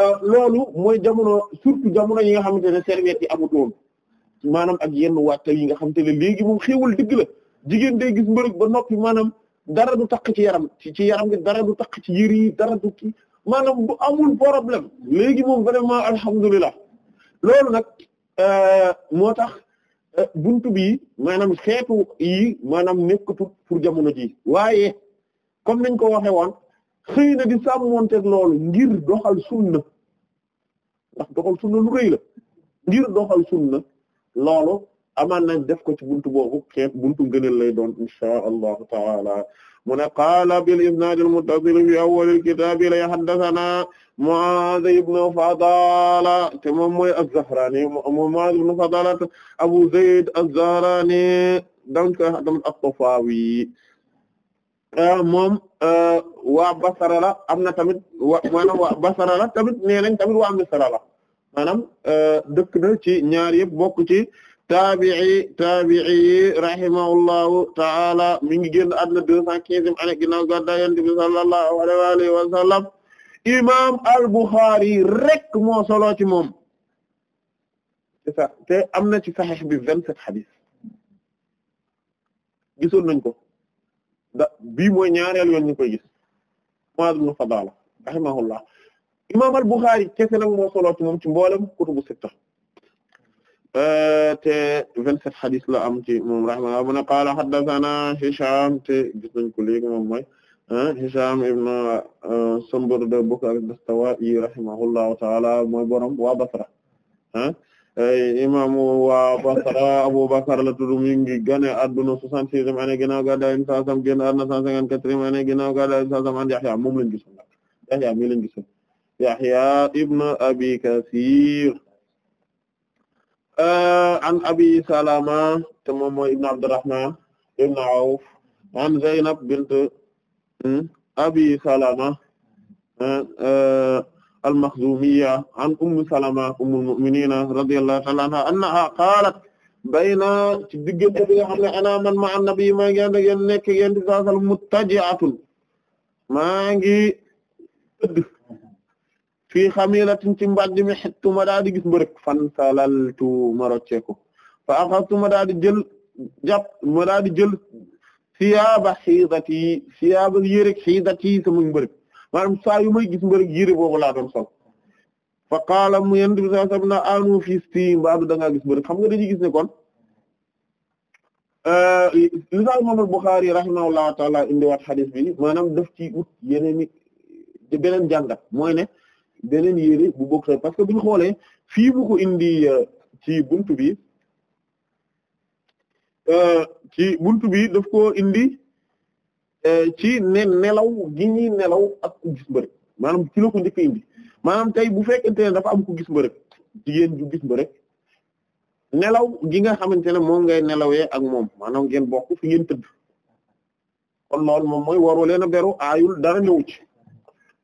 euh, loolu mooy jamono surtout jamono yi nga xamante ne serviette yi amutoon maanaam ak yenn wàttal yi nga xamante ne léegi moom xéwal digg la jigéen day gis mbërëg ba noppi maanaam dara du takk ci yaram ci ci yaram gi dara du takk ci yére yi dara du ci maanaam bu amul problème léegi moom vraiment alhamdulilah loolu nag euh, moo tax. Euh, bunt bi maanaam xeetu yi maanaam nekkatul pour jamono ji waaye comme niñ ko waxe woon xëy na di sàmmonteeg loolu ngir doxal sunna ndax doxal sunna lu rëy la ngir doxal sunna loolu amaan nañ def ko ci buntu boobu xeet buntu ngëneel lay doon taala mu ne qaala bil isnaad al muttasil fi awwal al kitaab lay haddathana Mu'aaz ibn Fadala te moom mooy az-Zahraani ibn Fadala Abu Zayd az-Zahraani donc at-Tafawi ah, moom ah, waa Basra la am na tamit wa maanaam waa Basra la tamit nee nañ tamit waa Misra la maanaam ah, dëkk na ci ñaar yëpp bokk ci. taabi'i taabi'i yi rahimahullahu ta'ala mi ngi génn àdduna deux cent quinzième année ginnaaw gàddaay Yonent bi sallallahu alayhi wa sallam imaam al-Bukhari rek moo ci moom c'est te am na ci Sahih bi vingt-sept hadith gisoon nañ ko da bii mooy ñaareel yoon ñu koy gis Mu'adh ibn Fadala rahimahullah imaam al-Bukhari kese nag moo ci moom ci mboolem kutubu sitta te 27 hadis la am ci moom rahimahullah mu ne qaala haddathana Hisham te gis nañ ko léegi moom mooy ah, Hisham ibn ah, Samburda bokk ak Dastawa'i rahimahullahu ta'ala mooy borom waa Basra ah, imam waa Basra Abu Bakr la tudd mi gane adduna 66e année ginnaaw gàddaay Yonent sallallahu alayhi wa sallam génn adduna 154e année ginnaaw gàddaay Yonent sallallahu alayhi wa sallam an Yahya moom lañ gisoon Yahya mi lañ gisoon Yahya ibn Abi Kathir Euh, an abi salama te moom mooy ibn abdurrahman ibn awf an zaynab bint hmm, abi salama euh, euh, al-makhzumiyya an ummi salama ummul mu'minina radiyallahu ta'ala anha annaha qalat bayna ci diggante bi nga xam ne ana man ma annabi maa ngi ànd ak yéen nekk yéen di saasal muttaji'atun maa ngi tëdd fii xamilatin ci mbàjj mi xittu ma di gis mbërëk fan salaltu ma rocceeku fa axastu ma daa di jël jàpp ma daa di jël siyaaba xiidati siyaaba yéreg xiidati sama mbërëk maanaam saa yu may gis mbërëk yére boobu laa doon sol fa qaala mu yent bi sallallahu alayhi na anu fisti mbaadu da gis mbërëk xam nga dañuy gis ne kon euh, li sa imam al-Bukhari rahimahullahu taala indiwaat xadis bi maanaam daf ci ut yeneen i beneen jàngat beneen yére bu bokk ta parce que bu ñu xoolee fii bu ko indi euh, ci buntu bi euh, ci buntu bi daf ko indi euh, ci ne nelaw gi nelaw ak gis mbërëk maanaam ci la ko njëkk indi maanaam tey bu fekkente ne dafa am ku gis mbërëk jigéen ju gis mbërëk nelaw gi nga xamante ne moom ngay nelawee ak moom maanaam ngeen bokk fi ngeen tëdd kon loolu moom mooy waru leen a beru aayul dara ñëw ci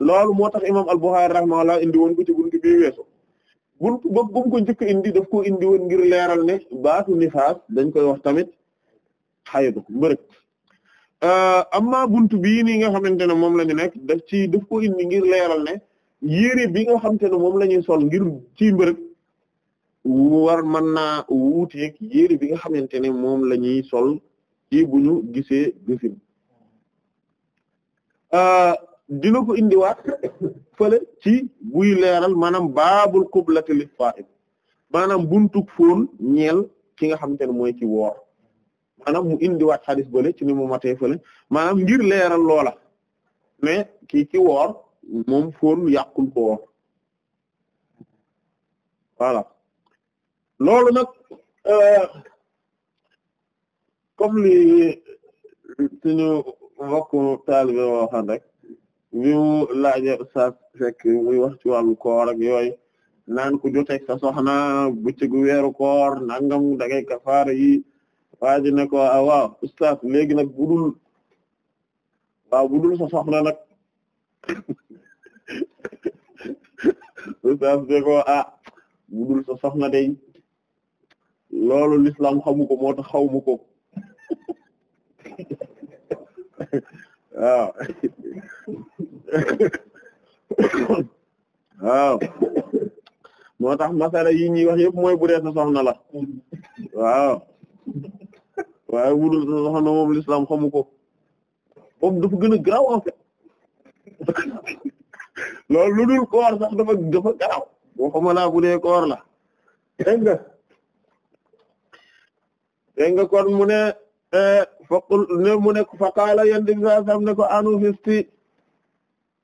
loolu moo tax imaam al-Bukhârî rahimahullah indi woon ko ci buntu bii weesu buntu boobu bu mu ko njëkk indi def ko indi woon ngir leeral ne baatu nifaas dañ koy wax tamit xaydu mbërëg euh, amma buntu bii nii nga xamante ne moom la nekk daf ci daf ko indi ngir leeral ne yére bi nga xamante ne moom la sol ngir ci mbërëg war man naa wuuteeg yére bi nga xamante ne moom la sol ci bu ñu gisee gëfin euh, dina ko indiwaat fële ci buy leeral maanaam baabul qiblati lis sa'im maanaam buntuk fóon ñeel ki nga xamante ne mooy ci woor maanaam mu indiwaat xadis bële ci ni mu matee fële maanaam ngir leeral loola mais kii ci woor moom fóon yàqul ko woor loolu nag euh, comme li suñu mbokku taalibe waxoon rek bi mu laaje ustaas fekk muy wax ci wàllu koor ak naan ku joteeg sa soxna bëccëgu weeru koor nangam da ngay kafaara yi waa ji ne ko ah waaw ustaas léegi nag budul waaw budul sa soxna na ustaas ne ko ah budul sa soxna day loolu l'islam xamu ko moo xaw mu ko waaw waaw moo tax masala yi ñuy wax yëpp mooy bu dee sa soxna la waaw waaye bu dul sa soxna moom l'islam xamu ko moom dafa gën a garaaw en fait loolu lu dul koor sax dafa dafa garaaw waxuma laa bu dee koor la dégg nga dégg kon mu ne faqul ne mu nekk faqaala yende bi saa sam ne ko anu fisti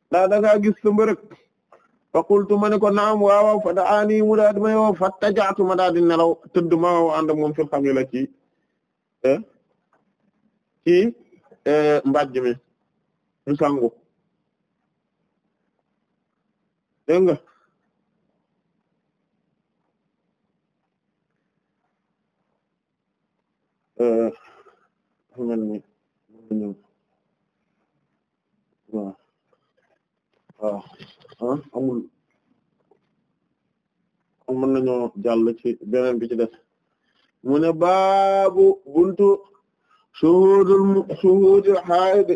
ndaa dangaa gis sa mbërëg faqultu ma ne ko naam waawaw fa da mu daadi may wow jaatuma daa di nelaw tëdd ma wow ànd ak moom fil xam la ci eh, ci eh, mbàjj mi ñu sangu dafa mel ni ñëw waaw waaw ah amul kon mën nañoo jàll ci beneen bi ci def mu ne baabu buntu shuhudul shuhudul haid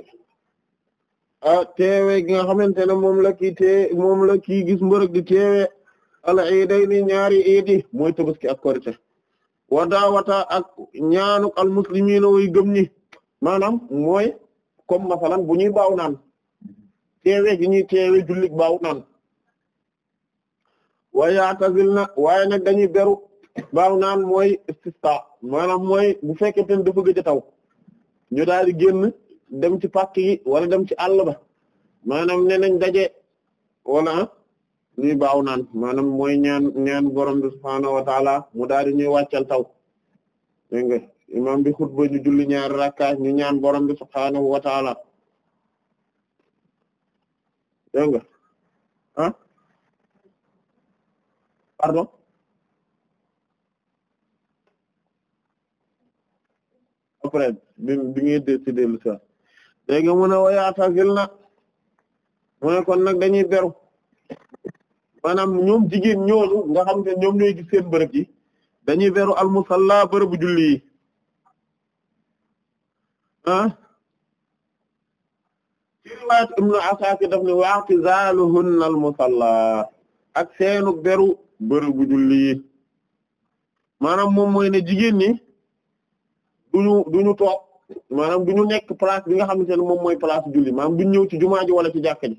ah teewe gi nga xamante ne moom la kii moom la kii gis mbërëg di teewe al iidayni ñaari iidi mooy tabaski ak korite wa daawata ak ñaanuk al muslimina way gëm ñi maanaam mooy comme masalan bu ñuy baaw naan teewe gi ñuy teewe jullit baaw naan waaye yaatazil na waaye nag dañuy beru baaw naan mooy sista maanaam mooy bu fekkente ne dafa gëj a taw ñu daal di génn dem ci pàkk yi wala dem ci àll ba maanaam ne nañ daje wala ñuy baaw naan maanaam mooy ñaan ñaan borom bi subhaanahu wa mu daal di ñuy wàccal taw dégg nga imam bi xutba ñu julli ñaari rakka ñu ñaan borom bi subhaanahu wa taala ah pardon après bi bi ngay décider lu sax léegi mu ne kon nag dañuy beru maanaam ñoom jigéen ñooñu nga xam ne ñoom ñooy gis seen bërëb yi dañuy weeru almusalla bërëbu julli yi ah ci riwaayat ibnu Asaakir daf ne wa'tizaaluhunna almusalla ak seenu beru bërëbu julli yi maanaam moom mooy ne jigéen ñi duñu duñu to maanaam duñu nekk place bi nga xam ne moom mooy place julli maanaam duñu ñëw ci jumaa ji wala ci jàkka ji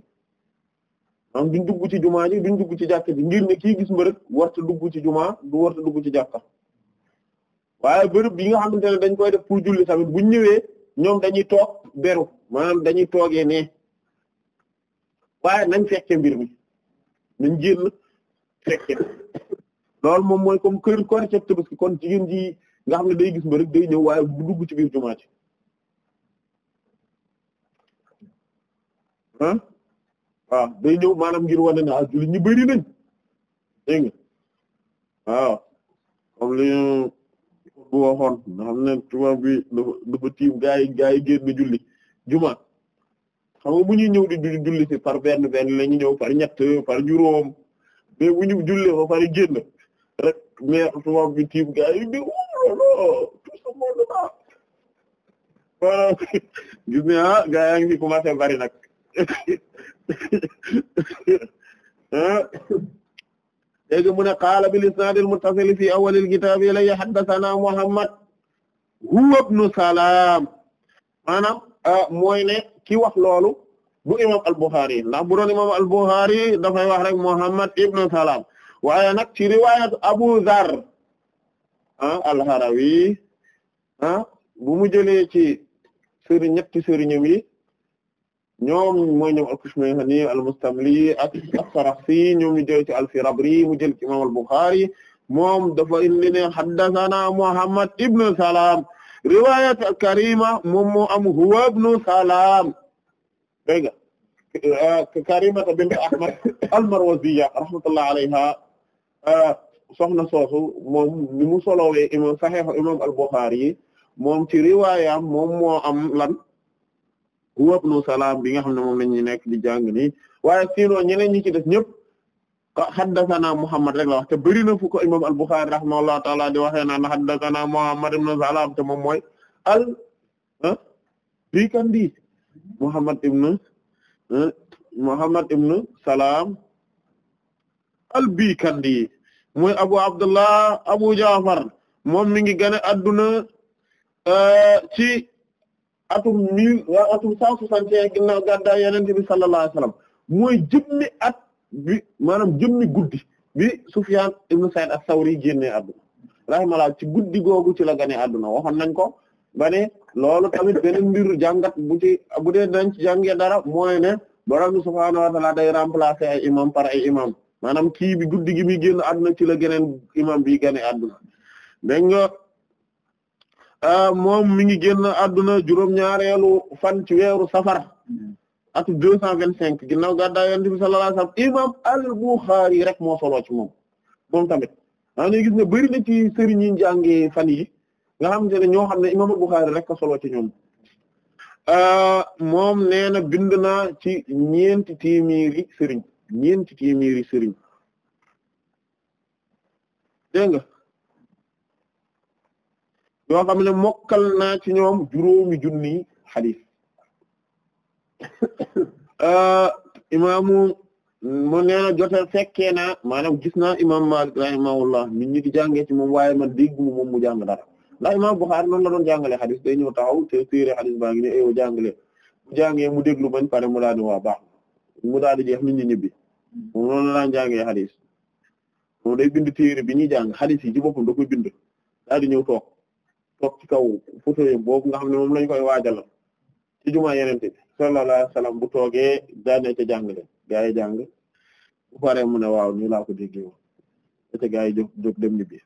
maanaam duñ dugg ci jumaa ji duñ dugg ci jàkka ji ngir ne kii gis mbërëg warta dugg ci jumaa du warta dugg ci jàkka waaye bërëb yi nga xamante ne dañ koy def pour julli tamit buñ ñëwee ñoom dañuy toog beru maanaam dañuy toogee ne waaye nañ fekke mbir mi nañ génn fekke loolu moom mooy comme kër korceb tabaski kon jigéen ji nga xam ne day gis mbërëg day ñëw waaye bu dugg ci biir jumaa ji ah waaw day ñëw maanaam ngir wane ne ah jullit ñi nañ dégg nga waaw li bu waxoon nga xam ne tubaab bi dafa dafa tiim gaa yi gaa juma xam nga bu ñuy ñëw di julli ci par benn benn la ñu ñëw par ñett par juróom mais bu ñu jullee ba pare génn rek mais tubaab bi tiim gaa yi di wóorloo oh tout ce ah gaa yaa ngi commencé bari nag. léegi eh, mu ne qaala bil isnaadil muttasil fi awwalil kitaab ilay haddathana Muhammad huwa ibnu Salaam maanaam eh, mooy ki wax loolu bu imam al-Bukhari ndax bu imam al-Bukhari dafay wax rek Muhammad ibnu Salaam waaye nag ci riwaayat Abu Dharr ah al-Harawi ah bu ci sëriñ ñetti sëriñam yi ñoom mooy ñoom al-Kushmayhani al-Mustamli ñoom ñu jël ci mu jël ci imam al-Bukhari moom dafa indi ne Muhammad ibn Salam riwayat Karima moom moo am huwa ibn Salam dégg nga Ahmad al-Marwaziyya rahmatullah soxna soosu moom ni mu imam Sahih imam al moom ci riwaayam moom moo am lan huwa bi nga xam ne moom la ñuy nekk di jàng nii waaye sinon ñeneen ñi ci des ñëpp haddathana muhammad rek la wax te bëri na fu ko imam al-Bukhari rahimahullahu taala di waxee naan haddathana muhammad ibnu salaam te moom mooy al ah, Bikandi ah, muhammad ibnu salaam al Bikandi mooy abu abdullah abu jafar moom mi ngi gane adduna ah, ci atum mille atum cent soixante et un ginnaaw gàddaay yonent bi sallallahu alayhi wa sallam at bi maanaam jëmmi guddi bi Sufyan ibn Sa'id as-Sawri génnee àdduna rahimahullah ci guddi googu ci la gane àdduna waxoon nañ ko ba loolu tamit beneen mbiru jàngat bu ci bu dee dañ ci jàngee dara mooy ne borom bi subhaanahu wa day remplacer a imam par ay imam maanaam kii bi guddi gi muy génn àdduna ci la geneen imam bi gane àdduna Ah, moom mi ngi génn adduna juróom-ñaareelu fan ci weeru safar atu deux cent vingt cinq ginnaaw gàddaay yonent bi sallallahu alayhi wa imam al-Bukhari rek moo soloo ci moom moom tamit maa ngi gis ne ci sëriñ yi fan yi nga xam ne ñoo xam ne imam al-Bukhari rek a soloo ci ñoom ah, moom nee na bind naa ci ñeenti téeméeri sëriñ ñeenti téeméeri sëriñ dégg nga yoo xam ne mokkal naa ci ñoom juróomi junni xadis euh, imaamu mu neena jote fekkee naa maanaam gis naa imaam Maalik rahimahullah nit ñi di jàngee ci moom waaye man mu moom mu jàng dara ndax imaam Buxaari noonu la doon jàngalee xadis day ñëw taxaw te téere xadis baa ngi ne yow jàngalee mu jàngee mu déglu bañ pare mu daal di waa baax mu daal di jeex nit ñi ñibbi moom noonu la daan xadis moom day bind téere bi ñuy jàng xadis yi ci boppam da koy bind daal di ñëw toog. toog ci kaw fauteuil boobu nga xam ne moom lañ koy waajal ci jumaa yenente bi sallallahu alayhi wasallam bu toogee daane ca jàng leen gaa yi jàng bu paree mu ne waaw nii laa ko déggee te gaa yi jóg jóg dem ni bi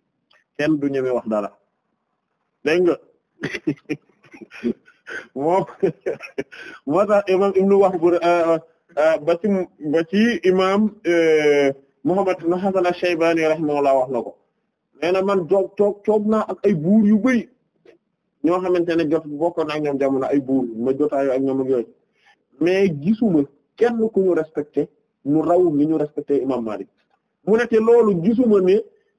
kenn du ñeme wax dara dégg nga moom moo tax imam ibnu wax bu euh, euh, ba ci ba ci imam euh, Muhammad ibn Hasan wax na ko nee man toog toog toog naa ay buur yu ñoo xamante ne jot bokkoon a ñoom jamono ay buur ma jotaayoo a ñoom ak yooyu mais gisuma kenn ku ñu respecté ñu raw li ñu respecté imam Malik mu ne te loolu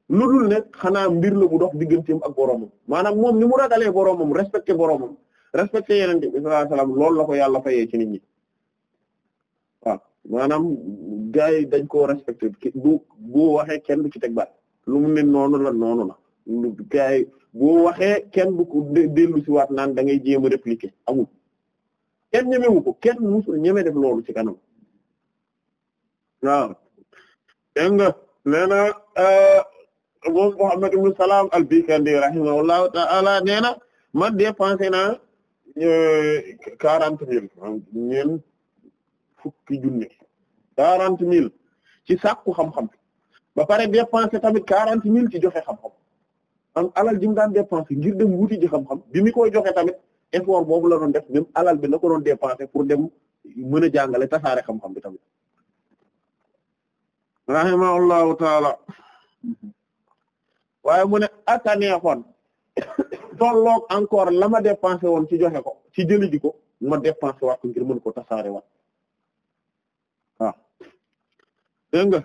lu dul ne xanaa mbir la bu dox digganteem ak boromam maanaam moom ni mu ragalee boromam respecté boromam respecté yeneen bi sallallahu alayhi wasallam loolu la ko yàlla fayee ci nit ñi waaw maanaam gars yi dañ koo respecté du boo waxee kenn du ci teg baat lu ne noonu la noonu la boo waxee kenn du ko dellu si waat naan da ngay jéem a répliquer amul kenn ñemewu ko musul ñeme def loolu ci kanam waaw dégg nga nee na euh, moom Muhammad ibn Salam al-Bikandi rahimahullahu na man dépensé naa euh, quarante mille ñeen fukki junni quarante mille ci sàkku xam-xam ba pare dépensé tamit quarante mille ci joxe xam-xam am alal ji mu daan dépensé ngir dem wuti ji xam-xam bi mi koy joxe tamit effort boobu la doon def même alal bi la ko doon dépensé pour dem mën a jàngale tasaare xam-xam bi tamit rahimahullahu taala waaye mu ne akaneexoon tolloog encore la ma dépensé woon ci joxe ko ci jëli ko ma dépensé waat ngir mën ko tasaare waat waaw dégg nga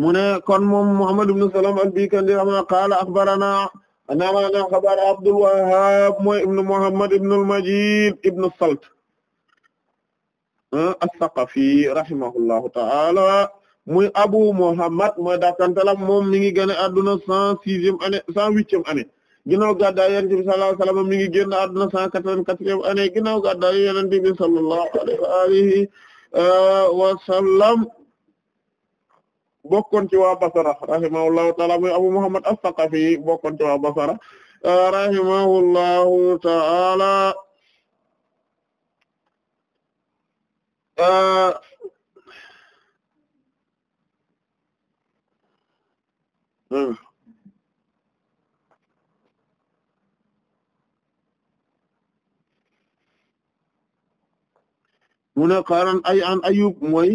mu ne kon moom Muhammad ibn Salam al-Bikandi ama qaala axbarana anamana xabar Abdul Wahhab mooy ibn Muhammad ibn al-Majid ibn Salt ah, as-Saqafi rahimahullahu ta'ala muy Abu Muhammad mooy dakantalam moom mi ngi génn àdduna cent sixième année cent huitième année ginnaaw gàddaay Yonent bi sallallahu alayhi wa sallam mi ngi génn àdduna cent quatre-vingt-quatrième année ginnaaw gàddaay Yonent bi sallallahu alayhi wa alihi wa sallam bokkon ci waa Basara rahimahullahu taala Abu Muhammad as-Saqafi ci waa Basara rahimahullahu taala mu ne qaran ay an Ayyub mooy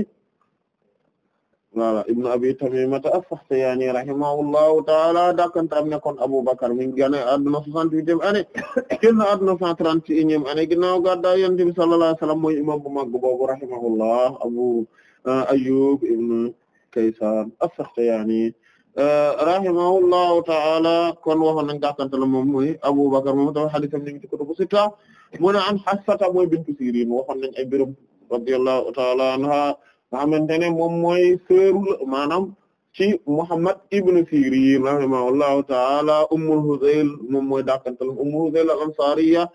voilà ibnu abi tamimata as-saxtiyaani rahimahullahu taala dakanta am nekkoon abubakar mi ngi génn àdduna soixante-huitième année génn àdduna cent trente-et-unième année ginnaaw gàddaay yonent bi sallallahu alayhi wasallam mooy imam bu mag boobu rahimahullah abu euh, ayyub ibnu kaysaan as-saxtiyaani euh, rahimahullahu taala kon waxoon nañ dakanta la moom mooy abubakar moom taw hadiisam ni ngi ci kutubu sitta mu ne an Hafsata mooy bintu Siiriin waxoon nañ ay mbirum taala anha nga xamante ne moom mooy sœur maanaam ci Muhammad ibn Sirin rahimahullahu taala Ummul Hudayl moom mooy dàkkantal Ummul Hudayl al-Ansariya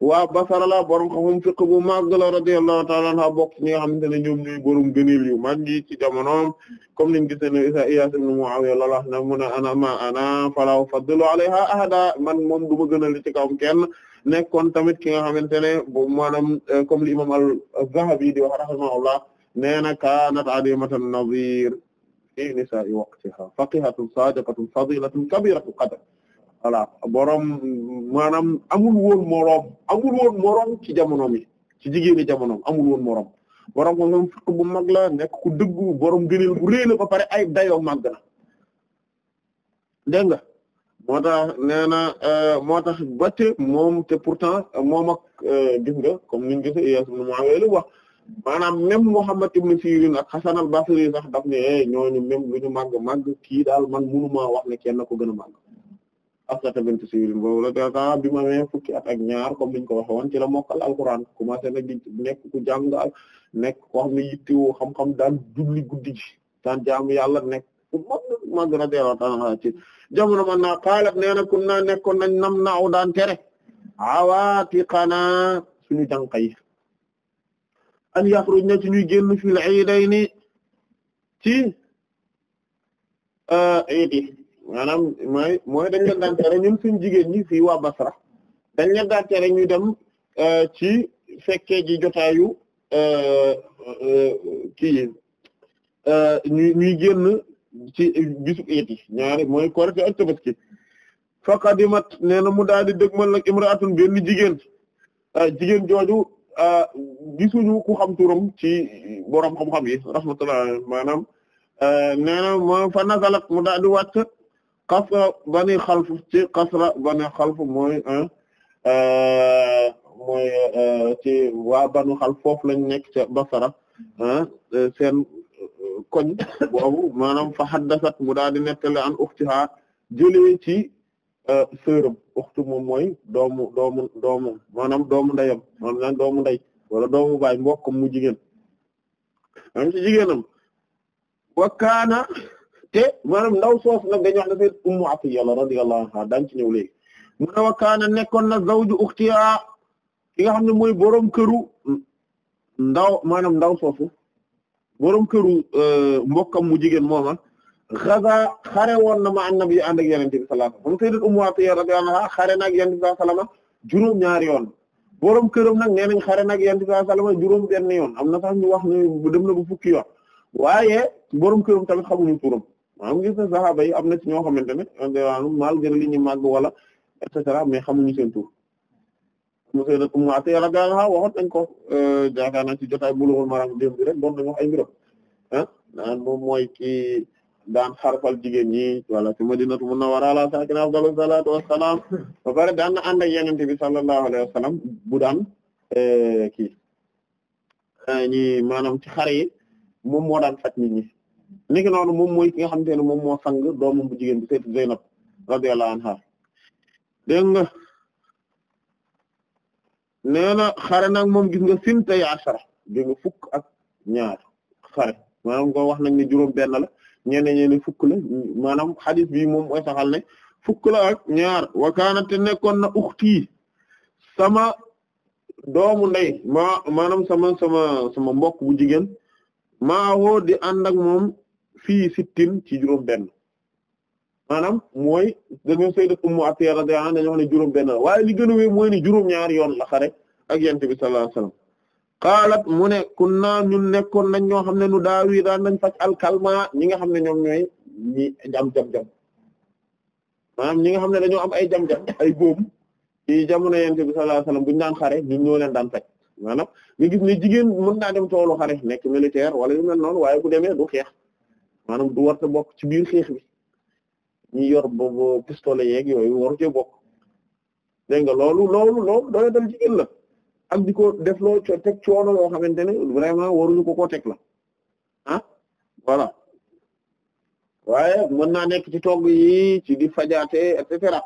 waa Basra la borom xam-xam fiqh bu màgg la radiyallahu taala anha bokk ñi nga xamante ne ñoom ñooy borom gëneel yu mag yi ci jamonoom comme niñ gisee ne Iyaas ibn Muawiya na mu ana ma ana fala ufaddilu alayha ahada man moom du ma gënal ci kawam kenn nekkoon tamit ki nga xamante ne bo maanaam eh, comme li imam al-Zahabi di wax rahimahullah nee na kaanat adimatan nazir fi nisa'i waqtiha faqihatun sadiqatun fadilatun kabiratu qadr voilà borom maanaam amul woon moroom amul woon moroom ci jamono mi ci jigéeni jamonoom amul woon morom borom ko moom bu mag la nekk ku dëggu borom gëneel bu réy ba pare ay dayoo màgg na nga moo tax nee na euh, moo tax ba te moom te pourtant moom ak euh, gis nga comme niñ gis Iyaas ibn Muawiya wax maanaam même Muhammad ibn Sirin ak Hasan al-Basri sax daf ne eh, ñooñu même lu ñu màgg màgg kii daal man mënumaa wax ne kenn ko gën a màgg Hafsa bint Sirin boobu la tata bi ma mee fukki at ak ñaar comme niñ ko waxe woon ci la mokkal alquran commencé nag di nekk ku jàng nekk koo xam ne yittewoo xam-xam daan julli guddi ji daan jaamu yàlla nekk ku mag màgg radiyallahu ta'ala ci jamono man naa xaalat nee na kun naa nekkoon nañ nam naaw daan tere awaati xanaa suñu jànq yi an yaxrujna ci ñuy génn fil iidayni ci euh, iid yi maanaam mooy mooy dañ leen tere ñun suñu jigéen ñi fi wa Basra dañ leen daan tere ñuy dem euh, ci fekke ji jotaayu euh, kii yi ñuy ñuy génn ci bisu iid yi ñaari mooy Korite ak Tabaski faqadimat nee na mu daal di dëgmal nag imraatun benn jigéen jigéen jooju a euh, gisuñu ku xam turam ci borom xam-xam yi rahmatullah maanaam euh, nee na fa nazalat mu daal di wàcc kasra bani xalf ci kasra bani xalf mooy euh, mooy ci waa banu xalf foofu lañ nekk ca Basra seen koñ boobu maanaam fa haddasat mu daal di nettali an uxtiha jëlee ci Euh, sërëm uxtu moom mooy doomu doomu doomu maanaam doomu ndeyam maanaam doomu ndey wala doomu baay mbokkam mu jigéen am ci jigéenam kaana te maanaam ndaw soos nag dañu wax ne seen ummu Atiyya radiyallahu anha dañ ci ñëw léegi mu ne wa nekkoon na zawju uxtiya ki nga xam ne mooy boroom këru ndaw maanaam ndaw soosu boroom këru euh, mbokkam mu jigéen mooma gaza xare woon na ma annabi ànd ak yonent bi sallallahu alayhi wasallam sayyidat Ummu Atiyya radiyallahu na ak yonent bi sallallahu alayhi wasallam juróom ñaari yoon borom këram nag nee nañ xare na ak yonent bi sallallahu juróom benn yoon am na sax ñu wax ne dem na bu fukki yoon waaye borom kër tamit xamuñu turam maanaam gis na sahaaba yi am na ci ñoo xamante ne radiyallahu malgré li ñu màgg wala et cetera mais xamuñu seen tur mu sayyidat Ummu Atiyya radiyallahu anha waxoon nañ ko jaakaar euh, nañ ci jotaay Bulughul Maram démb bi rek doon nañ wax ay mbiram ah naan mooy ki daan xarfal jigéen ñi wala ci Madinatu Munawwara ala saakina afdalu salaatu wassalaam ba pare daan na ànd ak Yonent bi sallallahu alayhi wa sallam bu daan eh, kii eh, ñi maanaam ci xare yi moom moo daan faj nit ñi niki noonu moom mooy ki nga xam ne moom moo sang doomam bu jigéen bi sayyidat Zaynab radiyallahu anha dégg nga nee na xare nag moom gis nga sintay ashara dégg nga fukk ak ñaar xare maanaam ko wax nañ ne juróom benn la ñeneen ñeneen fukk la maanaam xadis bi moom mooy saxal ne fukk la ak ñaar wakaana te nekkoon na uxti sama doomu ndey ma maanaam sama sama sama mbokk bu jigéen maa woo di ànd ak moom fii sittin ci juróom benn maanaam mooy dañoo sayyidat ummu atiya radiyallahu anha dañoo wax ne juróom benn la waaye li gën a wéy juróom ñaar yoon la ak yent bi sallallahu qaalat mu ne kunna ñun nekkoon nañ ñoo xam ne nu daawi daan nañ faj alkalma ñi nga xam ne ñoom ñooy ñi am jam-jam maanaam ñi nga xam ne dañoo am ay jam-jam ay góom ci jamono yonent a sallallahu alayhi wasallam buñu daan xare ñun ñoo leen daan faj maanaam nga gis ne jigéen mën naa dem toolu xare nekk militaire wala yu mel noonu waaye bu demee du xeex maanaam du war a bokk ci biir xeex bi ñi yor boobu pistolet yeeg yooyu waru cee bokk dégg nga loolu loolu loolu doole dal jigéen la ak di ko def loo co teg coono loo xamante ne vraiment waruñu ko koo teg la ah voilà waaye mën naa nekk ci togg yi ci di fajaate et cetera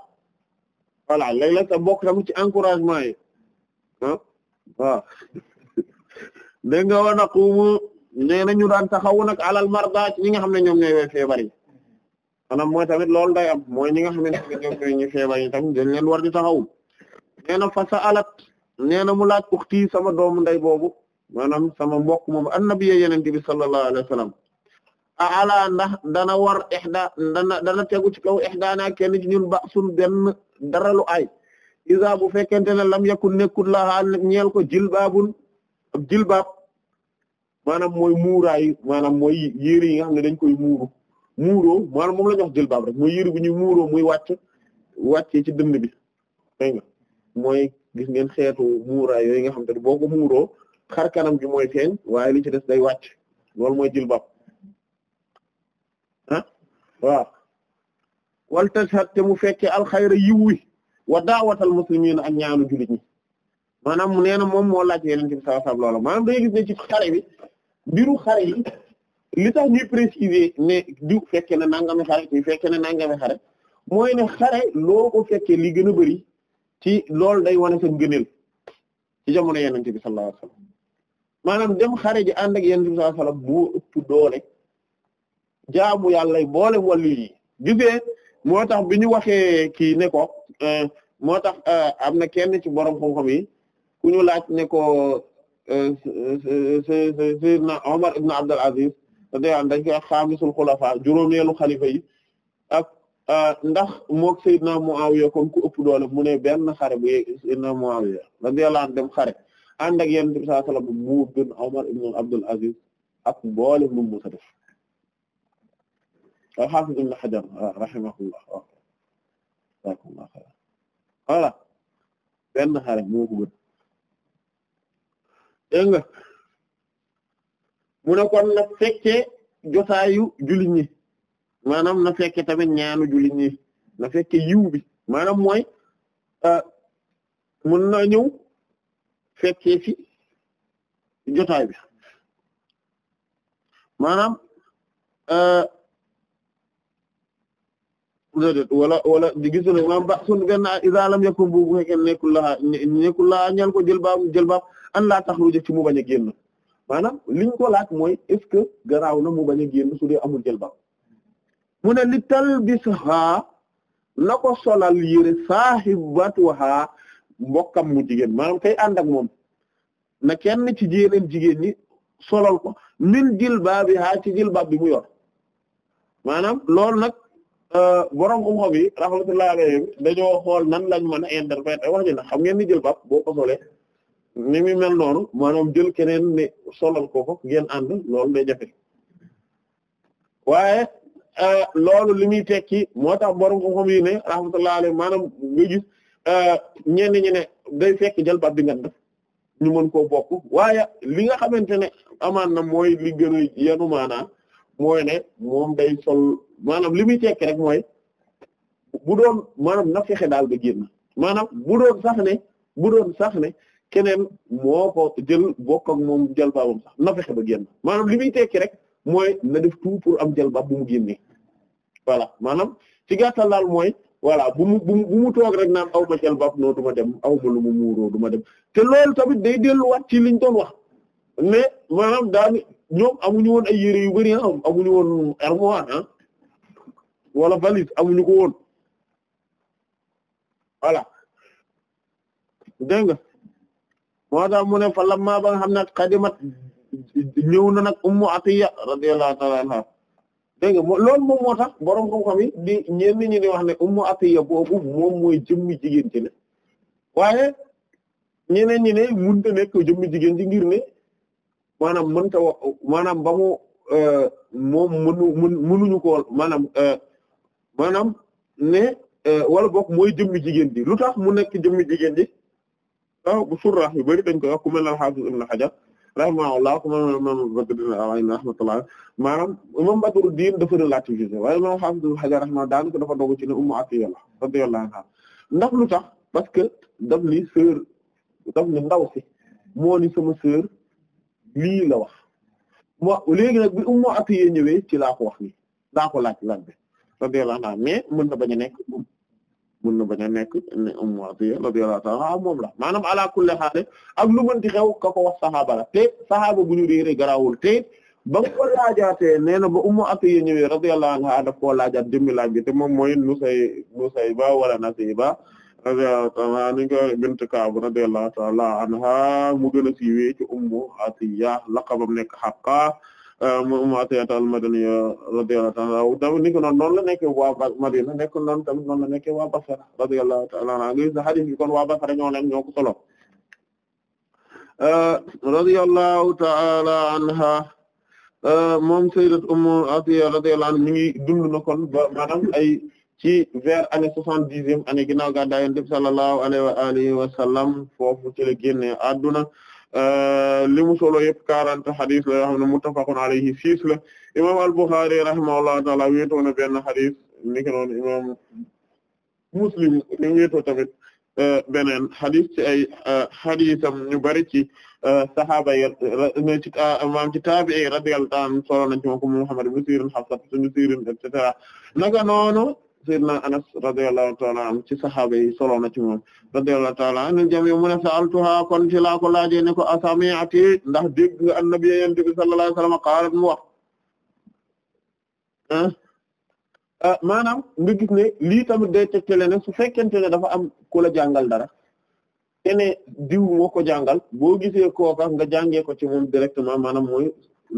voilà léeg-léeg ta bokk tamit ci encouragement yi ah waaw dégg nga woon na ñu daan taxawu nag alal marda ci xam ne ñoom ñooy way yi maanaam mooy tamit loolu day am mooy ñi nga xamante ne ñoom ñooy ñu feebar tamit dañ leen war di taxawu nee na fa sa'alat nee na mu laaj uxti sama doomu nday boobu maanaam sama mbokk moomu annabi yenente bi sallallahu alayhi wa sallam a ala ndax dana war ihda dana dana tegu ci kaw ihdaana kenn ci ñun ba sun benn daralu ay isa bu fekkente ne lam yakun nekkul lahaa ñeel ko jilbaabun ak jilbaab maanaam mooy muuraayu maanaam mooy yére yi nga xam ne dañ koy muuru muuroo maanaam moom la ñu mooy yére bu ñuy muuroo muy wàcc wàccee ci dënd bi dégg nga gis ngeen xeetu muuraay yooyu nga xam te ne boo ko muuroo xar kanam gi mooy feeñ waaye li ci des day wàcc lool mooy jilbab ah waaw wal tashhad te mu fekkee alxayra yiw wi wa da'watal muslimiina ak ñaanu jullit ñi maanaam mu nee na moom moo laaj yeneen ci saa saab loola maanaam dañuy gis ne ci xare bi biru xare yi li tax ñuy préciser ne diw fekkee ne nanga xare ci fekkee ne nangami xare mooy ne xare loo ko fekkee li gën a bari ci loolu day wane sa ngëneel ci jamono yenente bi sallallahu alayhi wasallam maanaam dem xare ji ànd ak yenente bi sallallahu alayhi wasallam moo ëpp doole jaamu yàlla boole wàllu yi gisee moo tax bi ñu waxee kii ne ko euh, moo tax euh, am na kenn ci borom xam-xam yi ku ñu laaj ne ko euh, sayyidna Umar ibn Abdul Aziz dañ koy xaamisul xulafa juróomeelu xalifa yi Euh, ndax mook mu Muawiya kon ku ëpp doole mu ne benn xare bu yegg Seydina Muawiya radiyallahu anhu dem xare ànd ak Yonent bi sallallahu alayhi mu mu sa def al-Hafiz ibn Hajar rahimahullah waaw voilà xare moo ko gën mu ne kon nag fekkee jotaayu maanaam na fekke tamit ñaanu jullit ñi na fekke yiw bi maanaam mooy euh, mën na ñëw fekkee fi jotaay bi maanaam euh, wala wala di gis na maanaam ba sun benn iza lam yakun bu fekkee nekkul laa nekkul laa ñaan ko jël baam jël baam an laa tax lu jëkk ci mu bañ a génn maanaam liñ ko laat mooy est ce que garaaw na mu bañ a génn su amul jël baam mu ne li talbisha na ko solal yére saahibatuha mbokkam mu jigéen maanaam kay ànd ak moom na kenn ci jéeneen jigéen ñi solal ko min jilbaabiha ci jilbaab bi mu yor maanaam loolu nag euh, borom xam-xam yi rahmatullahi alayhim dañoo xool nan lañ mën a interpréter wax ji na xam ngeen ni jilbaab boo ko solee ni mi mel noonu maanaam jël keneen ne solal ko ko ngeen ànd loolu day jafe waaye Euh, loolu li muy tekki moo tax borom xam-xam yi ne rahmatullahi alayhi maanaam nga gis euh, ñenn ne day fekk jalbat bi nga def ñu mën koo bokk waaye li nga xamante ne amaan na mooy li gën a yenu mooy ne moom day sol maanaam li muy tekki rek mooy bu doon maanaam na fexe daal ba génn maanaam bu doon sax ne bu doon sax ne keneen moo ko jël bokk ak moom jalbaabam sax na fexe ba génn maanaam li muy tekki rek. mooy na def tout pour am jalbab bu mu génne voilà maanaam ci gàttal daal mooy voilà bu mu bu mu toog rek naan aw ma jalbab non du ma dem aw ma muro duma muuroo du ma dem te loolu tamit day delluwaat ci liñ doon wax mais maanaam daal ñoom amuñu woon ay yére yu bari ah amuñu woon armoire ah wala valise amuñu ko woon voilà dégg nga moo tax mu ne fa lamma ba nga xam ne xadimat ñëw na nag ummu atiya radiyallahu ta'ala anha dégg nga loolu moom moo tax borom xam-xam yi di ñenn ñi di wax ne ummu atiya boobu moom mooy jëmmi jigéen ci la waaye ñeneen ñi ne mënta nekk jëmmi jigéen ci ngir ne maanaam mënta te maanaam bamu mu euh, moom mënu mën mënuñu ko maanaam euh, maanaam ne euh, wala bokk mooy jëmmi jigéen ji lu tax mu nekk jëmmi jigéen ji ah bu surraax yu bari dañ koy wax ku mel ne al-Hafiz Ibn rahimahullah ko moom imam Badruddin al-Ayni rahmatullah maanaam imam Badruddin dafa relativiser waaye imam Hafiz Hajar rahimahullah daan dafa dogu ci ne Ummu Atiyya la radiyallahu anha ndax lu tax parce que daf li sœur daf ni ndaw si moo sama sœur lii la wax wa léegi nag bi Ummu Atiyya ñëwee ci laa ko wax ni laa ko laaj laaj bi radiyallahu anha mais mën na bañ nekk mun na bañ a nekk ne Ummu Atiyya radiyallahu a moom la maanaam ala kulli haal a lu mënti xew ka ko wax a la te saxaaba bu ñu réeré garaawul te ba mu ko laajaatee nee na ba Ummu Atiyya ñëwee radiyallahu anha daf koo laajaat jëmmi laaj bi te moom mooy Nusay Nusayba wala Nasiba radiyallahu ta'ala ni nga bint Kaab radiyallahu ta'ala anha mu gën a siiwee ci Ummu Atiyya laqabam nekk Haqqa Euh, mu Atiyata al-Madaniya euh, radiyallahu ta'ala anhu tamit ni la nekkee waa Madina nekk noonu ta'ala anhu gis hadith bi kon waa Basra ñoo leen ñoo ko solo euh, radiyallahu ta'ala anha moom sayyidat Ummu Atiya radiyallahu anha mi ngi dund na kon ba maanaam ay ci vers année soixante-dixième année ginnaaw gàddaay Yonent bi sallallahu alayhi wa alihi wa sallam foofu ci la génne àdduna Euh, li mu solo yëpp 40 xadis la yoo xam ne muttafaqun alayhi six la imam al-Bukhari rahimahullahu taala wéetoo na benn xadis ni ko noonu imam Muslim ni wéetoo tamit euh, beneen xadis ci ay xadisam euh, ñu bari ci saxaaba yi ci maam ci taabi'i radiyallahu anhum solo ci moom ko Muhammad ibn Sirin Hafsa ibn Sirin et cetera naka noonu Seydina Anas radiyallahu ta'ala anhu ci saxaaba yi solo na ci moom radiyallahu ta'ala anhu jami mu ne sa'altuha kon ci laa ko laajee ne ko asami'ati ndax dégg nga annabi yonent bi sallallahu alayhi wasallam qaalat mu wax ah, ah maanaam nga gis ne lii tamit day tegtale ne su fekkente ne dafa am ku la jàngal dara te ne diw moo ko jàngal boo gisee kooka nga jàngee ko ci directement maanaam mooy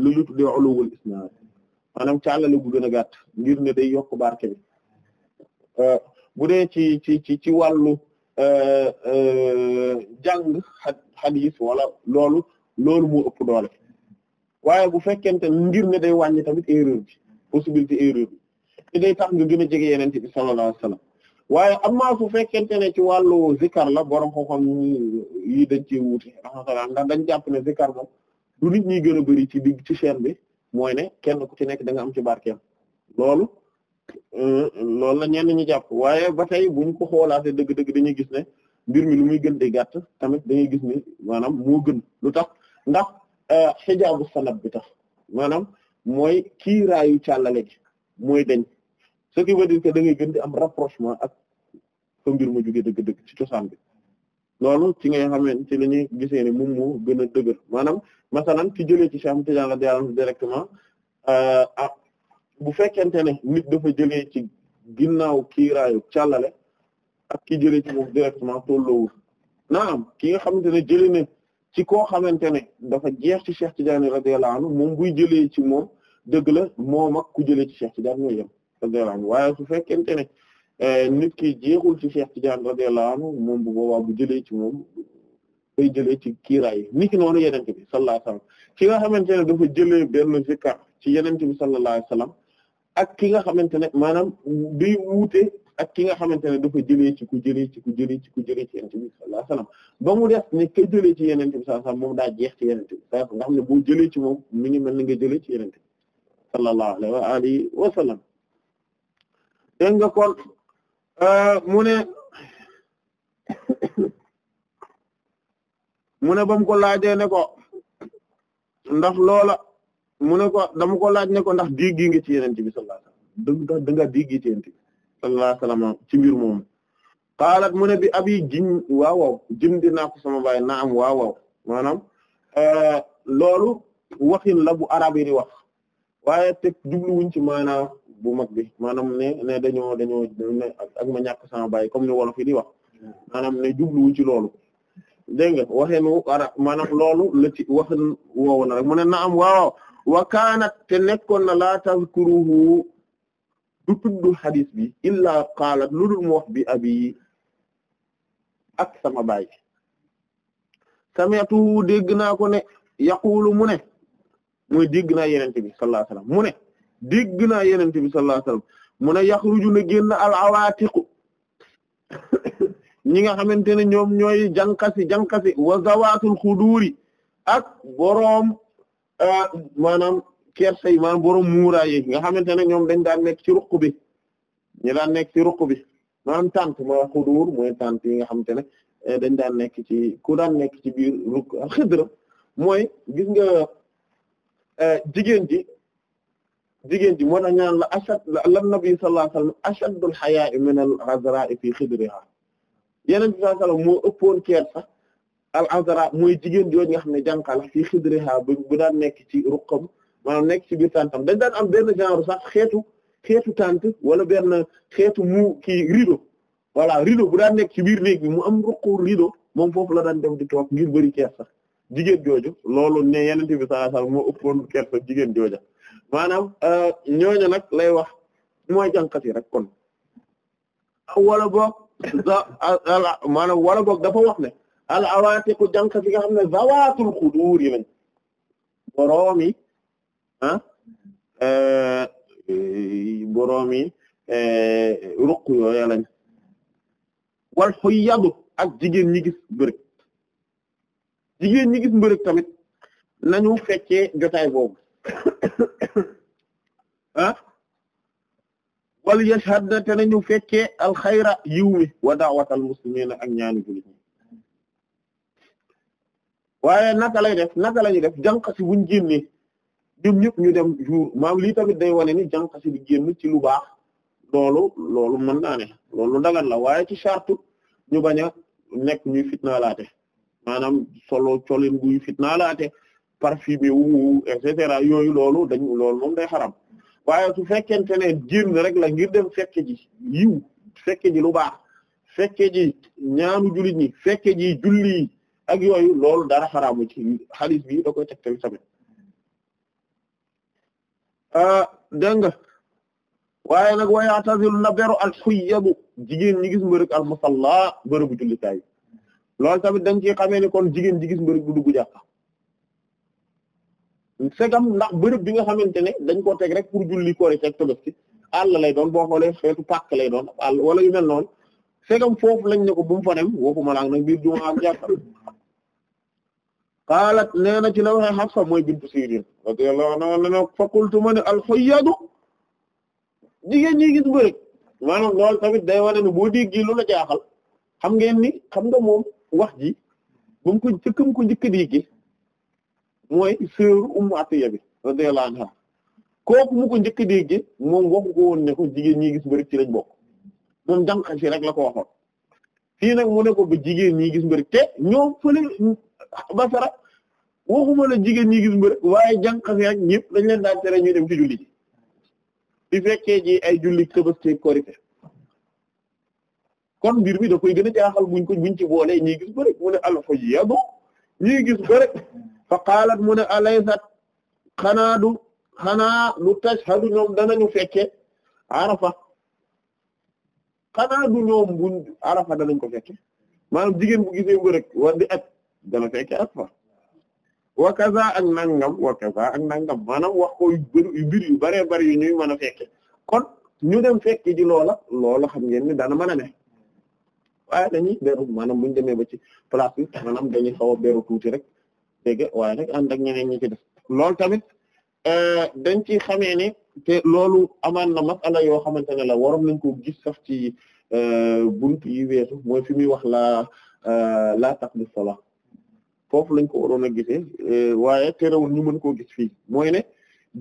lu ñu tuddee uluwul isnaad maanaam caalale gu gën a gàtt ngir ne day yokk barke bi. bu dee ci ci ci ci wàllu euh, euh, jàng xadis wala loolu loolu moo ëpp doole waaye bu fekkente ngir ne day wàññi tamit erreur bi possibilité erreur bi te day tax nga gën a jege yeneen bi sallallahu waaye amaa su fekkente ne ci wàllu zikar la borom xam yi dañ cee wuute rahmatullah ndax dañ jàpp ne zikar moom lu nit ñi gën a bëri ci digg ci chaîne bi mooy ne kenn ku ci nekk danga am ci barkeem loolu loolu euh, la ñenn ñi jàpp waaye ba tey buñ ko xoolaatee dëgg-dëgg dañuy gis ne mbir mi lu muy gën de gàtt tamit dañuy gis ni maanaam moo gën lu tax ndax euh, xijaabu sanad bi tax maanaam mooy kiiraayu càllale gi mooy dañ ce qui veut dire que da ngay gën di am rapprochement ak fa mbir mu jógee dëgg-dëgg ci cosaan bi loolu ci ngay xamee ci la ñuy gisee ne mu moo gën a dëgër maanaam masalan ki jële ci Cheikh Tidiane radiyallahu anhu directement euh, ah, bu fekkente ne nit dafa jëlee ci ginnaaw kiiraayu càllale ak ki jëlee ci moom directement tolloowul naam ki nga xamante ne jëlee ne ci koo xamante ne dafa jeex ci Cheikh Tidiane radiyallahu anhu moom buy jëlee ci moom dëgg la moom ku jëlee ci Cheikh Tidiane ñooy waaye su fekkente ne eh, nit ki jeexul ci Cheikh Tidiane radiyallahu anhu moom bu boobaa bu jëlee ci moom day jëlee ci kiiraay yi niki noonu yenente bi sallallahu alayhi ki nga xamante ne dafa jëlee benn zikar ci yenente bi sallallahu alayhi wasallam ak ki nga xamante ne maanaam day wuute ak ki nga xamante ne dafa jëlee ci ku jëlee ci ku jëlee ci ku ci yenente bi sallallahu ba mu def ne jëlee ci yenente bi sallallahu alayhi moom daa jeex ci yenente bi sa nga xam ne boo jëlee ci moom mi ngi mel ni nga jëlee ci yenente bi sallallahu wa alihi wasallam dégg nga kon euh, mu ne mu ko laajee ne ko ndax loola mu ne ko dama ko laaj ne ko ndax dégg nga ci yenente bi sallallahu alayhi wasallam da nga dégg ci yenente bi sallallahu alayhi ci mbir moomu xaalaat mu bi ab yi jiñ waaw waaw jëm di naa ko sama baay na am waaw waaw maanaam euh, loolu waxin la bu arab yi di wax waaye te jubluwuñ ci maanaam bu mag bi maanaam ne ne dañoo dañoo ne ma ñàkk sama baay comme ni wolof yi di wax maanaam ne jubluwuñ ci loolu dégg nga waxinu arab maanaam loolu la ci waxin woowu rek mu na am waaw wa te nekkoon na laa tazkuruhu du tudd xadis bi illaa qaalat lu dul mu bi abi ak sama baay sami'tuhu dégg naa ko ne yaqulu mu ne muy dégg naa yonent bi sallallahu alayhi wasallam mu ne dégg naa yonent bi mu ne yaxruju na al awaatiqu ñi nga xamante ne ñoom ñooy jànkasi jànkasi wa zawaatul xuduuri ak boroom Ah, maanaam kersa yi maanaam borom muuraay yi nga xamante ne ñoom dañ daan nekk ci ruq bi ñu daan nekk ci ruq bi maanaam tant mooy xuduur mooy tant yi nga xamante ne eh, dañ daan nekk ci ku daan nekk ci biir ruq xidra mooy gis nga eh, jigéen ji jigéen ji moo tax ñaan la ashad la nabi sallallahu alayhi wasallam ashadul haya'i min al-ghazra'i fi xidriha yeneen bi sallallahu alayhi wasallam moo ëppoon kersa al azra mooy jigéen jooju nga xam ne jànqal fii xidriha bu daan nekk ci ruqam maanaam nekk ci biir tàntam dañ daan am benn genre sax xeetu xeetu tànt wala benn xeetu mu kii rideau voilà rideau bu daan nekk ci biir néeg bi mu am ruqu rideau moom foofu la daan dem di toog ngir bari keer sax jigéen jooju loolu ne yenente bi sallallahu alayhi wasallam moo ëppoon kees sax jigéen jooja maanaam euh, ñooñu nag lay wax mooy jànqat yi rek kon wala boog da wala boog dafa wax ne al awaatiqu jànq bi nga xam ne zawaatul xuduur yi lañ boroom yi ah eh, yi eh, ruq yooya lañ wal xuyyadu ak jigéen ñi gis jigéen ñi gis mbërëg tamit nañu fekkee jotaay boobu ah wal yashhadna te nañu fekkee alxayra yiw mi wa da'watal muslimiina ak ñaanu jullit ñi waaye naka lay def naka la ñuy def jànqasi buñ génnee ñoom ñëpp ñu dem jour maam lii tamit day wane ni jànqasi di génn ci lu baax loolu loolu man naa loolu dagan la waaye ci charte ñu bañ a nekk ñuy fitnaalaate maanaam solo colin guy fitnaalaate parfumé wu et cetera yooyu loolu dañ loolu moom day xaram waaye su fekkente ne génn rek la ngir dem fekke ji yiw fekke ji lu baax fekke ji ñaanu jullit ñi fekke ji julli ak yooyu loolu dara xaraamu ci xadis bi da koy tegtal tamit ah, dégg nga waaye nag wayaatazilu na beru al xuyabu jigéen ñi gis mbërëg al musalla bërëbu jullikaay loolu tamit dañ ci xamee ni kon jigéen ñi gis mbërëg du dugg jàkka segam ndax bërëb bi nga xamante ne dañ ko teg rek pour julli koori teg ki àll lay doon boo xoolee xeetu pàkk lay doon àll wala yu mel noonu segam foofu lañ ne ko bu mu fa dem waxuma la nag biir jumaa am jàkka qaalat nee na ci la waxee Hafsa mooy bintu Sirin radiyallahu anha ne ne fakultu ma ne alxoyyadu jigéen ñi gis mbërëg maanaam loolu tamit day wane ne boo dégg lu la jaaxal xam ngeen ni xam nga moom wax ji ba mu ko jëkkam ko njëkk a dégg mooy sœur Ummu bi radiyallahu anha ko njëkk a moom waxu ko woon ko jigéen ñi gis mbërëg ci lañ bokk moom jànq si rek la ko waxoon fii nag mu ko ba jigéen ñi gis mbërëg te ñoom fële Basra waxuma la jigéen ñi gis mbir waaye jànqasi rek ñëpp dañ leen daan tere ñuy dem ci julli ji fekkee ji ay julli Tabaski korite kon mbir mi da koy gën a buñ ko buñ ci boolee ñii gis bëri mu ne al-hujyadu xanaa du xanaa du tashhadu ñoom danañu fekkee arafa xanaa du ñoom buñ danañ ko fekke maanaam jigéen bu gisee mbir rek war di at dana fekke asfar wa kaza ak nangam wa kaza ak nangam maanaam wax ko yu yu mbir yu bëree bëri yu ñuy mën a fekke kon ñu dem fekki ji loola loola xam ngeen ne dana mën a ne waaye dañuy beru maanaam buñu demee ba ci place bi maanaam dañuy xaw a beru tuuti rek dégg waaye nag ànd ak ñeneen ñi ci def loolu tamit euh, dañ ci xamee ne te loolu amaan na masala yoo xamante ne la waroon nañ ko gis saf ci euh, bunt yi weesu mooy fi muy wax la euh, la taqdi salat foofu lañ ko waroon a gisee euh, waaye terewul ñu mën koo gis fii mooy ne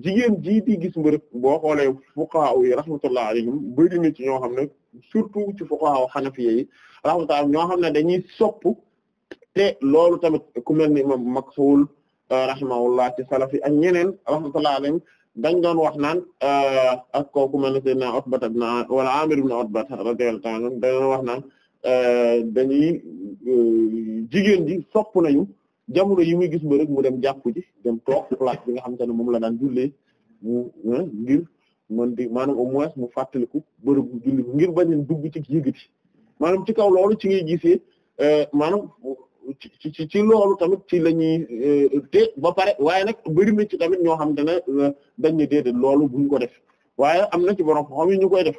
jigéen jii di gis mbërëg boo xoolee fuqahaa yi rahmatullah alayhim bëri na ci ñoo xam ne surtout ci fuqahaa xanafiya yi rahmatullah ñoo xam ne dañuy sopp te loolu tamit ku mel ni imam Maksuul euh, rahimahullah ci salafi ak ñeneen rahmatullah alayhim dañ doon wax naan euh, ak kooku mel ne Seydina Utba ibn wala Aamir ibn Utba radiyallahu anhu dañ doon wax naan Euh, dañuy euh, jigéen ji sopp nañu jamono yi muy gis ba rek mu dem jàpp ji dem toog place bi nga xamante ne moom la daan jullee mu ngir mën di maanaam au moins mu fàttaliku bërëbu julli ngir bañ leen dugg ci yëgati maanaam ci kaw loolu ci ngay gisee euh, maanaam ci ci ci loolu tamit ci la ñuy te ba pare waaye nag bëri na ci tamit ñoo xam te ne dañ ne déedéet loolu buñ ko def waaye am na ci borom xam yi ñu koy def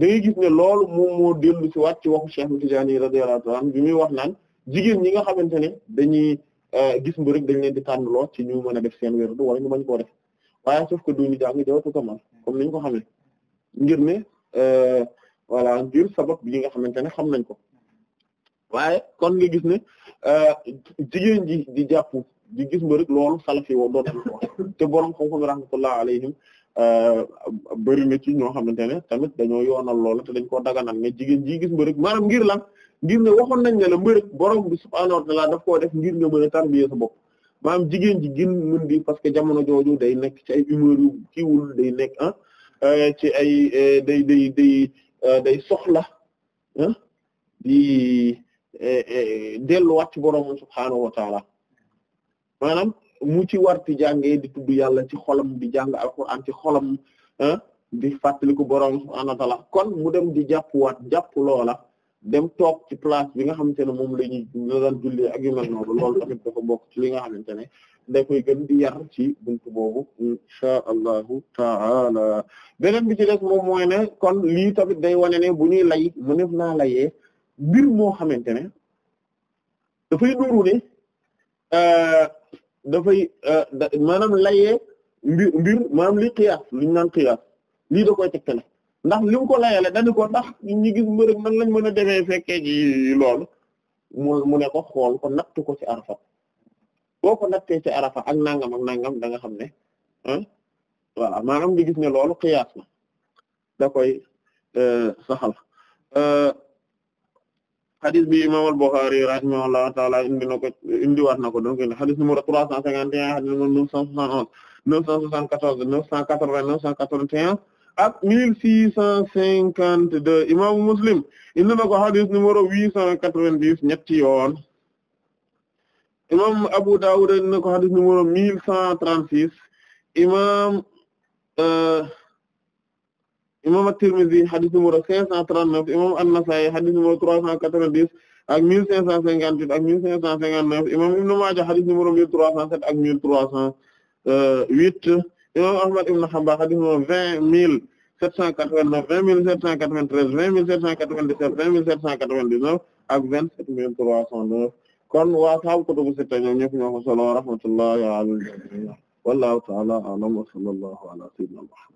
da ngay gis ne loolu moom moo dellu ci waat ci waxu Cheikh Tidiane radiyallahu anhu bi muy wax naan jigéen ñi nga xamante ne dañuy euh, gis mba rek dañ leen di tànnloo ci ñu mën a def seen wérdu wala ñu bañ koo def waaye sauf que duñu jàng jawatu kamal comme niñ ko xamee ngir ne euh, voilà ngir sabab bi nga xamante ne xam nañ ko waaye kon nga gis ne euh, jigéen ji di jàpp di gis mba rek loolu salaf yi woo te borom xam-xam rahmatullah alayhim Euh, bëri na ci ñoo xamante ne tamit dañoo yoonal loola te dañ koo daganal ne jigéen ji gis mbërëg maanaam ngir lan ngir ne waxoon nañ ne la mbërëg borom bi subhaanahu wa ta'aala daf koo def ngir nga mën a tarbiya sa bopp maanaam jigéen ji gën mën di parce que jamono jooju day nekk ci ay humeur kiiwul day nekk ah, euh, ci ay euh, day day day day soxla ah di delluwaat ci borom subhaanahu wa ta'aala mu ci warti jàngee di tudd yàlla ci xolam di jàng alquran ci xolam ah, di fàttaliku borom subhaanahu wa ta'ala kon mu dem di jàppwaat jàpp loola dem toog ci place bi nga xamante ne moom la ñuy la daan ak yu mel noonu loolu tamit dafa bokk ci li nga xamante ne da koy gën di yar ci buntu boobu insha allahu taala beneen bi ci des moom mooy ne kon li tamit day wane ne bu ñuy lay mu nef naa layee mbir moo xamante ne dafay nuru ne euh, dafay euh, maanaam layee mbir mbir maanaam li xiyaas li ñu naan xiyaas lii da koy tegtale ndax li mu ko layale dañu ko ndax ñi gis mbërëg nan mën a demee fekkee ji loolu mu ne ko xool ko ko ci arafa boo ko nattee ci arafa ak nangam ak nangam da nga xam ne ah voilà maanaam di gis ne loolu xiyaas la da koy euh, saxal euh, xadis bi imam al-Bukhari rahimahullahu taala indi na ko indiwaat na ko donc xadis numéro 351 xadis numéro 971 974 980 981 ak 1652 imaamu Muslim indi na ko xadis numéro 890 ñetti yoon imam Abu Dawud indi ko xadis numéro 1136 imam euh, imam at-Tirmidhi hadith numéro 539 imam an-Nasa'i hadith numéro 390 ak 1558 ak 1559 imam Ibn Maaja hadith numéro 1307 ak 1308 imam Ahmad ibn Hanbal hadith numéro 20789 20793 20797 20799 ak 27309 kon waa sahab kutubu sitta ñoom ñëpp ñoo ko solo rahmatullahi ala al-jami' wallahu ta'ala a'lam wa sallallahu ala sayyidina Muhammad